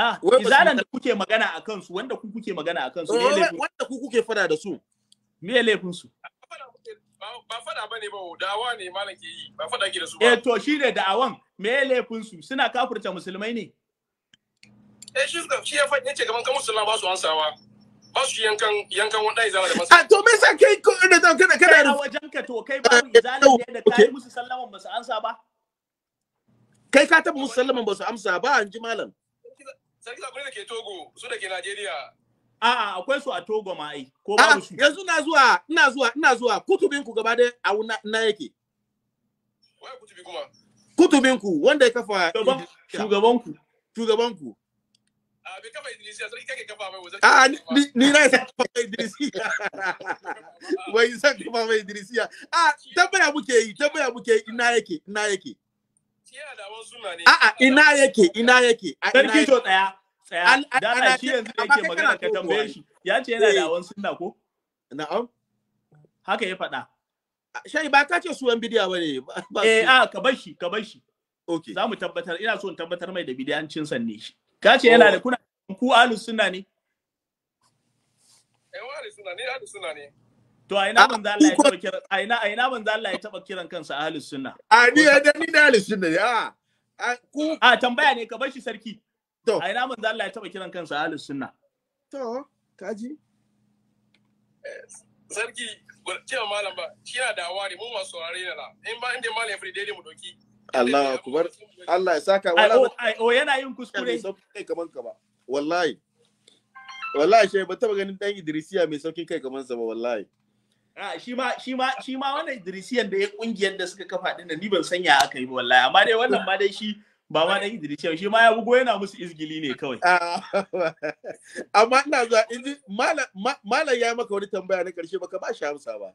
Ah, izalan da kuke magana a kansu, wanda ku kuke magana a kansu, me Wanda ku kuke fada da su, me laifin su? Ba fada ba ne ba, da'awa ne malam ke yi, ba fada ke da su ba. Eh, to shi ne da'awan, me laifin su, suna kafurta musulmai ne? Eh, shi shi ya faɗi ce gaban kan musulma ba su ansawa. Ba su yankan yankan wanda izala da masu. A, ah, to me yasa kai ko da zan kada kada. Kana wajen ka to kai ba izala ah, ne da kai musu sallaman ba su ansa ba. Kai ka taba musu sallaman ba su amsa ba an ji malam. sarki da ke Togo su da ke Najeriya. akwai su a Togo ma ai ko su. Yanzu na zuwa ina zuwa ina zuwa kutubin ku gaba da a na yake. Wai kutubi kuma? Kutubin ku wanda ya kafa shugaban ku shugaban ku. A bai kafa sarki kake kafa mai wajen. ni na kafa mai Wai kafa mai A muke yi muke ina yake ina yake. A'a ina yake ina yake. Sarki to tsaya. Tsaya. Dana shi yanzu da yake magana ka tambaye shi. Ya ce yana da eh. awon sunna ko? Na'am. Haka ya faɗa. Shai ba ka ce su yan bidiya bane. Eh a ka bar shi ka bar shi. Okay. Za mu tabbatar ina so in tabbatar mai da bidiyancin ne shi. Ka ce yana da oh. kuna ku alu sunna ne? Eh wa sunna ne alu sunna ne. To a ina ah, manzo Allah ya taba kiran a ina a ina manzo Allah ya taba kiran kansa ahlus sunna. A ni da ni da ahlus sunna ne a ku a tambaya ne ka bar shi sarki. To a ina manzo Allah ya taba kiran kansa ahlus sunna. To kaji. Sarki cewa malam ba shi na da awari mu masu saurare ne la in ba inda malam ya fri daidai mu doki. Allah kubar Allah ya saka wala o yana yin kuskure kai kaman ka ba wallahi wallahi shey ba taba ganin dan Idrisiya mai saukin kai kaman sa ba wallahi shi ma shi ma shi ma wannan Idrisiyan da ya kungiyar da suka kafa din ni ban sanya aka yi ba wallahi amma dai wannan ma dai shi ba ma dan Idrisiyan shi ma ya bugo yana musu izgili ne kawai amma ina zuwa inji malam ya maka wani tambaya na karshe baka ba shi amsa ba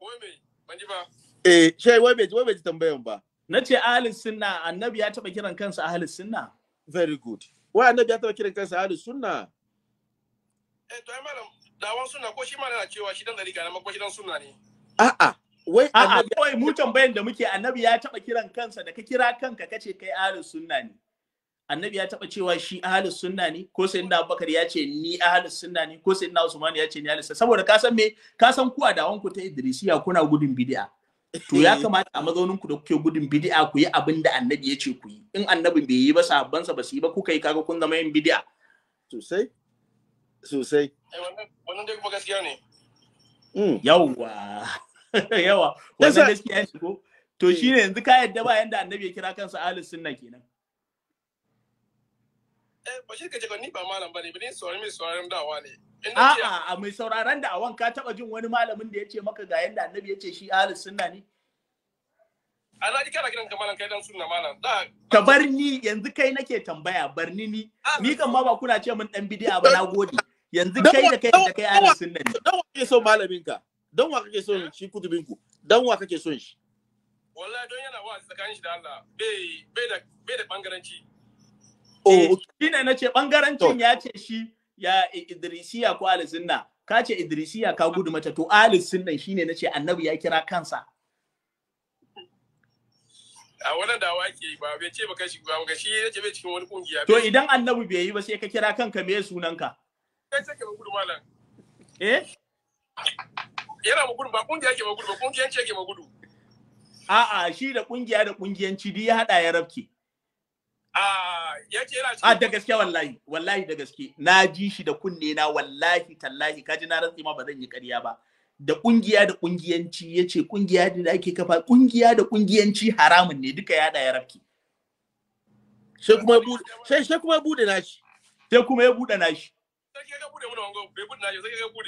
wai me ban ji ba eh shai wai bai wai bai tambayan ba na ce ahlus sunna annabi ya taba kiran kansa ahlus sunna very good wai annabi ya taba kiran kansa ahlus sunna eh to malam dawan suna ko shi ma na cewa shi dan dariƙa ma ko shi dan sunna ne a'a wai a'a kawai mu tambayan da muke annabi ya taba kiran kansa da ka kira kanka kace kai ahlus sunna ne annabi ya taba cewa shi ahlus sunna ne ko sai inda abubakar ya ce ni ahlus sunna ne ko sai inda usman ya ce ni ahlus saboda ka san me ka san ku a dawon ku ta idrisiya kuna gudun bid'a to ya eh. kamata a mazaunin ku da kuke gudun bid'a ku yi abin da annabi ya ce ku yi in annabi bai yi ba sahabbansa ba su yi ba kuka yi kaga kun zama yin bid'a sosai sosai wannan dai kuma gaskiya mm. yawa wannan gaskiya ko to mm. ne, yanzu ka ba yadda annabi ya kira kansa sunna kenan eh, mai sauraron dawa a'a mai sauraron da ka taba jin wani malamin da ya ce maka ga yadda annabi ya ce shi ahlus sunna ne ana ji kana kiran ka malam kai dan sunna malam da bar ni yanzu kai nake tambaya bar ni ni ah, ni kan ma ba kuna ce min dan bidiya ba na gode yanzu kai da kai da kai ahlus sunna ne dan wa kake so malamin ka dan wa kake so shi kutubin ku dan wa kake so shi wallahi don yana wa tsakanin shi da Allah bai bai da bai da bangaranci oh eh, shine nace bangarancin ya ce shi ya idrisiya ko ahlus sunna ka ce idrisiya ka gudu mata to ahlus sunna shine nace annabi ya kira kansa a wannan dawa ake yi ba bai ce ba shi ba ga shi yace bai cikin wani kungiya to idan annabi bai yi ba sai ka kira kanka me sunanka kai sai ka gudu malam eh yana mu gudu ba kungiya ke ba gudu ba ce ke ba gudu a'a shi da kungiya da kungiyanci duk ya hada ya rabke a yace yana cikin a da gaske wallahi wallahi da gaske na ji shi da kunne na wallahi tallahi kaji na rantsi ma ba zan yi ƙarya ba da kungiya da kungiyanci ya ce kungiya da ake kafa kungiya da kungiyanci haramun ne duka ya da ya rafke sai kuma ya bude sai kuma ya nashi sai kuma ya bude nashi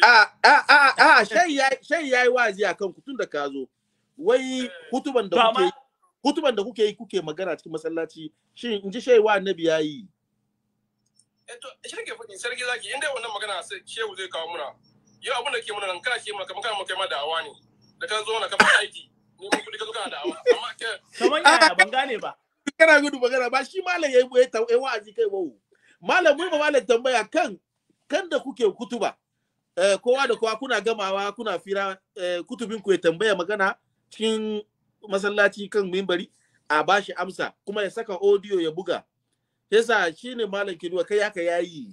a a a a shai ya yi wazi a ku tun da ka zo wai kutuban eh. da kuke kutuban da kuke yi kuke magana cikin masallaci shin in ji shai wa annabi yayi eh shirke fadin sarki zaki inda wannan magana sai shehu zai kawo muna yau abin da ke mana nan kana ke mana kamar kana kai ma da'awa ne da ka zo na kamar aiki ne mun kudi ka zo kana da'awa amma ke kamar yaya ban gane ba kana gudu magana ba shi malam yayi boye tawaye wa'azi kai bawo malam mun ba malam tambaya kan kan da kuke kutuba eh, kowa da kowa kuna gamawa kuna fira eh, kutubin ku ya tambaya magana cikin masallaci kan mimbari a bashi amsa kuma ya saka audio ya buga yasa shine malam kiduwa kai haka yayi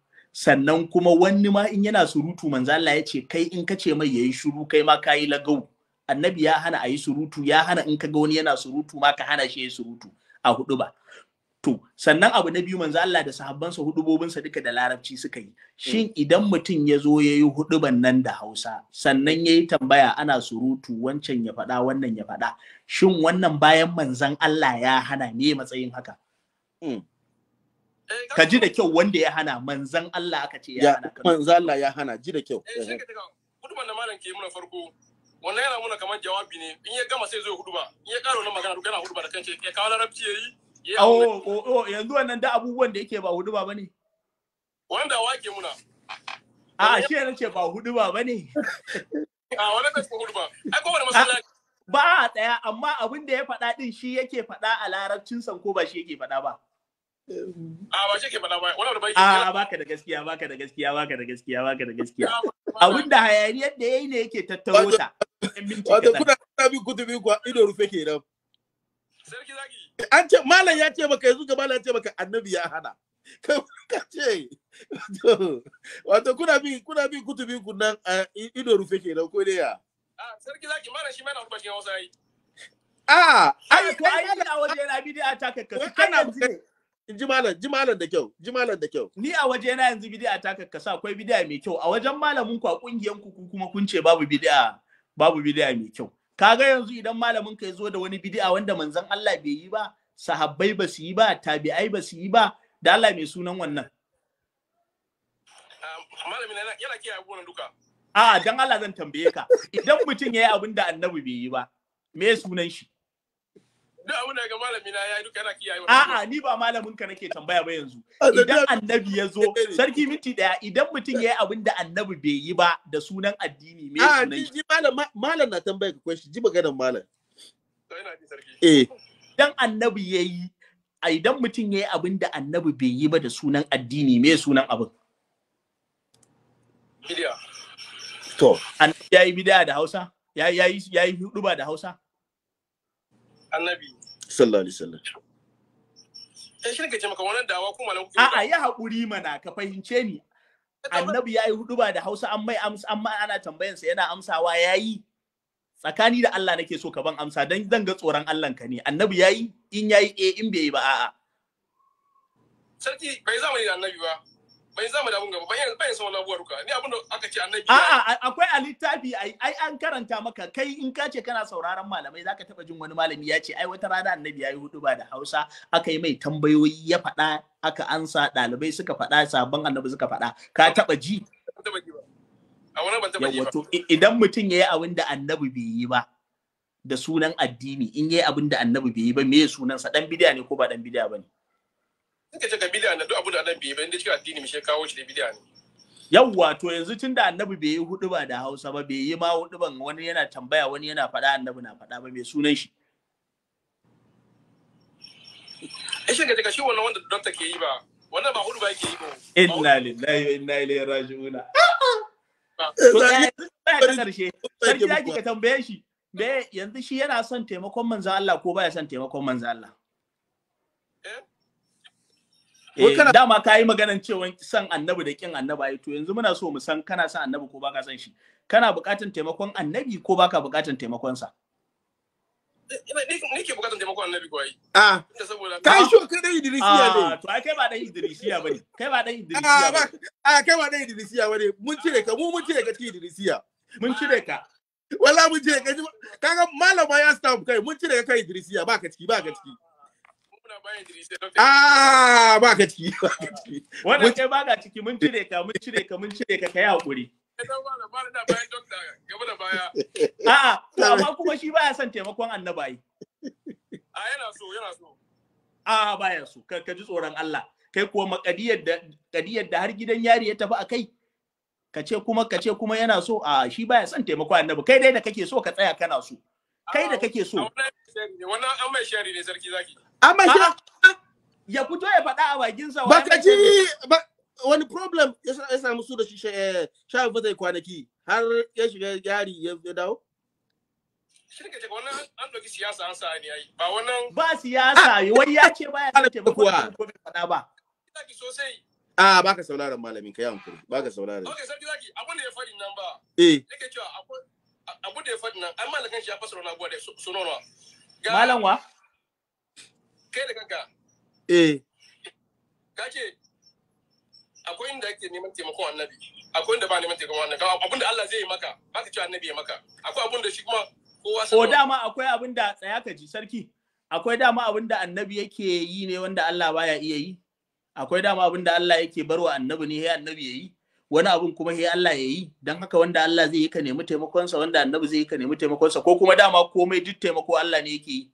sannan kuma wani ma in yana surutu manzo Allah ya ce kai in ka ce mai yayi shiru kai ma kayi lagau annabi ya hana a yi surutu ya hana in ka ga wani yana surutu ma ka hana shi ya surutu a hudu ba to sannan abu na biyu manzo Allah da sahabbansa hudubobinsa duka da larabci suka yi shin idan mutum ya zo ya yi huduban nan da Hausa sannan yayi tambaya ana surutu wancan ya faɗa wannan ya faɗa shin wannan bayan Manzan Allah ya hana ne matsayin haka hmm. Eh, ka ji da kyau wanda ya hana manzan Allah aka ce ya hana manzan Allah ya hana ji da kyau eh shi eh, eh. ka da malam ke muna farko wannan yana muna kamar jawabi ne in ya gama sai zo huduba in ya karo na magana duk yana huduba da kance. ya kawo larabci yayi Oh, oh, oh, yanzu wannan da abubuwan da yake ba huduba bane wanda wake muna a shi yana ce ba huduba bane a wani ba huduba ai kowane masallaci ba a daya, amma abin da ya faɗa din shi yake faɗa a larabcin san ko ba shi yake faɗa ba A baka da gaskiya baka da gaskiya baka da gaskiya baka da gaskiya. Abin da hayaniyar da ne yake tattaro ta. kuna kuna bi kutubi kuwa ido rufe ke nan? An ce malam ya ce maka yanzu gaba ya ce maka annabi ya hana. ka ce wato kuna bin kuna bi kutubi ido rufe kenan ko dai ya. Sarki zaki malam shi mai na rufe kenan wasu ai. ai kana ne. ji malam ji malam da kyau ji malam da kyau ni a waje na yanzu bid'a ta kakkasa akwai bid'a mai kyau a wajen malamin ku a kungiyan ku kuma kun ce babu bid'a babu bid'a mai kyau kaga yanzu idan malamin ka ya zo da wani bid'a wanda manzon Allah bai yi ba sahabbai ba su yi ba tabi'ai ba su yi ba da Allah mai sunan wannan malamin yana kiyaye abubuwan duka a dan Allah zan tambaye ka idan mutum ya yi abin da annabi bai yi ba me sunan shi duk abin da ga malami na yayi duka yana kiyaye a'a ni ba malamin ka nake tambaya ba yanzu ah, idan annabi ya zo eh, sarki minti daya idan mutum yayi abin da annabi bai yi ba da sunan addini me ah, sunan shi ji malam malam na tambaya ka question ji maganar malam eh dan annabi yayi a idan mutum yayi abin da annabi bai yi ba da sunan addini me sunan abin bidiya to annabi yayi bidiya da Hausa yayi yayi yayi da Hausa annabi sallallahu alaihi wasallam eh shi maka wannan dawa ko malam a'a ya haƙuri mana ka fahimce ni annabi yayi huduba da Hausa an mai amsa amma ana tambayan sa yana amsawa yayi tsakani da Allah nake so ka ban amsa dan zan ga tsoron Allah ka ne annabi yayi in yayi eh in bai yi ba a'a sarki bai zama annabi ba bai zama da abun gaba bai bai san wannan abuwa ni abin da aka ce annabi a'a a littafi ai ai an karanta maka kai in ka ce kana sauraron malamai zaka taba jin wani malami ya ce ai wata rana annabi yayi hudu ba da Hausa aka yi mai tambayoyi ya faɗa aka ansa ɗalibai suka faɗa sabon annabi suka faɗa ka taba ji a idan mutum yayi abin da annabi bai yi ba da sunan addini in yi abin da annabi bai yi ba me sunan sa dan bidiya ne ko ba dan bidiya bane suka ce ka bidiya ne duk da annabi bai inda cikin addini mu kawo da yawwa to yanzu tun da annabi bai yi huduba da hausa ba bai yi ma huduban wani yana tambaya wani yana faɗa annabi na faɗa ba mai sunan shi eh, ba yanzu shi yana son taimakon manzo Allah ko baya son taimakon manzo Allah Eh, kana dama ka yi maganan cewa san annabi da kin annaba to yanzu muna so mu san kana san annabi ko baka san shi kana buƙatar taimakon annabi ko baka buƙatar taimakon sa nake buƙatar taimakon annabi ko ai ah. a kai shi kai dan idrisiya ne ah, to ai kai ba dan idrisiya bane kai ba dan ah, idrisiya bane a kai ba dan idrisiya bane mun cire ka mu mun cire ka cikin idrisiya mun cire ka wala mun cire ka kaga malama ya stamp kai mun cire ka kai idrisiya ba ka ciki ba ka ciki Ah, ba ka ciki. Wannan kai ba ka ciki mun cire ka mun cire ka mun cire ka ka kai hakuri. A'a, amma kuma shi baya son taimakon annabayi. A ah, yana so, yana so. A baya so, ka ji tsoron Allah. Kai kuwa makadiyar da kadiyar da har gidan yari ya tafi a kai. Ka ce kuma ka ce kuma yana so, a shi baya son taimakon annabi. Kai dai da kake so ka tsaya kana so. kai da kake so wannan an mai shari ne sarki zaki an mai shari ya fito ya faɗa a bakinsa ba ka ji wani problem ya samu su da shi eh, shafi fata kwanaki har ya shiga yari ya dawo ba siyasa ah! Wani ya ce baya da taimakon ko bai faɗa ba a baka sauraron malamin ka yi amfani, baka sauraron ok sarki zaki abin da ya faɗi nan ba eh cewa akwai abu da ya faɗi nan an malakan shi ya malam wa kai da kanka eh akwai inda ake neman taimakon annabi akwai inda ba neman taimakon annabi abin da Allah zai yi maka ba ka ci annabi ya maka akwai abin da shi kuma kowa ko dama akwai abin da tsaya ka ji sarki akwai dama abin da annabi yake yi ne wanda Allah baya iya yi akwai dama abin da Allah yake barwa annabi ne sai annabi ya yi wani abun kuma sai Allah ya yi don haka wanda Allah zai yi ka nemi taimakonsa wanda annabi zai yi ka nemi taimakonsa ko kuma dama komai duk taimako Allah ne yake yi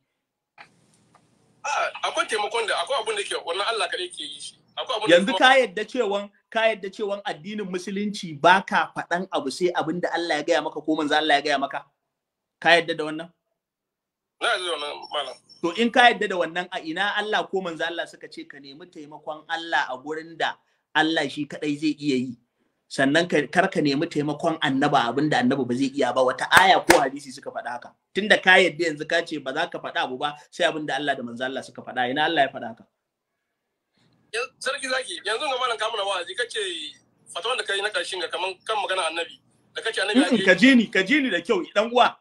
akwai taimakon da akwai abun da ke wannan Allah kare ke yi shi yanzu ka yadda cewa ka yadda cewa addinin musulunci ba ka faɗan abu sai abin da Allah ya gaya maka ko manzo Allah ya gaya maka ka yadda da wannan na yadda wannan malam to in ka yadda da wannan a ina Allah ko manzo Allah suka ce ka nemi taimakon Allah a gurin da Allah shi kadai zai iya yi sannan kar ka nemi taimakon annaba abinda annaba ba zai iya ba wata aya ko hadisi suka faɗa haka tunda ka yadda yanzu ka ce ba za ka faɗa abu ba sai abinda Allah da manzo Allah suka faɗa ina Allah ya faɗa haka sarki zaki yanzu ga malam kamuna wa'azi kace fatawan da kai na karshen ga kaman kan magana annabi da kace annabi ka ji ni ka ji ni da kyau dan uwa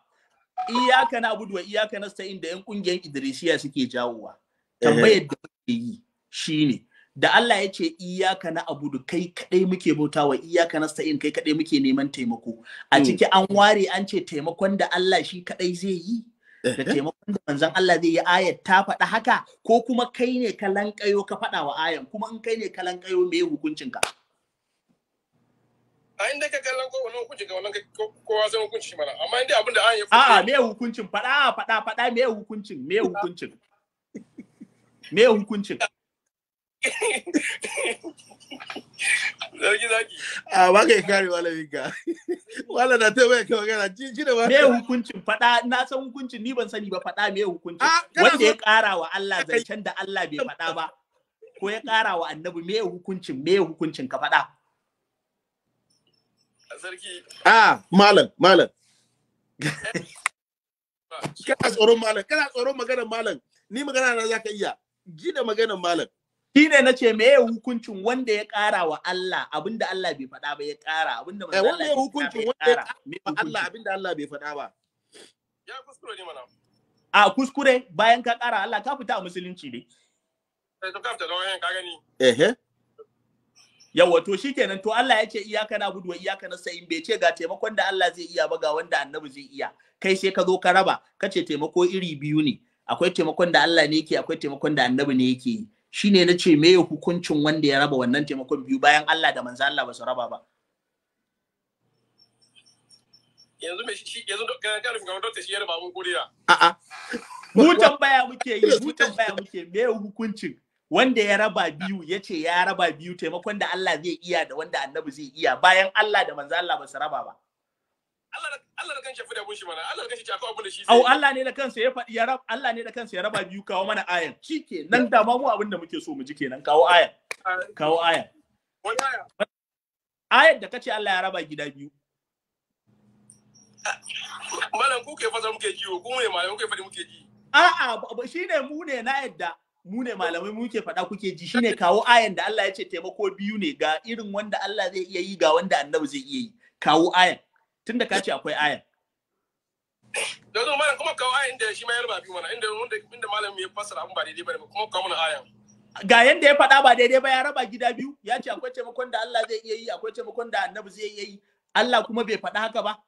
iyaka na Budwa, iyaka iyaka nasta'in da yan kungiyar Idrisiya suke jawowa tambayar eh. da muke yi shine da Allah ya ce iyaka na abudu kai kadai muke bautawa iyaka na sa'in kai kadai muke neman taimako a hmm. ciki an ware an ce taimakon da Allah shi kadai zai yi da taimakon da manzon Allah zai yi ayat ta faɗa haka ko kuma kai ne ka lankayo ka faɗa wa ayan kuma in kai ne ka lankayo me hukuncin ka a inda ka kallon ko wannan hukunci ga wannan kowa zai hukunci mana amma inda abin da ayan a me hukuncin faɗa faɗa faɗa me hukuncin me hukuncin me hukuncin Zaki zaki. Ah, A ba ka kare malamin ka. Wala na taimaka ka magana cin wani. Me hukuncin faɗa na san hukuncin ni ban sani ba faɗa me hukuncin. Ah, Wanda ya ƙara wa Allah zancen da Allah bai faɗa ba. Ko ya ƙara wa annabi me hukuncin me hukuncin ka faɗa. Sarki. Ah, malam, malam. Kana tsoron malam, kana tsoron maganar malam. Ni magana na za ka iya. Gida maganar malam. Shi ne na ce meye hukuncin wanda ya kara wa Allah abinda Allah bai faɗa ba ya kara abinda manzo eh, Allah ya hukuncin wanda ya kara Allah abinda Allah bai faɗa ba ya kuskure ne mana a kuskure bayan ka kara Allah ka fita a musulunci ne sai eh, to ka fita don ka gani eh yawa to shikenan to Allah ya ce iyaka na budu wa iyaka na sa'in bai ce ga taimakon da Allah zai iya ba ga wanda annabi zai iya kai sai ka zo ka raba ka ce taimako iri biyu ne akwai taimakon da Allah ne yake akwai taimakon da annabi ne yake shine na ce ya hukuncin wanda ya raba wannan taimakon biyu bayan Allah da manzo Allah ba su raba ba yanzu me shi yanzu karin ga wanda shi ya raba mun kuriya muke yi mutan baya muke ya hukuncin wanda ya raba biyu ya ce ya raba biyu taimakon da Allah zai iya da wanda annabi zai iya bayan Allah da manzo Allah ba su raba ba Allah au Allah ne da kansa ya faɗi ya rab Allah ne da kansa ya raba biyu kawo mana ayan shike nan da ma mu abin da muke so mu ji kenan kawo ayan kawo ayan ayan da kace Allah ya raba gida biyu malam ku ke fasa muke jiwo ku ne ku ke faɗi muke ji a'a shine mu ne na yadda mu ne malamai muke faɗa kuke ji shine kawo ayan da Allah ya ce taimako biyu ne ga irin wanda Allah zai iya yi ga wanda annabi zai iya yi kawo ayan tunda ka ce akwai ayan da zo malam kuma kawo ayan da shi ma yarba bi mana inda wanda inda malam ya fassara abin ba daidai ba kuma kawo mana ayan ga yanda ya faɗa ba daidai ba ya raba gida biyu ya ce akwai taimakon da Allah zai iya yi akwai taimakon da Annabi zai iya yi Allah kuma bai faɗa haka ba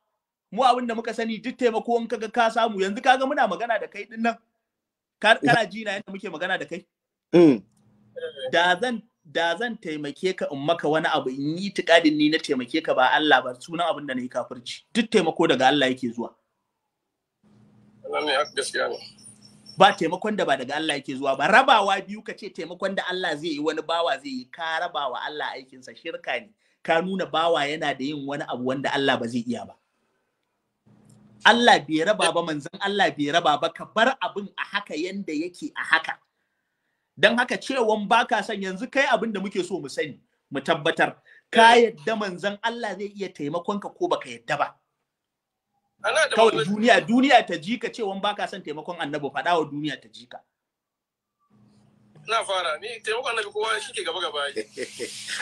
mu abin da muka sani duk taimako in kaga ka samu yanzu kaga muna magana da kai din nan kana ji na yanda muke magana da kai mm. da zan da zan taimake ka in maka wani abu in yi tikadin ni na taimake ka ba Allah ba sunan abin da na yi kafirci duk taimako daga Allah yake zuwa ba taimakon da ba daga Allah yake zuwa ba rabawa biyu ka ce taimakon da Allah zai yi wani bawa zai yi ka rabawa Allah aikinsa shirka ne ka nuna bawa yana da yin wani abu wanda Allah ba zai iya ba Allah bai raba ba manzon Allah bai raba ba ka bar abin a haka yanda yake a haka don haka cewon baka son yanzu kai abin da muke so mu sani mu tabbatar ka eh. yadda manzon Allah zai iya taimakon ka ko baka yadda ba kawai duniya duniya ta ji ka cewon baka son taimakon annabi faɗa wa duniya ta ji ka na fara ni taimakon annabi kowa shi ke gaba gaba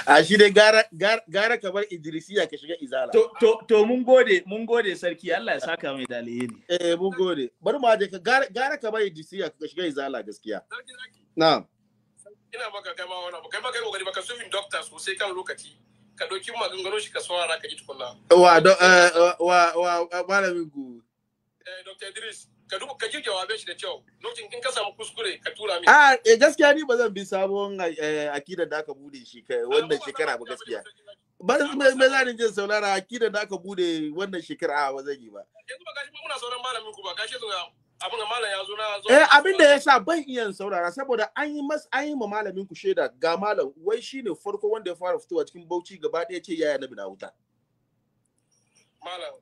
a shi dai gara gara ka bar idrisiya ka shiga izala to to to mun gode mun gode sarki Allah ya saka mai dalili eh mun gode bari mu aje ka gara ka bar idrisiya ka shiga izala gaskiya sarki na ina maka kai ma wani kai ma kai kokari maka sufin doctor sosai kan lokaci ka dauki maganganun shi ka saurara ka ji tukunna wa eh, eh, wa wa eh, malamin eh doctor Idris ka duba ka ji jawabin shi da kyau lokacin in ka samu kuskure ka tura mi ah gaskiya ni ba zan bi sabon akida da aka bude shi kai wannan shekara ba gaskiya ba mai mai zan jin saurara akida da aka bude wannan shekara ah, ba zan yi ba yanzu ba gashi muna sauran malamin ku ba gashi zuwa abin da malam ya zo na zo eh abin da yasa ban iya saurara saboda an yi mas an yi ma malamin ku sheda ga malam wai shine farko wanda ya fara fitowa cikin Bauchi gaba ɗaya ce yaya na bina wuta malam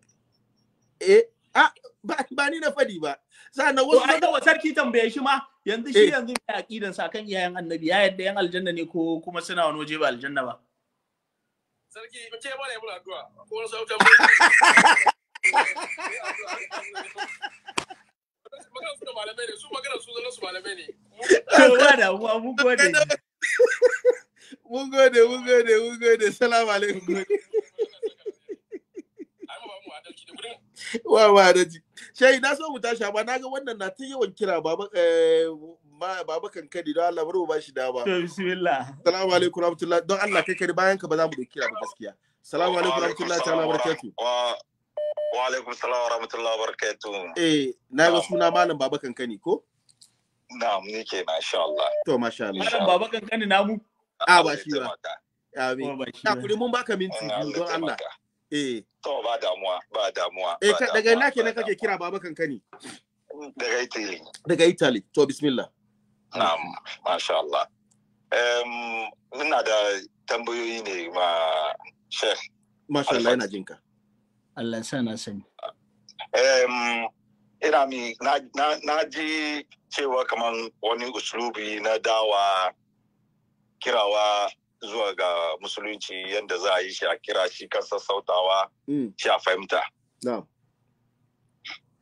eh ah ba, ba ni na fadi ba sannan wasu da sarki tambaye shi ma yanzu shi eh. yanzu ya aqidan sa kan iyayen annabi ya yadda yan aljanna ne ko kuma suna wani waje ba aljanna ba sarki in ce ba ne addu'a ko wani sautan magana su da malamai ne su magana su zama su malamai ne mun gode mun gode mun gode mun gode salamu alaikum wa wa da ji shayi na so mu tashi amma ga wannan na ta yawan kira baba eh, baba kankani don Allah bari mu bashi dama to bismillah assalamu alaikum don Allah kai kare bayan ka ba za mu da kira ba gaskiya assalamu alaikum rahmatullah ta'ala barakatuh Wa alaikum salam wa rahmatullahi wa barakatuh. Eh, na ga suna Malam Baba Kankani ko? Na'am, ni ke na Allah. To masha Allah. Malam Baba Kankani namu? A ah, ba shi ba. Amin. Na kuri mun baka minti biyu don Allah. Eh. To ba damuwa, ba damuwa. Eh, daga ina kenan kake kira Baba Kankani? Daga Italy. Daga Italy. To bismillah. Na'am, masha Allah. Um, ina da tambayoyi ne ma Sheikh. Masha Allah yana jinka. Allah sa na sani. ina mi na ji cewa kamar wani usulubi na dawa kirawa zuwa ga musulunci yadda za a yi shi a kira shi kan sassautawa mm. shi a fahimta.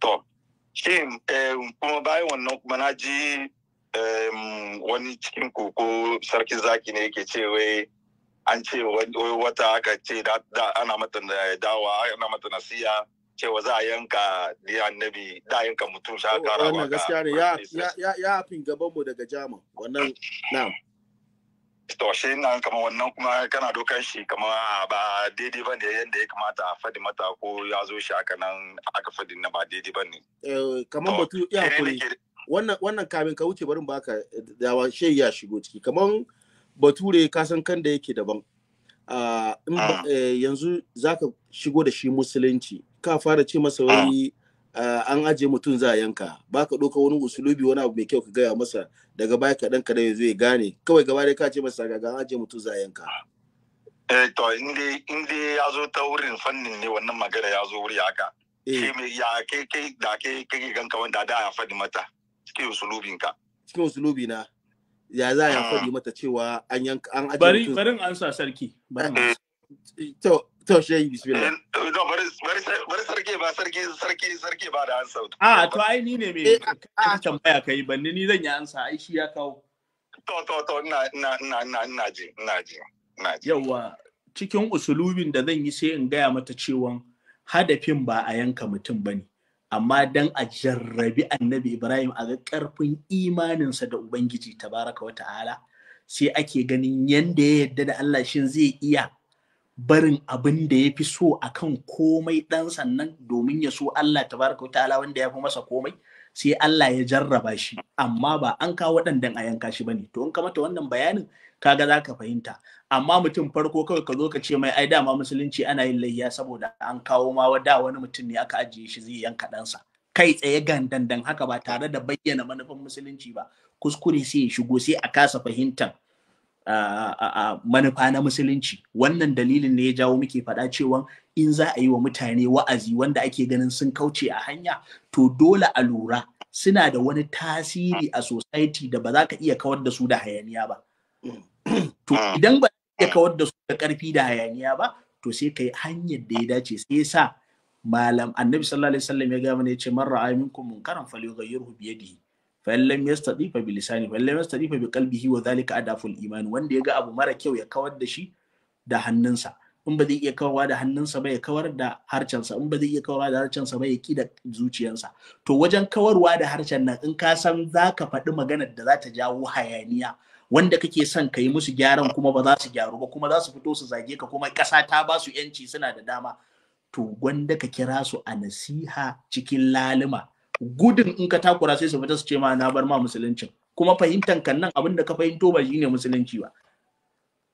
To, shi kuma bayan wannan kuma na ji wani cikin koko sarkin zaki ne yake cewa an ce wata aka ce da ana mata dawa ana mata nasiya cewa za a yanka da annabi da yanka mutum sha kara wannan gaskiya ne ya ya ya fin gaban mu daga jama wannan na'am to shi nan kama wannan kuma kana dokan shi kama ba daidai ba ne ya kamata a fadi mata ko ya zo shi aka nan aka fadi na ba daidai ba ne eh kaman batu ya kuri wannan wannan kamin ka wuce barin baka dawa shi ya shigo ciki kaman bature ka san kan da yake daban ah. eh, yanzu za ka shigo da shi musulunci ka fara ce masa wani ah. an aje mutum za a yanka ba ka ɗauka wani usulubi wani abu mai kyau ka gaya masa daga baya ka ɗan kaɗan yanzu ya gane kawai gaba dai ka ce masa ga an aje mutum za a yanka. Ah. eh to in dai ya zo ta wurin fannin ne wannan magana ya zo wuri haka. Eh. ya kai kai da kai kai ganka wanda da ya faɗi mata cikin usulubinka. cikin usulubi na. ya za ya ah. faɗi mata cewa an yanka an ajiye bari bari an sa sarki to to shey bismillah eh, no bari bari sarki ba sarki sarki sarki ba da ansa a ah, to ai ni ne me eh, a ah. tambaya kai banni ni zan yi ansa ai shi ya kawo to to to ina ina ina ina ji ina ji ina ji yawa cikin usulubin da zan yi sai in gaya mata cewa hadafin ba a yanka mutum bane amma dan a jarrabi annabi Ibrahim a ga ƙarfin imaninsa da Ubangiji tabaraka wa ta'ala sai ake ganin yadda ya yadda da Allah shin zai iya barin abin da ya fi so a kan komai ɗan sannan domin ya so Allah tabaraka wa ta'ala wanda ya fi masa komai sai Allah ya jarraba shi amma ba an kawo waɗandan a yanka shi ba ne, to in ka mata wannan bayanin kaga za ka fahimta amma mutum farko kawai ka zo ka ce mai ai dama musulunci ana yin layya saboda an kawo ma da wani mutum ne aka ajiye shi zai yanka ɗansa kai tsaye gandandan haka ba tare da bayyana manufan musulunci ba kuskure sai ya shigo sai a kasa fahimtar manufa na musulunci wannan dalilin ne ya jawo muke faɗa cewa in za a yi wa mutane wa'azi wanda ake ganin sun kauce a hanya to dole a lura suna da wani tasiri a society da ba za ka iya kawar da su da hayaniya ba mm. to idan ba ya kawar da su da ƙarfi da hayaniya ba to sai ka yi hanyar da ya dace sai ya sa malam annabi sallallahu alaihi wasallam ya ga mana yace man ra'a minkum munkaran falyughayyirhu bi yadihi fa in lam yastati fa bi lisani fa in lam yastati fa bi qalbihi wa dhalika adaful iman wanda ya ga abu mara kyau ya kawar da shi da hannunsa in ba zai iya kawarwa da hannunsa ba ya kawar da harcensa in ba zai iya kawarwa da harcensa ba ya ki da zuciyarsa to wajen kawarwa da harcen nan in ka san za ka faɗi maganar da za ta jawo hayaniya wanda kake son ka yi musu gyaran kuma ba za su gyaru ba kuma za su fito su zage ka kuma ƙasa ta ba su yanci suna da dama to gwanda ka kira su a nasiha cikin lalima gudun in ka takura sai su fita su ce ma na bar ma musuluncin kuma fahimtan kan nan abin da ka fahimto ba shine musulunci ba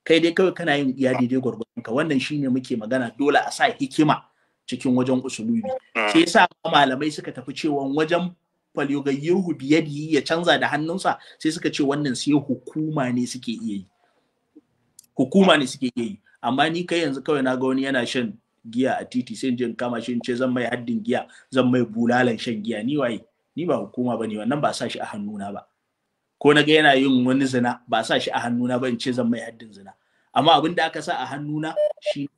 kai dai kawai kana yin iya daidai gwargwadon ka wannan shine muke magana dole a sa hikima cikin wajen usulubi mm. sai sa malamai suka tafi cewa wajen falyughayyirhu biyadihi ya canza da hannunsa sai suka ce wannan sai hukuma ne suke iya yi hukuma ne suke iya yi amma ni kai yanzu kawai na ga wani yana shan giya a titi sai in kama shi ce zan mai haddin giya zan mai bulalan shan giya ni waye ni ba hukuma bane wannan ba sa shi a hannuna ba ko na ga yana yin wani zina ba sa shi a hannuna ba in ce zan mai haddin zina amma abin da aka sa a hannuna shi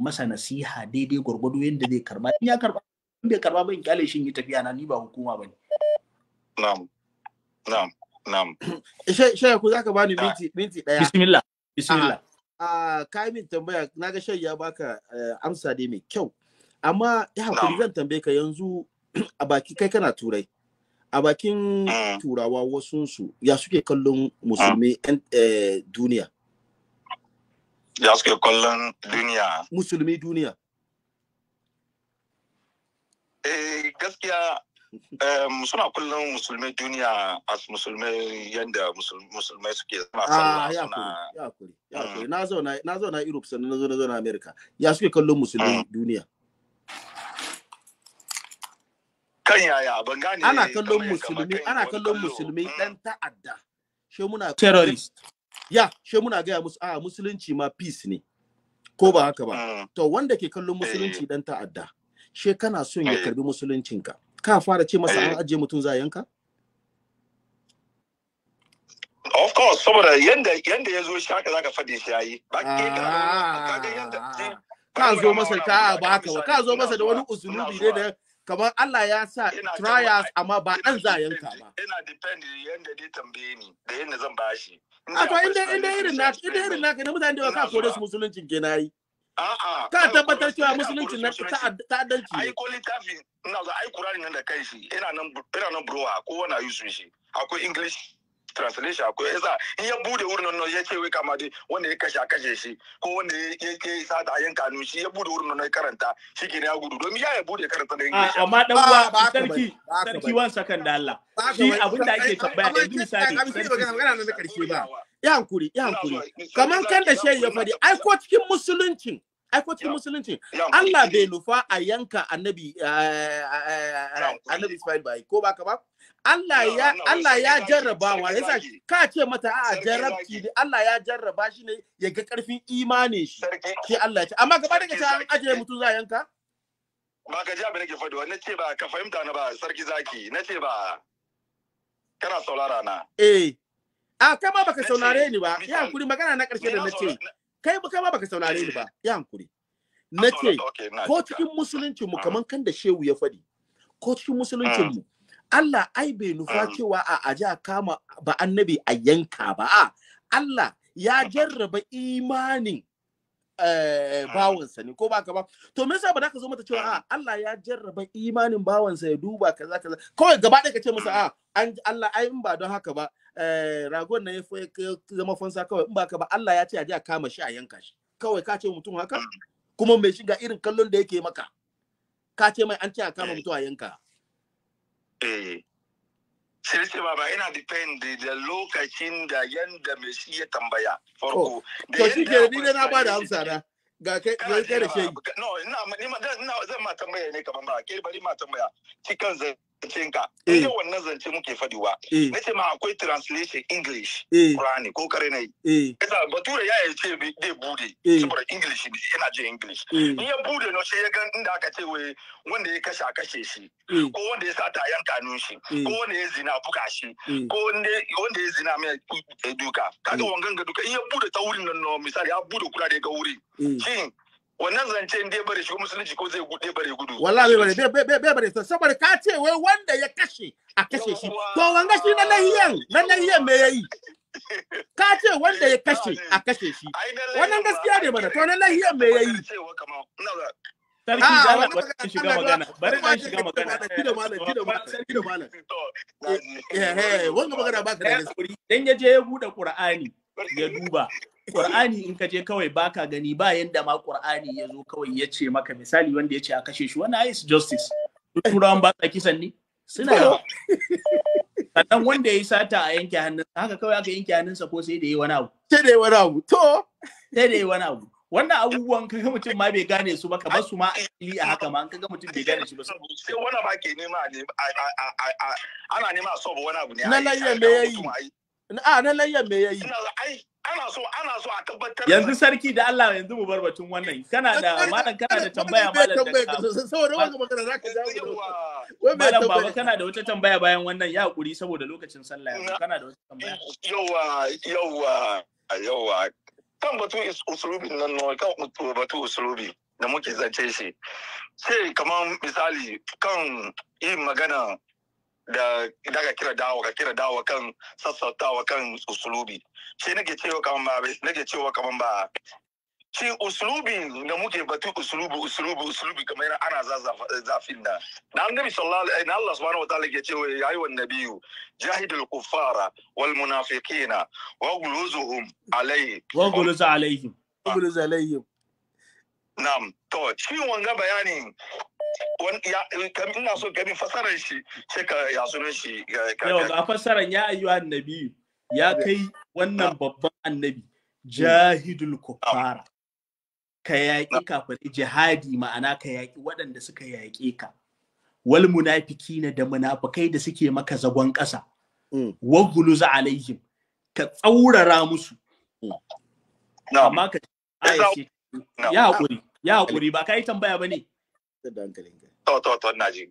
masa nasiha daidai gwargwado yadda zai karba in ya karba bai karba in kyale shi yi tafiya na ni ba hukuma ba ne. Na'am. Na'am. Na'am. Eh, Shaya ku ba bani minti minti daya. Bismillah. Bismillah. Ah, ka min tambaya na ga ya baka eh, amsa dai mai kyau. Amma ya hakuri zan tambaye ka yanzu a baki kai kana turai. A bakin mm. turawa wasu su ya suke kallon musulmi mm. eh, duniya. Ya suke kallon duniya. Musulmi duniya. eh gaskiya suna kullum musulmai duniya a musulmai yadda musulmai suke suna ah, sallah suna mm. na zauna na zauna Europe sannan na zo na zauna America ya suke kallon musulmai mm. duniya kan yaya ban gane ana kallon musulmi ana kallon musulmi dan mm. ta'adda she muna terrorist ya she muna gaya musu a ah, musulunci ma peace ne ko ba haka ba to wanda ke kallon eh. musulunci dan ta'adda she kana son ya eh. karbi musuluncinka ka fara ce masa an eh. ajiye mutum za yanka of course saboda yanda yanda ya zo za zaka fadi shi yayi ba ah. ka zo masa ka ba haka ba ka zo masa da wani usulubi ne da kamar Allah ya sa trials amma ba dan za yanka ba ina depend yanda dai tambaye ni da yanda zan bashi a to inda inda irin naka inda irin naka ne mutane da ka kore su musuluncin kenan yi ka tabbatar cewa musulunci na ta'addanci ai ko littafi ina za ai kurani nan da kai shi ina nan ina nan browa ko wani yusun shi akwai english translation akwai yasa in ya bude wurin nan ya ce wai kama dai wanda ya kashe a kashe shi ko wanda ya ke sa da ayan kanu shi ya bude wurin nan ya karanta shi ke ya gudu domin ya ya bude karanta da english amma dan uwa sarki sarki wan sakan da Allah shi abinda ake tabbaya yanzu misali sarki magana da karshe ba ya hankuri ya hankuri kan da shehi ya faɗi ai ko cikin musuluncin ai ko cikin musuluncin Allah bai nufa a yanka annabi eh, eh, eh, annabi Ismail bai ko ba ka ba Allah ya Allah ya wa yasa ka ce mata a jarrabki ne Allah ya jarraba shi ne ya ga karfin imanin shi shi Allah ya ce amma gaba daga can an ajiye mutum za yanka ba ka ji abin da ke faɗi na ce ba ka fahimta na ba sarki zaki na ce ba kana saurara na eh Ah, a kai ma baka saurare ni ba ya hankuri magana na ƙarshe da nace kai kai ma baka saurare ni ba ya hankuri nace ko cikin musuluncin mu ah. kamar kan da shehu ya fadi ko cikin musuluncin ah. mu Allah ai bai nufa cewa a aja kama ba annabi a yanka ba a Allah ya jarraba imanin eh, bawansa ne ko baka ba to me yasa ba za ka zo mata cewa a Allah ya jarraba imanin bawansa ya duba kaza kaza kawai gaba ɗaya ka ce masa a Allah ai in ba don haka ba Eh, ragon na ya zama fansa kawai in ba ka ba Allah ya ce a je a kama shi a yanka shi kawai ka ce mutum haka kuma mai shiga irin kallon da yake maka ka ce mai an ce a kama eh. mutum a yanka eh. Sirisi baba ina depend da lokacin da yanda mai shi ya tambaya farko oh, to shi ke ni ne na ba da amsa na ga kai ga kai da shi no ina ina, ma zan ma tambaya ne kaman ba ke bari ma tambaya Cikin zai cikinka eh. ita wannan zance muke faɗi wa? Eh. na ce ma akwai translation english eh. Qur'ani ko kare na yi ita bature ya yace ce bai bude saboda english ne yana je english ni ya bude no sai ya ga inda aka ce wai wanda ya kashe kashe shi ko wanda ya sata yan yanka nun shi ko wanda ya zina buka shi ko wanda ya zina mai duka kaga wangan ga duka in ya bude ta wurin nan no misali ya bude kura da ga wuri shin wannan zance in bai bare shi musulunci ko zai gude bare gudu wallahi bai bare bai bare saboda ka ce wai wanda ya kashe a kashe shi to wanga shi na lahiyan na lahiyan me yayi ka ce wanda ya kashe a kashe shi wannan gaskiya ne bana to na lahiyan me yayi sarki da na wata shiga magana bari dan shiga magana da malam da malam da malam eh eh wannan magana ba ka da gaskiya dan yaje ya bude qur'ani ya duba Qur'ani in ka je kawai baka gani ba yanda ma Qur'ani ya zo kawai ya ce maka misali wanda ya ce a kashe shi wannan is justice. Duk turawan ba sa kisan ne? Suna yawa. Sannan wanda ya yi sata a yanke hannunsa haka kawai aka yanke hannunsa ko sai da yi wani abu. Sai da yi wani abu to. Sai da yi wani abu. Wannan abubuwan kaga mutum ma bai gane su ba kamar su ma asali a haka ma an kaga mutum bai gane su ba. Sai wani ba ke nema ana nema a so wani abu ne. Na layyan me yayi. A na layyan me yayi. ana so ana so a tabbatar yanzu sarki da Allah yanzu mu barbatun wannan kana da malam kana da tambaya malam da saboda wannan magana zaka malam baba kana da wata tambaya bayan wannan ya hakuri saboda lokacin sallah yanzu kana da wata tambaya yawa yawa yawa kan batu usulubi nan no kan batu usulubi da muke zance shi sai kamar misali kan yin magana da idan ka kira dawo ka kira dawo kan sassautawa kan usulubi shi nake cewa kaman ba nake cewa kaman ba shi usulubi da muke batu usulubi usulubi usulubi kamar yana ana eh, zafin na na annabi sallallahu alaihi na Allah subhanahu wa ta'ala ke cewa ya yi wannan jahidul kufara wal munafiqina wa guluzuhum alaihi wa guluzu alaihim wa guluzu alaihim na'am to shi wanga bayanin ina so gani fasarar shi sai ka ya sunan shi yau ga fasarar ya ayyu annabi ya kai wannan babban annabi jahidul kuffara ka yaƙi kafirai jihadi ma'ana ka yaƙi waɗanda suka yaƙe ka wal munafikina da munafikai da suke maka zagon ƙasa mm. wa guluza alaihim ka tsaurara musu mm. amma ka ya haƙuri ya haƙuri ba ka yi tambaya ba ne To, to, to, ina jin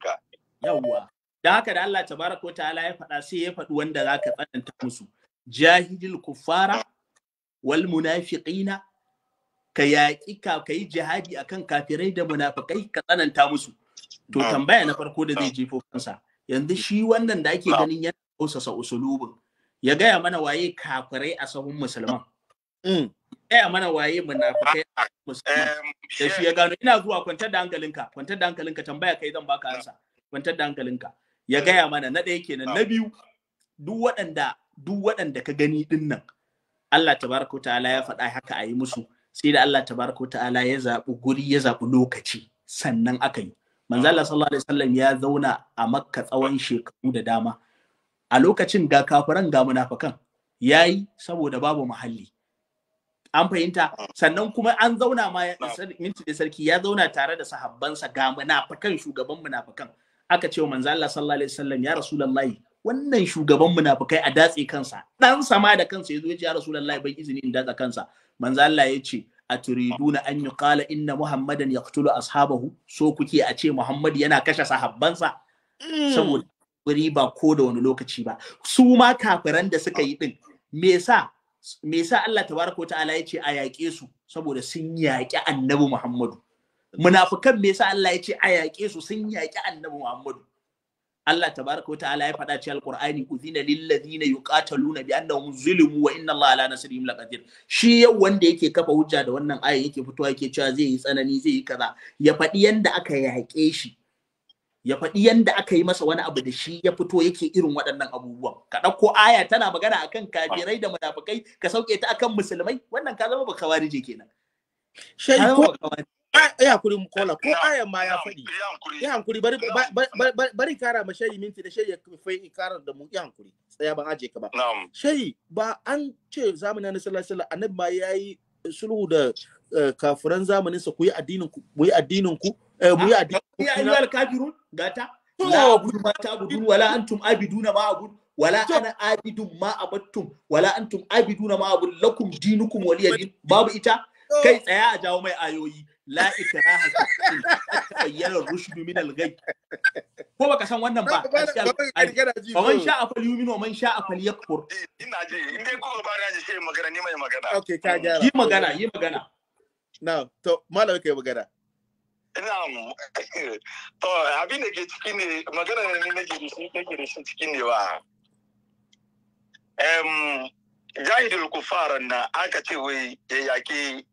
Yawwa. Da haka da Allah tabaraka wa ta'ala ya faɗa sai ya faɗi wanda za ka tsananta musu. Jahilul kuffara wal munafiqina ka yaƙi ka yi jihadi akan kafirai da munafikai ka tsananta musu. To tambaya na farko da zai jefo kansa. Yanzu shi wannan da ake ganin yana kausasa usulubin. Ya gaya mana waye kafirai a sahun musulman. Mm. gaya mana waye muna a um, da shi ya gano ina zuwa kwantar da hankalinka kwantar da hankalinka tambaya kai zan baka ansa kwantar da hankalinka ya eh. gaya mana na ɗaya kenan na biyu duk waɗanda duk waɗanda ka gani din nan Allah tabaraka ta'ala ya faɗa haka a yi musu sai da Allah tabaraka ta'ala ya zaɓi guri ya zaɓi lokaci sannan aka yi manzo Allah sallallahu alaihi wasallam ya zauna a Makka tsawon shekaru da dama a lokacin ga kafiran ga munafikan yayi saboda babu muhalli an fahimta sannan kuma an zauna ma minti da sarki ya zauna tare da sahabbansa ga munafikan shugaban munafikan aka ce wa manzo Allah sallallahu alaihi wasallam ya rasulullahi wannan shugaban munafikai a datse kansa dan sama da kansa yazo ya ce ya rasulullahi ban izini in datsa kansa manzo Allah ya ce aturiduna an yuqala inna muhammadan yaqtulu ashabahu so kuke a ce muhammad yana kashe sahabbansa mm. saboda wuri ba ko da wani lokaci ba su ma kafiran da suka yi din me yasa me yasa Allah tabaraka wa ta'ala yace a yaƙe su saboda sun yaƙi annabi Muhammadu munafikan me yasa Allah yace a yaƙe su sun yaƙi annabi Muhammadu Allah tabaraka wa ta'ala ya faɗa cikin Al-Qur'ani udhina lil ladina yuqataluna bi annahum zulimu wa inna Allah ala nasrihim laqadir shi yau wanda yake kafa hujja da wannan aya yake fitowa yake cewa zai yi tsanani zai yi kaza ya faɗi yanda aka yaƙe shi ya faɗi yanda aka yi masa wani abu da shi ya fito yake irin waɗannan abubuwan ka ɗauko aya tana magana akan kafirai da munafukai ka sauke ta akan musulmai wannan ka zama baka warije kenan shi ko ya hakuri mu kola ko aya ma ya faɗi ya hankuri bari bari kara ma shayi minti da shayi ya fai karar da mu ya hankuri tsaya ban aje ka ba shayi ba an ce zamanin annabi sallallahu alaihi wasallam annabi ma yayi sulhu da eh, kafiran zamanin sa ku yi addinin ku ku yi addinin ku Eh, mu ah, ya da ya ayu al kafirun gata la ma ta'budun wala antum abiduna ma abud wala ana abidun ma abattum wala antum abiduna ma abud lakum dinukum waliya din babu ita kai tsaya a jawo mai ayoyi la ikraha fi bayyana rushdu min al ghayb ko baka san wannan ba man sha afal yuminu man sha afal yakfur eh, ina je in dai ko ba na je magana ni mai magana okay ka gyara yi magana yi magana na to malaka kai magana Na'am. To abin da ke ciki ne magana ne na da shi nake da shi ciki ne ba. Em jahilul kufaran na aka ce wai ya yaki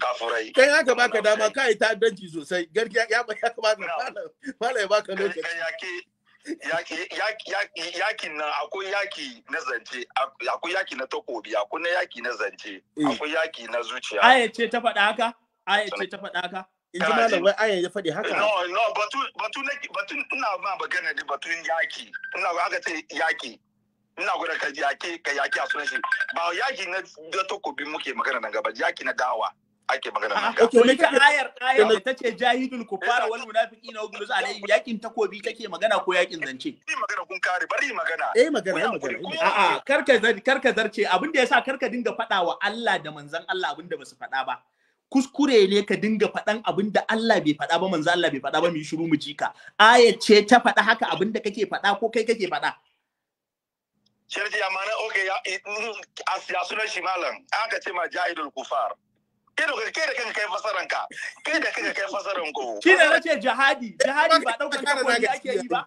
kafurai. Kai aka baka dama kai ta danci sosai. Garki ya ya baka mala ya baka lokaci. Yaki yaki nan akwai yaki na zance akwai yaki na takobi akwai na yaki na zance eh. akwai yaki na zuciya. Aya ce ta faɗa haka? Aya ce ta faɗa haka? in ji malam wai ayan ya faɗi haka no no batu batu batu ina ma magana da batun yaki ina ga aka ce yaki ina gwada ka yaki ka yaki a sunan shi ba yaki na da takobi muke magana nan gaba yaki na dawa ake magana nan ah, gaba okay ka ayar ayar da tace jahidul kufara wal munafiqina na guluz alayhi yakin takobi kake magana ko yakin zance ni magana kun kare bari magana eh magana magana a'a karka karka zarce abinda yasa karka dinga faɗa Allah da manzon Allah abinda basu faɗa ba kuskure ne ka dinga faɗan abin da Allah bai faɗa ba manzo Allah bai faɗa ba mu yi shiru mu jika ayat ce ta faɗa haka abin da kake faɗa ko kai kake faɗa Shirji amma na oke eh, mm, ya sunan shi malam aka ce ma jahilul kufar kai da kai da kai fasaran ka kai da kai kai fasaran ko shi ne nace jihadi jihadi ba dauka kakwai ake yi ba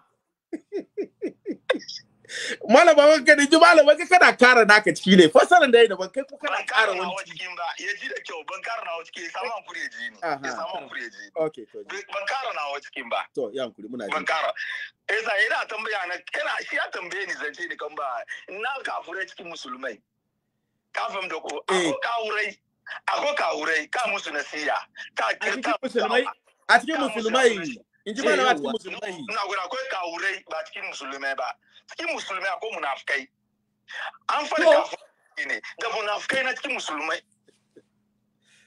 malama wanka da ji malama ka kana kara naka ciki ne fasaran da yayi ban kai ko kana kara wani cikin ba ya ji da kyau ban kara nawa ciki ya samu hankuri ya ji ni ya samu hankuri ya ji ni okay to ban kara nawa cikin ba to ya hankuri muna ji ban kara eh sai ina tambaya na Kana shi ya tambaye ni zance ni kan ba na kafurai cikin musulmai ka fam da ko eh. a kawurai akwai kawurai ka musu nasiya ka kirta musulmai a cikin musulmai in ji malama eh, cikin musulmai na gwada akwai kawurai ba cikin musulmai ba cikin musulmai akwai munafukai an fara kafurai ne da munafukai na cikin musulmai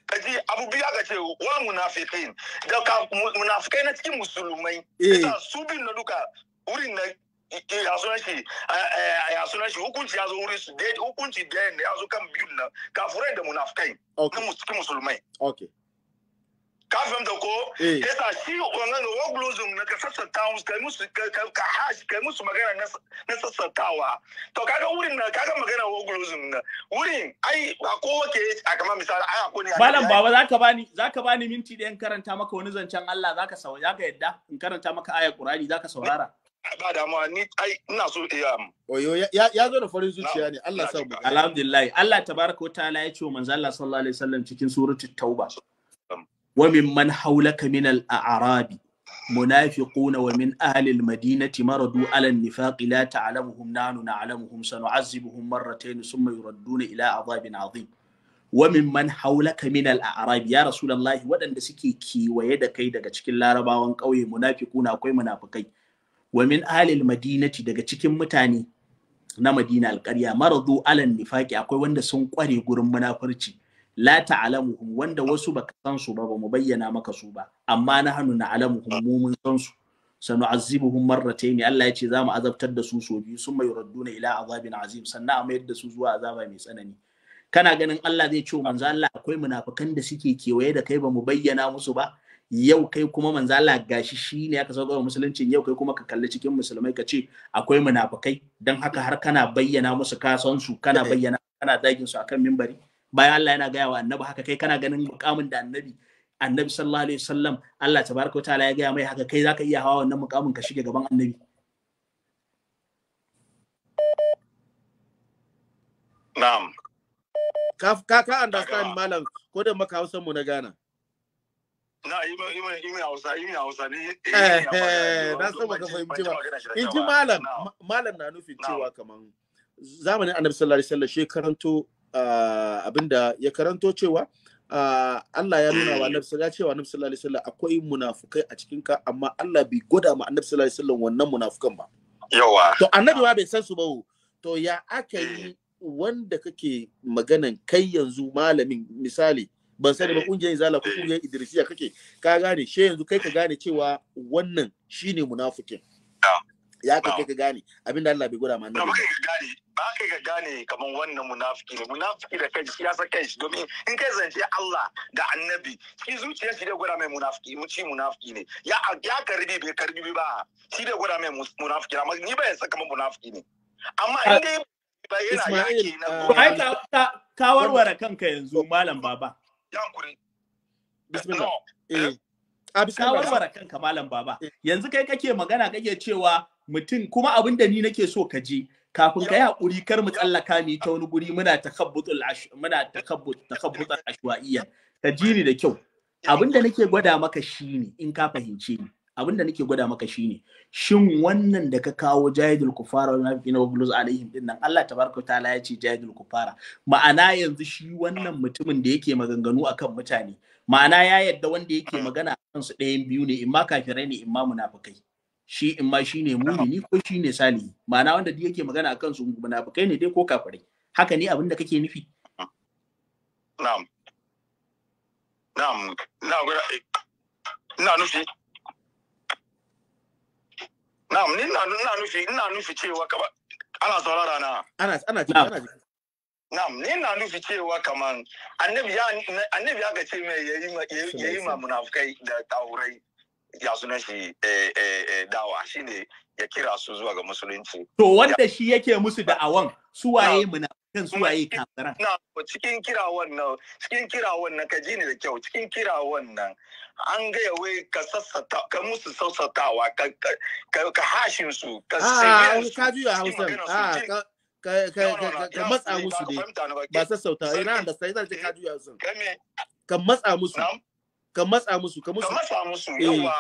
kaji abu biya ka ce wa munafikin da munafukai na cikin musulmai eh. su bin na duka wurin na eh, ya sunan shi ya sunan shi hukunci ya zo wurin su hukunci da ya zo kan biyun nan kafurai da munafukai na cikin musulmai okay ka fahimta ko eh. yasa shi wannan wa glozum na ka sassanta kai musu ka hashi kai musu magana na sassantawa to kaga wurin na kaga magana wa glozum na wurin ai ba kowa ke a kamar misali ai akwai ne malam baba zaka bani zaka bani minti da in karanta maka wani zancen Allah zaka sau zaka yadda in karanta maka ayar Qur'ani zaka saurara ba damuwa ni ai ina so iya oyo ya zo da farin zuciya ne Allah sa alhamdulillah Allah tabaraka wa ta'ala ya ce manzo Allah sallallahu alaihi wasallam cikin suratul tauba wa mimman haulaka min al-a'rabi munafiquna wa min ahli al-madinati maradu ala an-nifaqi la ta'lamuhum nanu na'lamuhum sanu'azzibuhum marratayn thumma yuradduna ila adhabin 'azim wa mimman haulaka min al-a'rab ya rasulullahi waɗanda suke kewaye da kai daga cikin larabawan ƙauye munafiquna akwai munafukai. wa min ahlil madinati daga cikin mutane na Alkarya alƙarya maradu alan nifaqi akwai wanda sun ƙware gurin munafurci la alamu wanda wasu baka san su ba mu bayyana maka su ba amma na hannu na alamuhum mu mun san su sanu azibuhum marratayn Allah ya ce za mu azabtar da su so biyu sun mai radduna ila azabin azim sannan a mayar da su zuwa azaba mai tsanani kana ganin Allah zai ce manzo Allah akwai munafikan da suke kewaye da kai ba mu bayyana musu ba yau kai kuma manzo Allah gashi shine aka sauka wa musulunci yau kai kuma ka kalli cikin musulmai ka ce akwai munafikai dan haka har kana bayyana musu kasan su kana eh. bayyana kana dagin su akan mimbari bayan Allah yana gaya wa annabi haka kai kana ganin mukamin da annabi annabi sallallahu alaihi wasallam Allah tabaraka wa ta'ala ya gaya mai haka kai zaka iya hawa wannan mukamin ka shige gaban annabi na'am ka ka ka understand malam ko da maka hausa mu na gana na ima ima ima hausa ima hausa ne eh na san baka fahimci ba in ji malam malam na nufin cewa kaman zamanin annabi sallallahu alaihi wasallam shekaranto abinda ya karanto cewa Allah ya nuna wa Annabi ya cewa Annabi sallallahu alaihi wasallam akwai munafukai a cikin ka amma Allah bai gwada ma Annabi sallallahu alaihi wasallam wannan munafukan ba yawa to Annabi ba bai san su ba to ya aka yi wanda kake maganan kai yanzu malamin misali ban sani ba kungiyar izala ko kungiyar idrisiya kake ka gane she yanzu kai ka gane cewa wannan shine munafikin ya ka kai ka gane abin da Allah bai gwada ma nan ba kai ka gane ba kai ka gane kaman wannan munafiki ne munafiki da kai shi ya san kai shi domin in kai zance Allah da annabi shi zuciya shi da gwada mai munafiki mu ci munafiki ne ya ya karbi bai karbi ba shi da gwada mai munafiki amma ni ba ya san munafiki ne amma in dai ba yana yake na ko uh, ai ka ka warware kanka yanzu oh. malam baba yankuri bismillah eh ah, a bisa warware kanka malam baba eh. yanzu kai kake magana kake cewa mutum kuma abin da ni nake so ka je kafin ka yi haƙuri kar mu tsallaka ni ta wani guri muna takabbutul muna takabbut takabbutul ashwaiya ka ji ni da kyau abin da nake gwada maka shine in ka fahimce ni abin da nake gwada maka shine shin wannan da ka kawo jahidul kufara wa nafiqina na alaihim din nan Allah tabaraka taala ya ce jahidul kufara ma'ana yanzu shi wannan mutumin da yake maganganu akan mutane ma'ana ya yadda wanda yake magana akan su ɗayan biyu ne imma kafirai ne imma munafikai shi in ma shi ne ni ko shi ne sali ma'ana wanda duk yake magana akan su munafikai ne dai ko kafirai haka ne abin da kake nufi na'am na'am gura ina nufi na'am ni ina nufi ina nufi cewa ka ana saurara na ana ana ana Na'am, ni na nufi cewa kaman annabi ya annabi ya ga ce mai yayi yayi ma munafikai da taurai. ya sunan shi eh, eh, eh, dawa shine ya kira su zuwa ga musulunci to wanda shi yake musu da'awan suwaye muna kan suwaye kafiran na cikin kira wannan cikin kira wannan ka ji ni da kyau cikin kira wannan an gaya wai ka sassata ka musu sassatawa ka hashin su ka ah, sai ka juya hausa ka ka matsa musu ne, ba sassauta ina da sai zan ka juya hausa ka matsa musu ka matsa musu ka musu ka matsa musu eh. yawa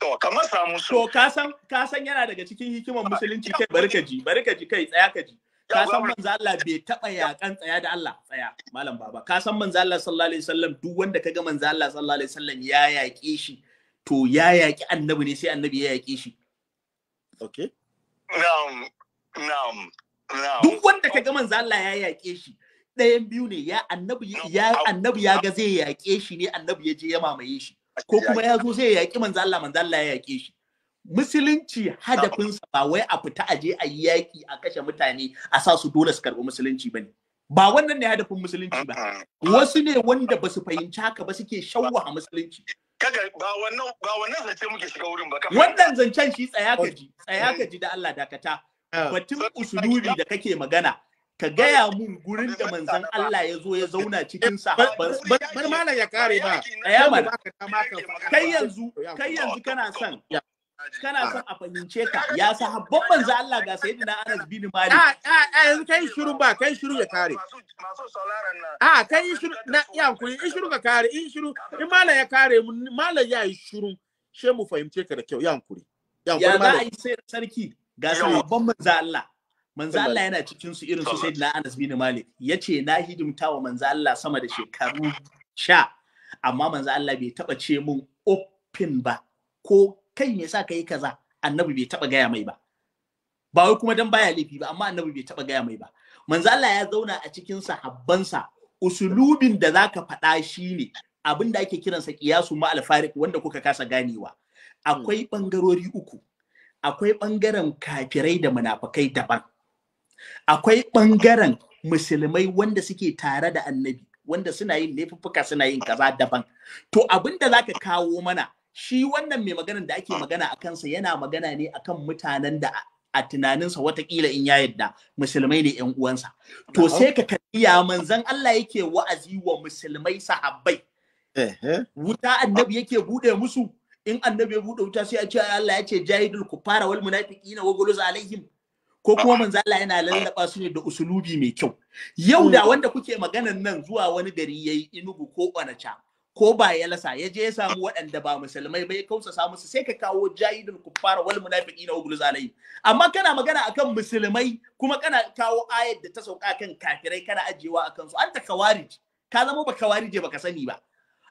to ka matsa musu to ka san ka san yana daga cikin hikimar ah, musulunci kai bari ka ji bari ka ji kai tsaya ka ji ka san manzo Allah bai taba yakan tsaya da Allah tsaya malam baba ka san manzo Allah sallallahu alaihi wasallam duk wanda kaga manzo Allah sallallahu alaihi wasallam ya yaƙe shi to ya yaƙi annabi ne sai annabi ya yaƙe shi okay na'am na'am na'am duk wanda kaga manzo Allah ya yaƙe shi ɗayan biyu ne ya annabi ya annabi ya ga zai yaƙe shi ne annabi ya je ya mamaye shi ko kuma ya zo zai yaƙi manzo Allah manzo Allah ya yaƙe shi musulunci sa, ba wai a fita a je a yi yaƙi a kashe mutane a sa su dole su karɓi musulunci bane ba wannan ne hadafin musulunci ba mm-hmm. wasu ne wanda ba su fahimci haka ba suke a musulunci kaga ba wannan ba wannan zance muke shiga wurin ba wannan zancen shi tsaya ka ji tsaya ka mm. ji da Allah dakata batun usulubi da kake magana ka gaya mun gurin da manzan Allah ya zo ya zauna cikin sahabban bar malam ya kare ba kai yanzu kai yanzu kana son kana son a fahimce ka ya sahabban manzan Allah ga sayyidina Anas bin Malik a a yanzu kai shiru ba kai shiru ya kare a kai shiru na ya ku in shiru ka kare in shiru in malam ya kare mun malam ya yi shiru she mu fahimce ka da kyau ya ku ya za a yi sai sarki ga sahabban manzan Allah manzo Allah yana cikin su irin su sayyidina Anas bin Malik yace na hidimta wa manzo Allah sama da shekaru sha amma manzo Allah bai taba ce mun open ba ko kan ya sa kai kaza annabi bai taba gaya mai ba ba wai kuma dan baya laifi ba amma annabi bai taba gaya mai ba manzo Allah ya zauna a cikin sahabbansa usulubin da zaka faɗa shine abin da ake sa kiyasu ma alfarik wanda kuka kasa ganewa hmm. akwai bangarori uku akwai bangaren kafirai da munafikai daban akwai ɓangaren musulmai wanda suke tare da annabi wanda suna yin laifuffuka suna yin kaza daban to abin da ka kawo mana shi wannan mai maganar da ake magana a kansa yana magana ne akan mutanen da a tunaninsa watakila in ya yadda musulmai ne yan uwansa to sai ka kariya manzan Allah yake wa'azi wa musulmai sahabbai wuta annabi yake bude musu in annabi ya bude wuta sai a ce Allah ya ce jahidul kufara wal munafiqina wa guluz alaihim ko kuma manzo Allah yana lallaba su ne da usulubi mai kyau yau mm. da wanda kuke maganan nan zuwa wani gari yayi inugu ko onacha ko ba ya lasa ya je ya samu waɗanda ba musulmai ba ya kausa samu su sai ka kawo jahidul kuffar wal munafiqina wa guluz alayhi amma kana magana akan musulmai kuma kana kawo ayat da ta sauka kan kafirai kana ajewa akan su anta kawarij ka zama ba kawarije baka sani ba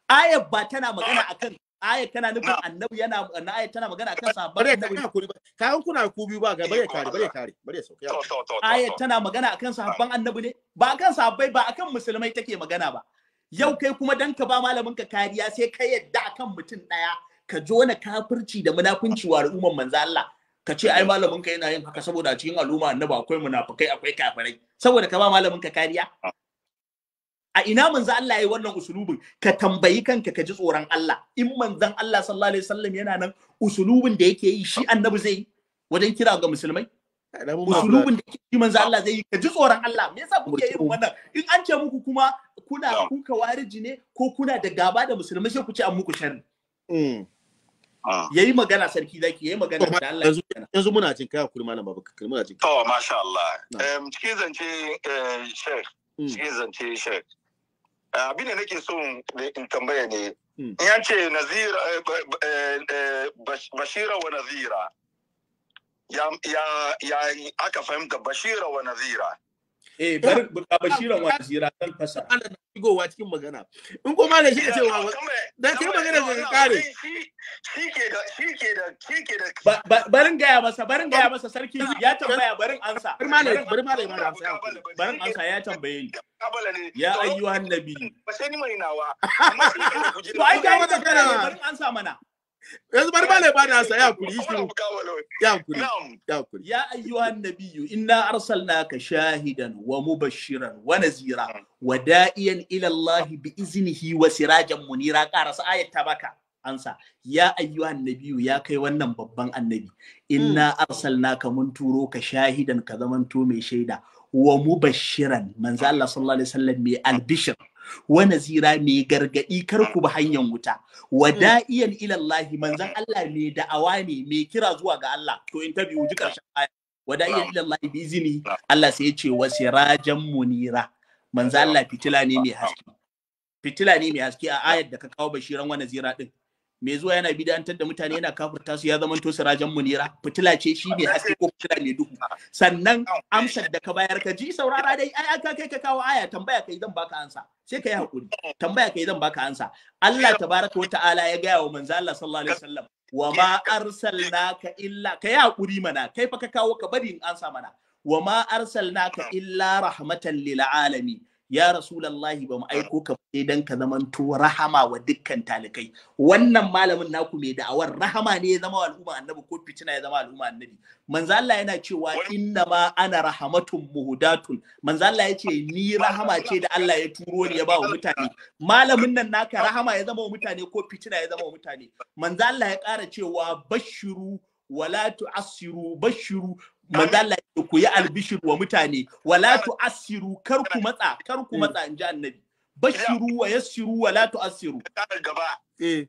ayat ba tana magana akan aya tana nufin annabi yana na aya tana magana akan sahabban annabi kayan kuna ku biyu ba ga bare kare bare ne ba akan sahabbai ba akan musulmai take magana ba yau kai kuma dan ka ba malamin ka kariya sai ka yadda akan mutum daya ka jona kafirci da munafunci wa al'umman manzo Allah ka ce ai malamin ka yana yin haka saboda cikin al'umma annabi akwai munafukai, akwai kafirai saboda ka ba malamin ka kariya a ina manzo Allah yayi wannan usulubin ka tambayi kanka ka ji tsoron Allah in manzon Allah sallallahu alaihi wasallam yana nan usulubin da yake yi shi annabi zai yi wajen kira ga musulmai usulubin da yake yi manzo Allah zai yi ka ji tsoron Allah me yasa kuke yin wannan in an ce muku kuma kuna kuka wariji ne ko kuna da gaba da musulmai sai ku ce an muku sharri mm. ah. yayi magana sarki zaki yayi magana da Allah yanzu muna jin kai hakuri malam babakar muna jin to masha Allah eh, mm. cikin zance sheikh cikin zance shek. abin da nake so in tambaya ne hmm. in ce eh, eh, eh, bashira wa nazira ya aka fahimta bashira wa nazira eh bari bashiran wazira zan kasa. ana da shigowa cikin magana in ko malam shi ya ce wa da kai magana ka kare barin gaya masa barin gaya masa sarki ya tambaya barin ansa bari malam bari malam ya ansa barin ansa ya tambaye ni ya ayyuhan nabi ba sai ni mai nawa to ai ga mata kana barin ansa mana yanzu bari ba laiba da sa ya kuri ya kuri ya kuri ya ayyuhan nabiyyu inna arsalnaka shahidan wa mubashiran wa nazira wa da'iyan ila Allah bi iznihi wa sirajan munira karasa ayat tabaka ansa ya ayyuhan nabiyyu ya kai wannan babban annabi inna hmm. arsalnaka mun turo ka shahidan ka zamanto mai shaida wa mubashiran manzo Allah sallallahu alaihi wasallam mai albishir wa nazira mai gargadi kar ku bi hanyar wuta wa mm. ilallahi! ila Allah manzon Allah da'awa ne mai kira zuwa ga Allah to interview ji karshen aya wa da'iyan Allah bi izini Allah sai ya ce wa sirajan munira manzon Allah fitila ne mai haske fitila ne mai haske a ayar da ka kawo bashiran wa nazira din mai zuwa yana bidantar da mutane yana kafurta su ya zamanto sirajan munira fitila ce shi ne haske ko fitila ne duhu sannan amsar da ka bayar ka ji saurara dai ai aka kai ka kawo aya tambaya kai zan baka ansa sai ka yi hakuri tambaya kai zan baka ansa Allah tabaraka wa ta'ala ya gaya wa manzo Allah sallallahu alaihi wasallam wa ma arsalnaka illa ka yi hakuri mana kai fa ka kawo ka bari in ansa mana wa ma arsalnaka illa rahmatan lil alamin ya rasulallahi ba mu aiko ka sai dan ka zamanto rahama wa dukkan talikai wannan malamin naku mai da'awar rahama ne ya zama al'umma annabi ko fitina ya zama al'umma annabi manzo Allah yana cewa inna ma ana rahamatun muhdatun manzo Allah yace ni rahama ce da Allah ya turo ni ya ba wa mutane malamin nan naka rahama ya zama wa mutane ko fitina ya zama wa mutane manzo Allah ya kara cewa bashiru wala tu'assiru bashiru manzo Allah ya ku yi albishir wa mutane wala asiru kar ku matsa kar ku matsa mm. in ji annabi bashiru wa yassiru wala tu'assiru gaba eh.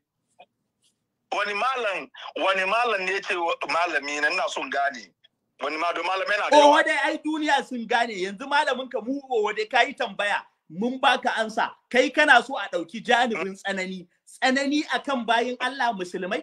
wani malam wani malam ne yace malami na? Ina son gane wani ma malam yana da yawa dai ai duniya sun gane yanzu malamin ka mu wa dai kai tambaya mun baka ansa kai kana so a dauki janibin tsanani tsanani akan bayin Allah musulmai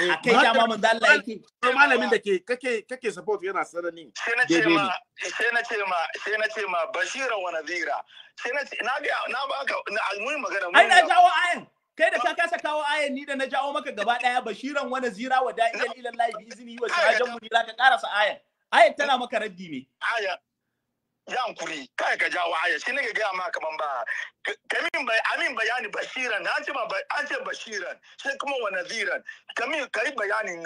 Eh, a kai ma manzo Allah yake to malamin da ke kake kake support yana sanani sai na ce ma sai na ce ma sai na ce ma bashira wa Nazira, sai na ce na ga na baka mun magana mun ai na jawo ayan kai da ka kasa kawo ayan ni da na jawo maka gaba daya bashiran wa nazira wa da'iyan ila bi izini wa sirajan munira ka karasa ayan ayan tana maka raddi ne yankuri kai ka jawo aya shi ga gaya ma kaman ba kamin bai amin bayani bashiran na ce ba an ce bashiran sai kuma wa naziran kamin kai bayani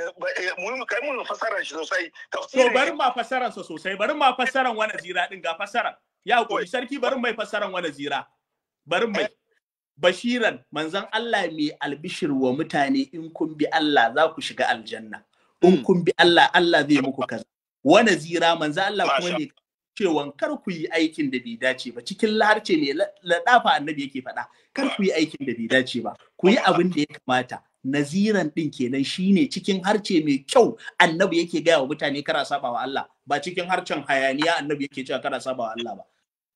muhimmi eh, kai mun fasaran shi sosai so bari ma fasaran sa sosai bari ma fasaran wa nazira din ga fasaran ya ku sarki bari mai fasaran wa nazira bari mai eh. bashiran manzon Allah mai albishir wa mutane in kun bi Allah za ku shiga aljanna in hmm. kun bi Allah Allah zai muku kaza wa nazira manzon Allah kuma ne cewa kar ku yi aikin da bai dace ba cikin laharce mai ladafa annabi yake faɗa kar ku yi aikin da bai dace ba ku yi abin da ya kamata naziran din kenan shine cikin harce mai kyau annabi yake gaya wa mutane kara saba wa Allah ba cikin harcen hayaniya annabi yake cewa kara saba wa Allah ba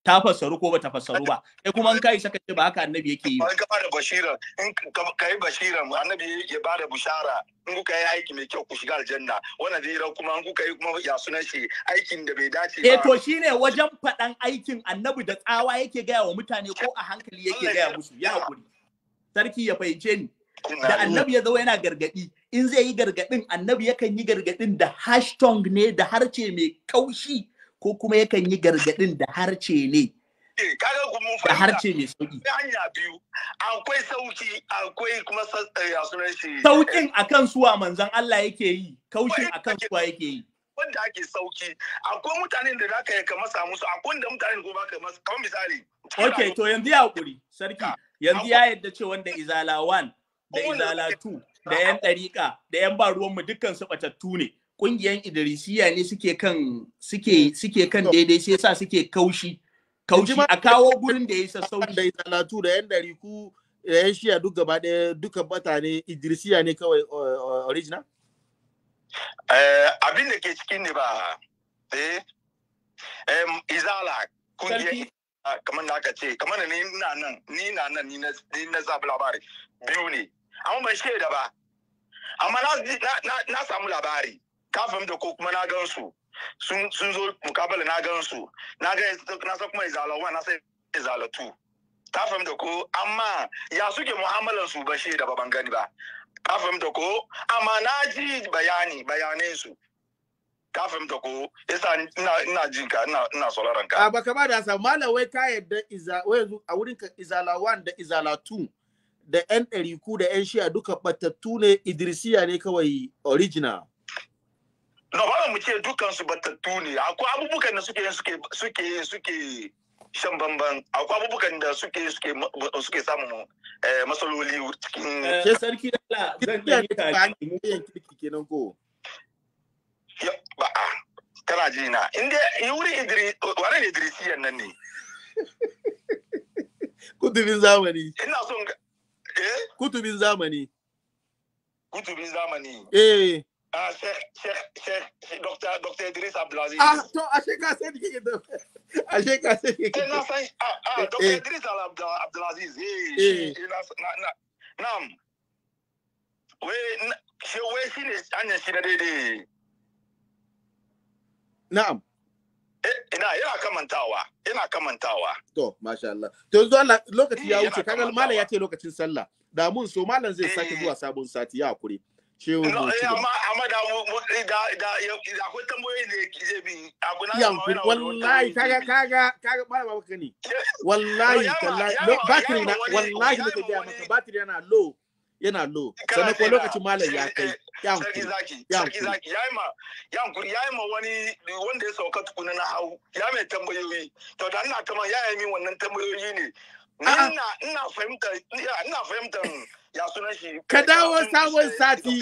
ta fassaru ko bata fassaru ba kai kuma an kai saka ce ba haka annabi yake yi ba. ka bashira in ka yi bashira annabi ya bada bushara in kuka yi aiki mai kyau ku shiga aljanna wannan zai zira kuma in kuka yi kuma ya suna shi aikin da bai dace ba eh to shine wajen faɗan aikin annabi da tsawa yake gaya wa mutane ko a hankali yake gaya musu ya hakuri sarki ya fahimce ni da annabi ya zo yana gargadi in zai yi gargadin annabi yakan yi gargadin da hashtag ne da harce mai kaushi ko kuma yakan yi gargadin da harce ne eh, da harce mai sauki hanya biyu akwai sauki akwai kuma eh, eh, saukin akan suwa manzon Allah yake yi kaushin akan suwa yake yi wanda ake sauki akwai mutanen da zaka ka masa musu akwai da mutanen da baka masa kamar misali okay to yanzu ya hakuri sarki ah, yanzu ya yadda ce wanda izala 1 da izala 2 da yan dariƙa da yan ba ruwan mu dukkan su batattu ne kungiyan Idrisiya ne suke kan suke hmm. suke kan daidai sai sa suke kaushi kaushi a kawo gurin da ya sauki da salatu da yan dari ku da yan shiya duk gaba ɗaya duka bata ne Idrisiya ne kawai original eh, abin da ke cikin ne ba eh izala kungiyan kamar da aka ce kamar nan ni na nan ni na nan ni na zabi labari biyu ne amma ban shaida ba amma na samu labari ka da ko kuma na gan su sun zo mukabala na gan su na ga na san kuma izala wa na san izala tu ka da ko amma ya suke mu'amalar su ba shi da baban gani ba ka da ko amma na ji bayani bayanan su ka da ko yasa ina ina jin ka ina ina sauraron ka a baka ba da sa malam wai ka yadda iza wai yanzu a wurin ka izala 1 da izala 2 da yan ɗari ku da yan shiya duka batattu ne idrisiya ne kawai original no ba mu ce dukan su batattu ne akwai abubukan da suke suke suke suke shan bamban akwai abubukan da suke suke suke samun eh, masaloli cikin ke sarki Allah zan yi tare mu yin kirki kenan ko ba a kana ji na inda yuri idri wani ne idrisiyan nan ne kutubin zamani ina son eh kutubin zamani kutubin zamani eh Ah, docteur, docteur Idriss Ablazi. Ah, to, ashe ka sai kike da. Ashe ka sai kike. Eh, na san ah, ah, docteur eh. Idriss Ablaziz. Eh, eh. na na nam. We she we shine anya ina yana kamantawa ina kamantawa to masha Allah zuwa lokaci ya eh, wuce kaga malam ya ce lokacin sallah da mun so malam zai sake eh. zuwa sabon sati ya hakuri ciwo eh, eh, amma amma da eh, da da akwai bi akwai na yankun wallahi kaga kaga kaga mara baba kani wallahi battery na wallahi nake ga maka battery yana low yana low sannan ko lokacin malam ya kai yankun yankun yayi ma yayi ma wani wanda ya sauka tukuna na ya mai to da Allah yayi min wannan ne ina ina fahimta ina fahimta ya sunan shi ka dawo sabon sati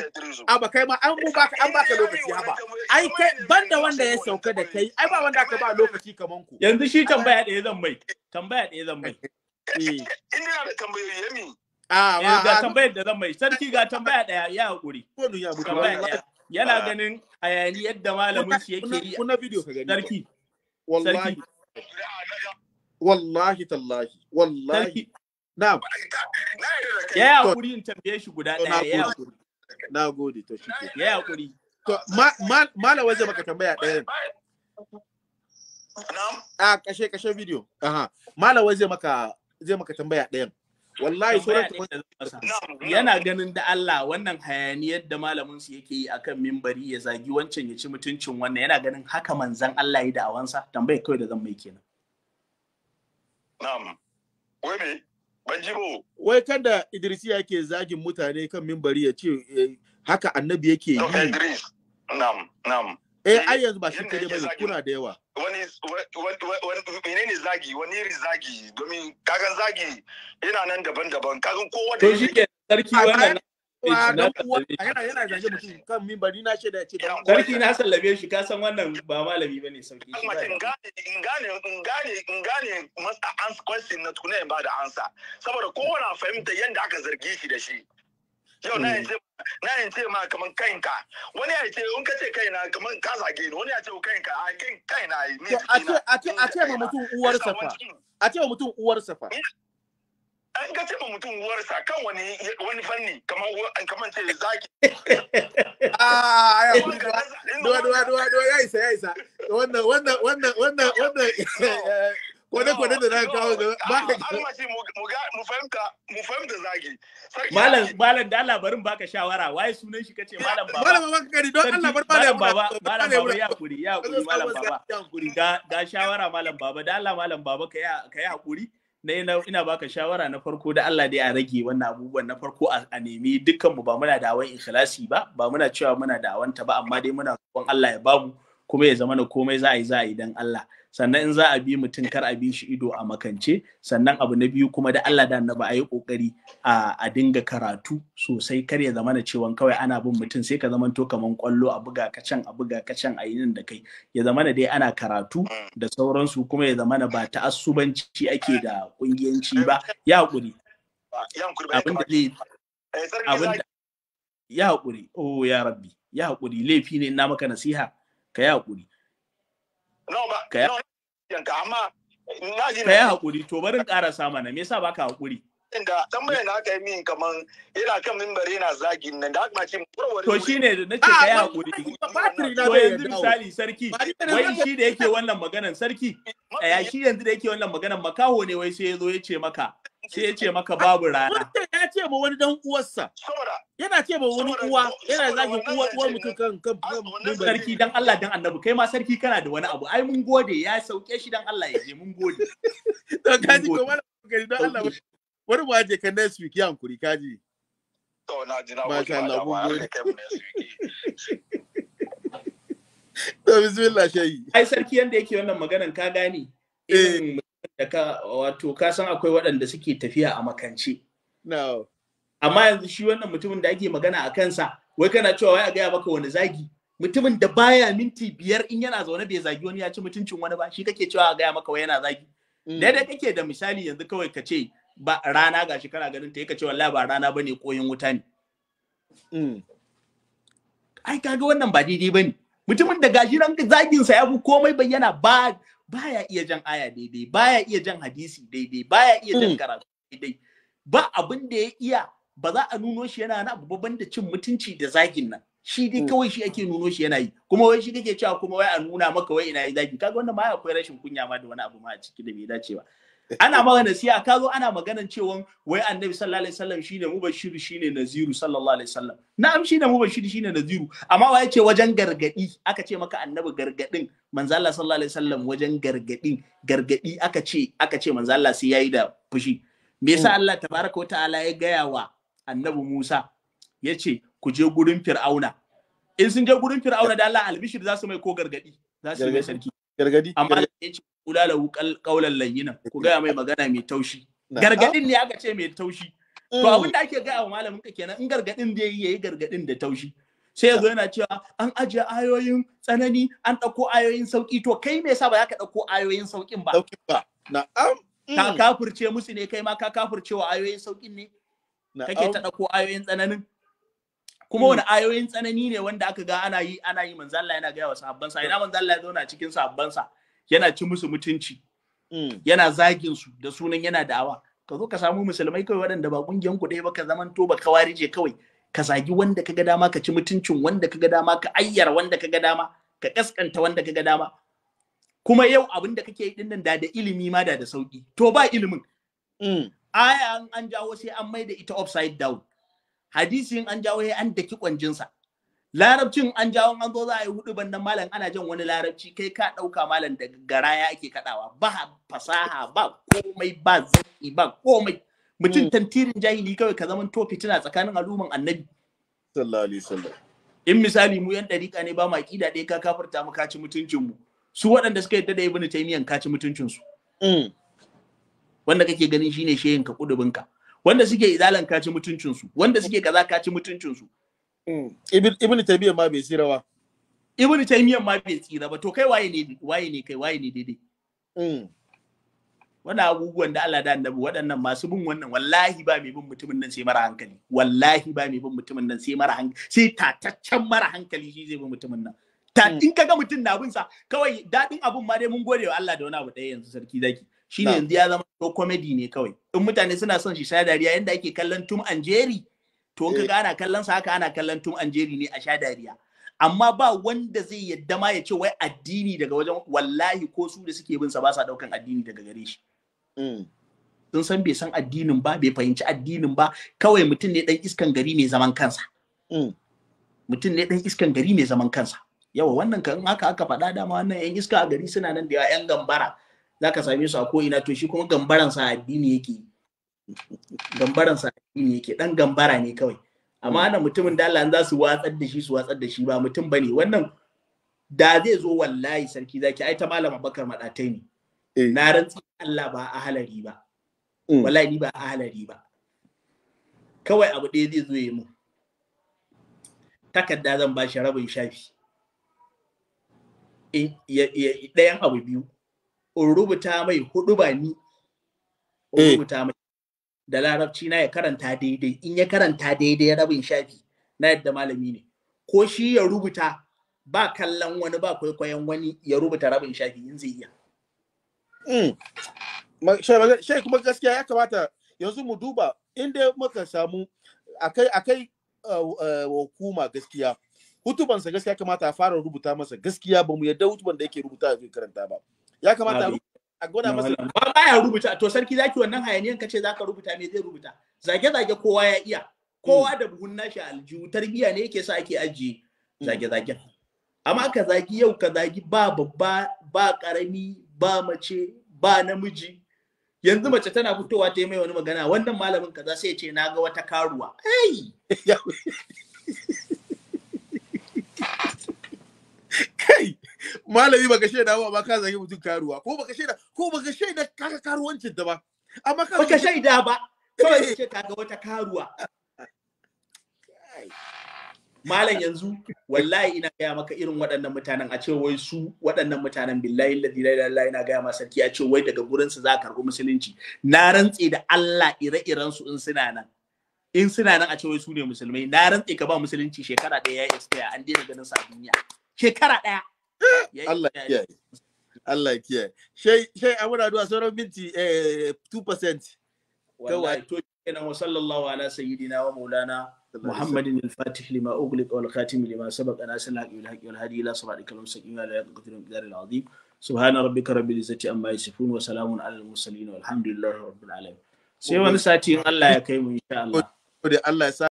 a ba kai ma an mu baka an baka eh, lokaci haba ai kai banda wanda ya sauka da kai ai ba wanda ka ba lokaci kaman ku yanzu shi tambaya ɗaya zan mai tambaya ɗaya zan mai eh, eh. ina da tambayoyi yami a ah, wa eh, ga tambayar da zan mai sarki ga tambaya ɗaya ya hakuri ko ya yana ganin hayani yadda malamin shi yake yi kuna video ka gani sarki wallahi wallahi tallahi wallahi Na Ya hakuri in tambaye shi guda ɗaya ya hakuri. Na gode to shi ke. Ya hakuri. To mala waje maka tambaya ɗaya. A kashe kashe bidiyo. Aha. Mala waje maka zai maka tambaya ɗayan. Wallahi sauran yana ganin da Allah wannan hayaniyar da malamin su yake yi akan mimbari ya zagi wancan ya ci mutuncin wannan yana ganin haka manzan Allah yi da awansa tambayar kawai da zan mai kenan. Na'am. Wai me? Ban ji mu. Wai kada Idris yake zagin mutane kan mimbari ya ce eh, haka annabi yake yi. Nam, nam. Eh ai yanzu ba shi kadai bane kuna da yawa. Wani wani ne zagi, wani ne zagi domin kagan zagi ina nan daban-daban. Kagan kowa da shi ke sarki wannan yana zage mutum kan mimbari na shaida ya ce da sarki na sallame shi ka san wannan ba malami bane sarki shi ba gane in gane in gane in gane masa answer question na tukuna in da ansa saboda kowane fahimta yanda aka zargi shi da shi yau na hmm. yace na yace ma kaman kanka wani ya ce in ka ce kaina kaman ka zage ni wani ya ce oh, kanka a kan kaina ne a ce a ce a ce ma mutum uwar safa. a ce ma mutum uwarsa fa an ka ce ma mutum uwarsa kan wani wani fanni kamar kamar ce zaki ah duwa duwa duwa duwa ya isa ya isa wannan wannan wannan wannan wannan kwane kwane da na kawo ga ba ka mu fahimta mu fahimta zagi malam malam da Allah barin baka shawara waye sunan shi kace malam baba malam baba kari don Allah bar malam baba malam baba ya hakuri ya hakuri malam baba ga ga shawara malam baba da Allah malam baba ka ya ka ya hakuri na ina baka shawara na farko da Allah dai a rage wannan abubuwan na farko a nemi dukkanmu. ba muna da awan ikhlasi ba ba muna cewa muna da awanta ba amma dai muna roƙon Allah ya bamu kuma ya zama na komai za a yi za a yi dan Allah sannan in za a bi mutum kar a bi shi ido a makance sannan abu na biyu kuma da Allah da annaba a yi kokari a dinga karatu sosai kar ya zama na cewa kawai ana bin mutum sai ka zamanto kaman kwallo a buga ka can a buga ka can a yi nan da kai ya zama na dai ana karatu da sauransu kuma ya zama na ba ta'assubanci ake da kungiyanci ba ya hakuri ya hakuri eh, oh ya rabbi ya hakuri laifi ne na maka nasiha ka ya hakuri Kaya haƙuri, to yanka amma na na hakuri to barin ƙarasa mana me yasa baka hakuri inda tambayar da aka yi min kaman yana kan mimbari yana zagin nan da aka ce murwari to shine na ce kaya ah, hakuri to yanzu misali sarki wai shi da yake wannan maganan sarki ya shi yanzu da yake wannan maganan makaho ne wai sai ya zo ya ce maka sai ya ce maka babu rana. Wanda ya ce ma wani dan uwarsa. Yana ce ma wani uwa, yana zagin uwa uwar mutum kan kan mun sarki dan Allah dan Annabi kai ma sarki kana da wani abu. Ai mun gode ya sauke shi dan Allah ya je mun gode. To kaji ko wala gari dan Allah wani ba je kan next week ya hankuri kaji. To na ji na Masha Allah mun gode. To bismillah shayi. Ai sarki yanda yake wannan maganan ka gane. Eh wato ka san akwai waɗanda suke tafiya a makance no amma yanzu shi wannan mutumin da ake magana a kansa wai kana cewa wai a gaya maka wani zagi mutumin da baya minti biyar in yana zaune bai zagi wani ya ci mutuncin wani ba shi kake cewa a gaya maka wai yana zagi da mm. da kake da misali yanzu kawai ka ce ba rana shi kana ganin ta ka ce wallahi ba rana ba ne, koyin wuta ne mm. ai kaga wannan ba daidai ne. mutumin da gashi ran zagin ya fi komai bayyana ba baya iya jan aya daidai baya iya jan hadisi daidai baya iya jan hmm. karatu daidai ba abin da ya iya ba za a nuno shi yana na ba da cin mutunci da zagin nan shi dai hmm. kawai shi ake nuno shi yana yi kuma wai shi kake cewa kuma wai a nuna maka wai ina yi zagi kaga wannan ma akwai rashin kunya ma da wani abu ma a ciki da bai dace ba ana magana siya ka zo ana maganan cewa wai annabi sallallahu alaihi wasallam shine mubashir shine naziru sallallahu alaihi wasallam na'am shine mubashir shine naziru amma wai yace wajen gargadi aka ce maka annabi gargadin manzo Allah sallallahu alaihi wasallam wajen gargadi gargadi aka ce aka ce manzo Allah sai yayi da fushi me yasa mm. Allah tabaraka wa ta'ala ya gaya wa annabi Musa yace ku je gurin Fir'auna in sun je gurin Fir'auna da Allah albishir za su mai ko gargadi za su mai sarki gargadi amma da ya ce kula da kaulan layyina ku gaya mai magana mai taushi gargadin ne aka ce mai taushi to mm. abin da ake ga wa malamin ka kenan in gargadin da yayi yayi gargadin da taushi sai yazo yana cewa an ajiye ayoyin tsanani an ɗauko ayoyin sauki to kai me yasa ba za ka ɗauko ayoyin sauƙin ba sauki ba na'am mm. ka kafurce musu ne kai ma ka kafurce wa ayoyin saukin ne kake ta ɗauko ayoyin tsananin kuma hmm. wani ayoyin tsanani ne wanda aka ga ana yi ana yi manzo yana gaya wa sahabbansa ina manzo Allah ya zauna cikin sahabbansa yana ci musu mutunci hmm. yana zagin su da sunan yana da'awa ka zo ka samu musulmai kawai wadanda ba kungiyan ku ɗaya ba ka zaman to ba kawarije kawai ka zagi wanda kaga dama ka ci mutuncin wanda kaga dama ka ayyar wanda kaga dama ka kaskanta wanda kaga dama kuma yau abin da kake yi dinnan da da ilimi ma da da sauki to ba ilimin hmm. aya an jawo sai an maida ita upside down hadisin an jawo an daki kwanjinsa larabcin an jawo an zo za a yi hudu ban nan malam ana jan wani larabci kai ka dauka malam da garaya ake kadawa ba fasaha ba komai ba zai ba komai mutum hmm. tantirin jahili kawai ka zaman to fitina tsakanin al'umman annabi sallallahu alaihi wasallam in misali mu yan dariƙa ne ba ma kida ɗaya ka kafirta mu kaci mutuncin mu su waɗanda suka yadda da ibnu taymiyan kaci mutuncin su hmm. wanda kake ganin shine shehin ka kudubin ka wanda suke idalan kaci mutuncin su, wanda suke kaza kaci mutuncin su mm. ibn taymiyyah ma bai tsira ba ibn taymiyyah ma bai tsira ba to kai waye ne waye ne kai waye ne daidai mm. wannan abubuwan da Allah da annabi waɗannan masu bin wannan wallahi ba mai bin mutumin nan sai mara hankali wallahi ba mai bin mutumin nan sai mara hankali sai tataccen mara hankali shi zai bin mutumin nan ta mm. in kaga mutum na bin sa kawai dadin abun ma dai mun gode wa Allah da wani abu ɗaya yanzu sarki zaki shine yanzu ya zama ko comedy ne kawai in mutane suna son shi sha dariya yanda ake kallon tum and to in kaga eh. ana kallon sa haka ana kallon tum and ne a sha dariya amma ba wanda zai yadda ma ya ce wai addini daga wajen wallahi ko su da suke bin sa ba sa daukan addini daga gare shi mm. sun san bai san addinin ba bai fahimci addinin ba kawai mutum ne dan iskan gari mai zaman kansa mm. mutum ne dan iskan gari mai zaman kansa yawa wannan kan haka aka faɗa dama wannan yan iska a gari suna nan da yawa yan gambara za ka same su a ko'ina to shi kuma gambaran sa addini yake gambaran sa addini yake dan gambara ne kawai amma ana mutumin da Allah za su watsar da shi su watsar da shi ba mutum bane wannan da zai zo wallahi sarki zaki ai ta malama bakar madatai ne eh. na rantsi Allah ba a halari ba mm. wallahi ni ba a halari ba kawai abu ɗaya zai zo ya mu takarda zan ba shi rabin shafi eh, ɗayan abu biyu in rubuta mai hudu ba ni in eh. rubuta mai da larabci na ya karanta daidai in ya karanta daidai rabin shafi na yadda malami ne ko shi ya rubuta ba kallon wani ba kwaikwayon wani ya rubuta rabin shafi in zai iya hmm. shai kuma gaskiya ya kamata yanzu mu duba inda muka samu akai akai uh, uh, hukuma gaskiya hutubansa gaskiya kamata a fara rubuta masa gaskiya ba mu yadda hutuban da yake rubuta a karanta ba ya kamata a gwada masa ba ya rubuta to sarki zaki wannan hayaniyan kace zaka rubuta me zai rubuta zage zage kowa ya iya kowa hmm. da buhun nashi aljihu tarbiya ne yake sa ake ajiye zage hmm. zage amma ka zagi yau ka zagi ba babba ba karami ba mace ba namiji yanzu mace tana fitowa ta yi mai wani magana wannan malamin kaza sai ce na ga wata karuwa ai kai malami baka shaida ba ba ka zagi mutum karuwa ko baka shaida ko baka shaida ka karuwancin da ba amma ka baka shaida ba kawai eh. ce kaga wata karuwa malam yanzu wallahi ina gaya maka irin waɗannan mutanen a ce wai su waɗannan mutanen billahi la ilaha illallah ina gaya ma sarki a ce wai daga gurin su za karɓi musulunci na rantse da Allah ire-iren su in suna nan in suna nan a ce wai su ne musulmai na rantse ka ba musulunci shekara ɗaya ya expire an daina ganin sa a duniya shekara ɗaya Allah ya yi. Allah ya kiyaye. Shai, shai abu da duwa sauran minti eh, 2 percent. Wallahi, to yi kenan wa sallallahu ala sayyidina wa maulana Muhammadin al-Fatih lima ughliq wal khatim lima sabaq ana sallallahu alaihi wa alihi wa hadi ila sabaqi kalam sakin ala yaqin qadir al dar al azim. Subhana rabbika rabbil izzati amma yasifun wa salamun ala al mursalin walhamdulillahi rabbil alamin. Sai wani sati in Allah ya kai mu insha Allah. Allah ya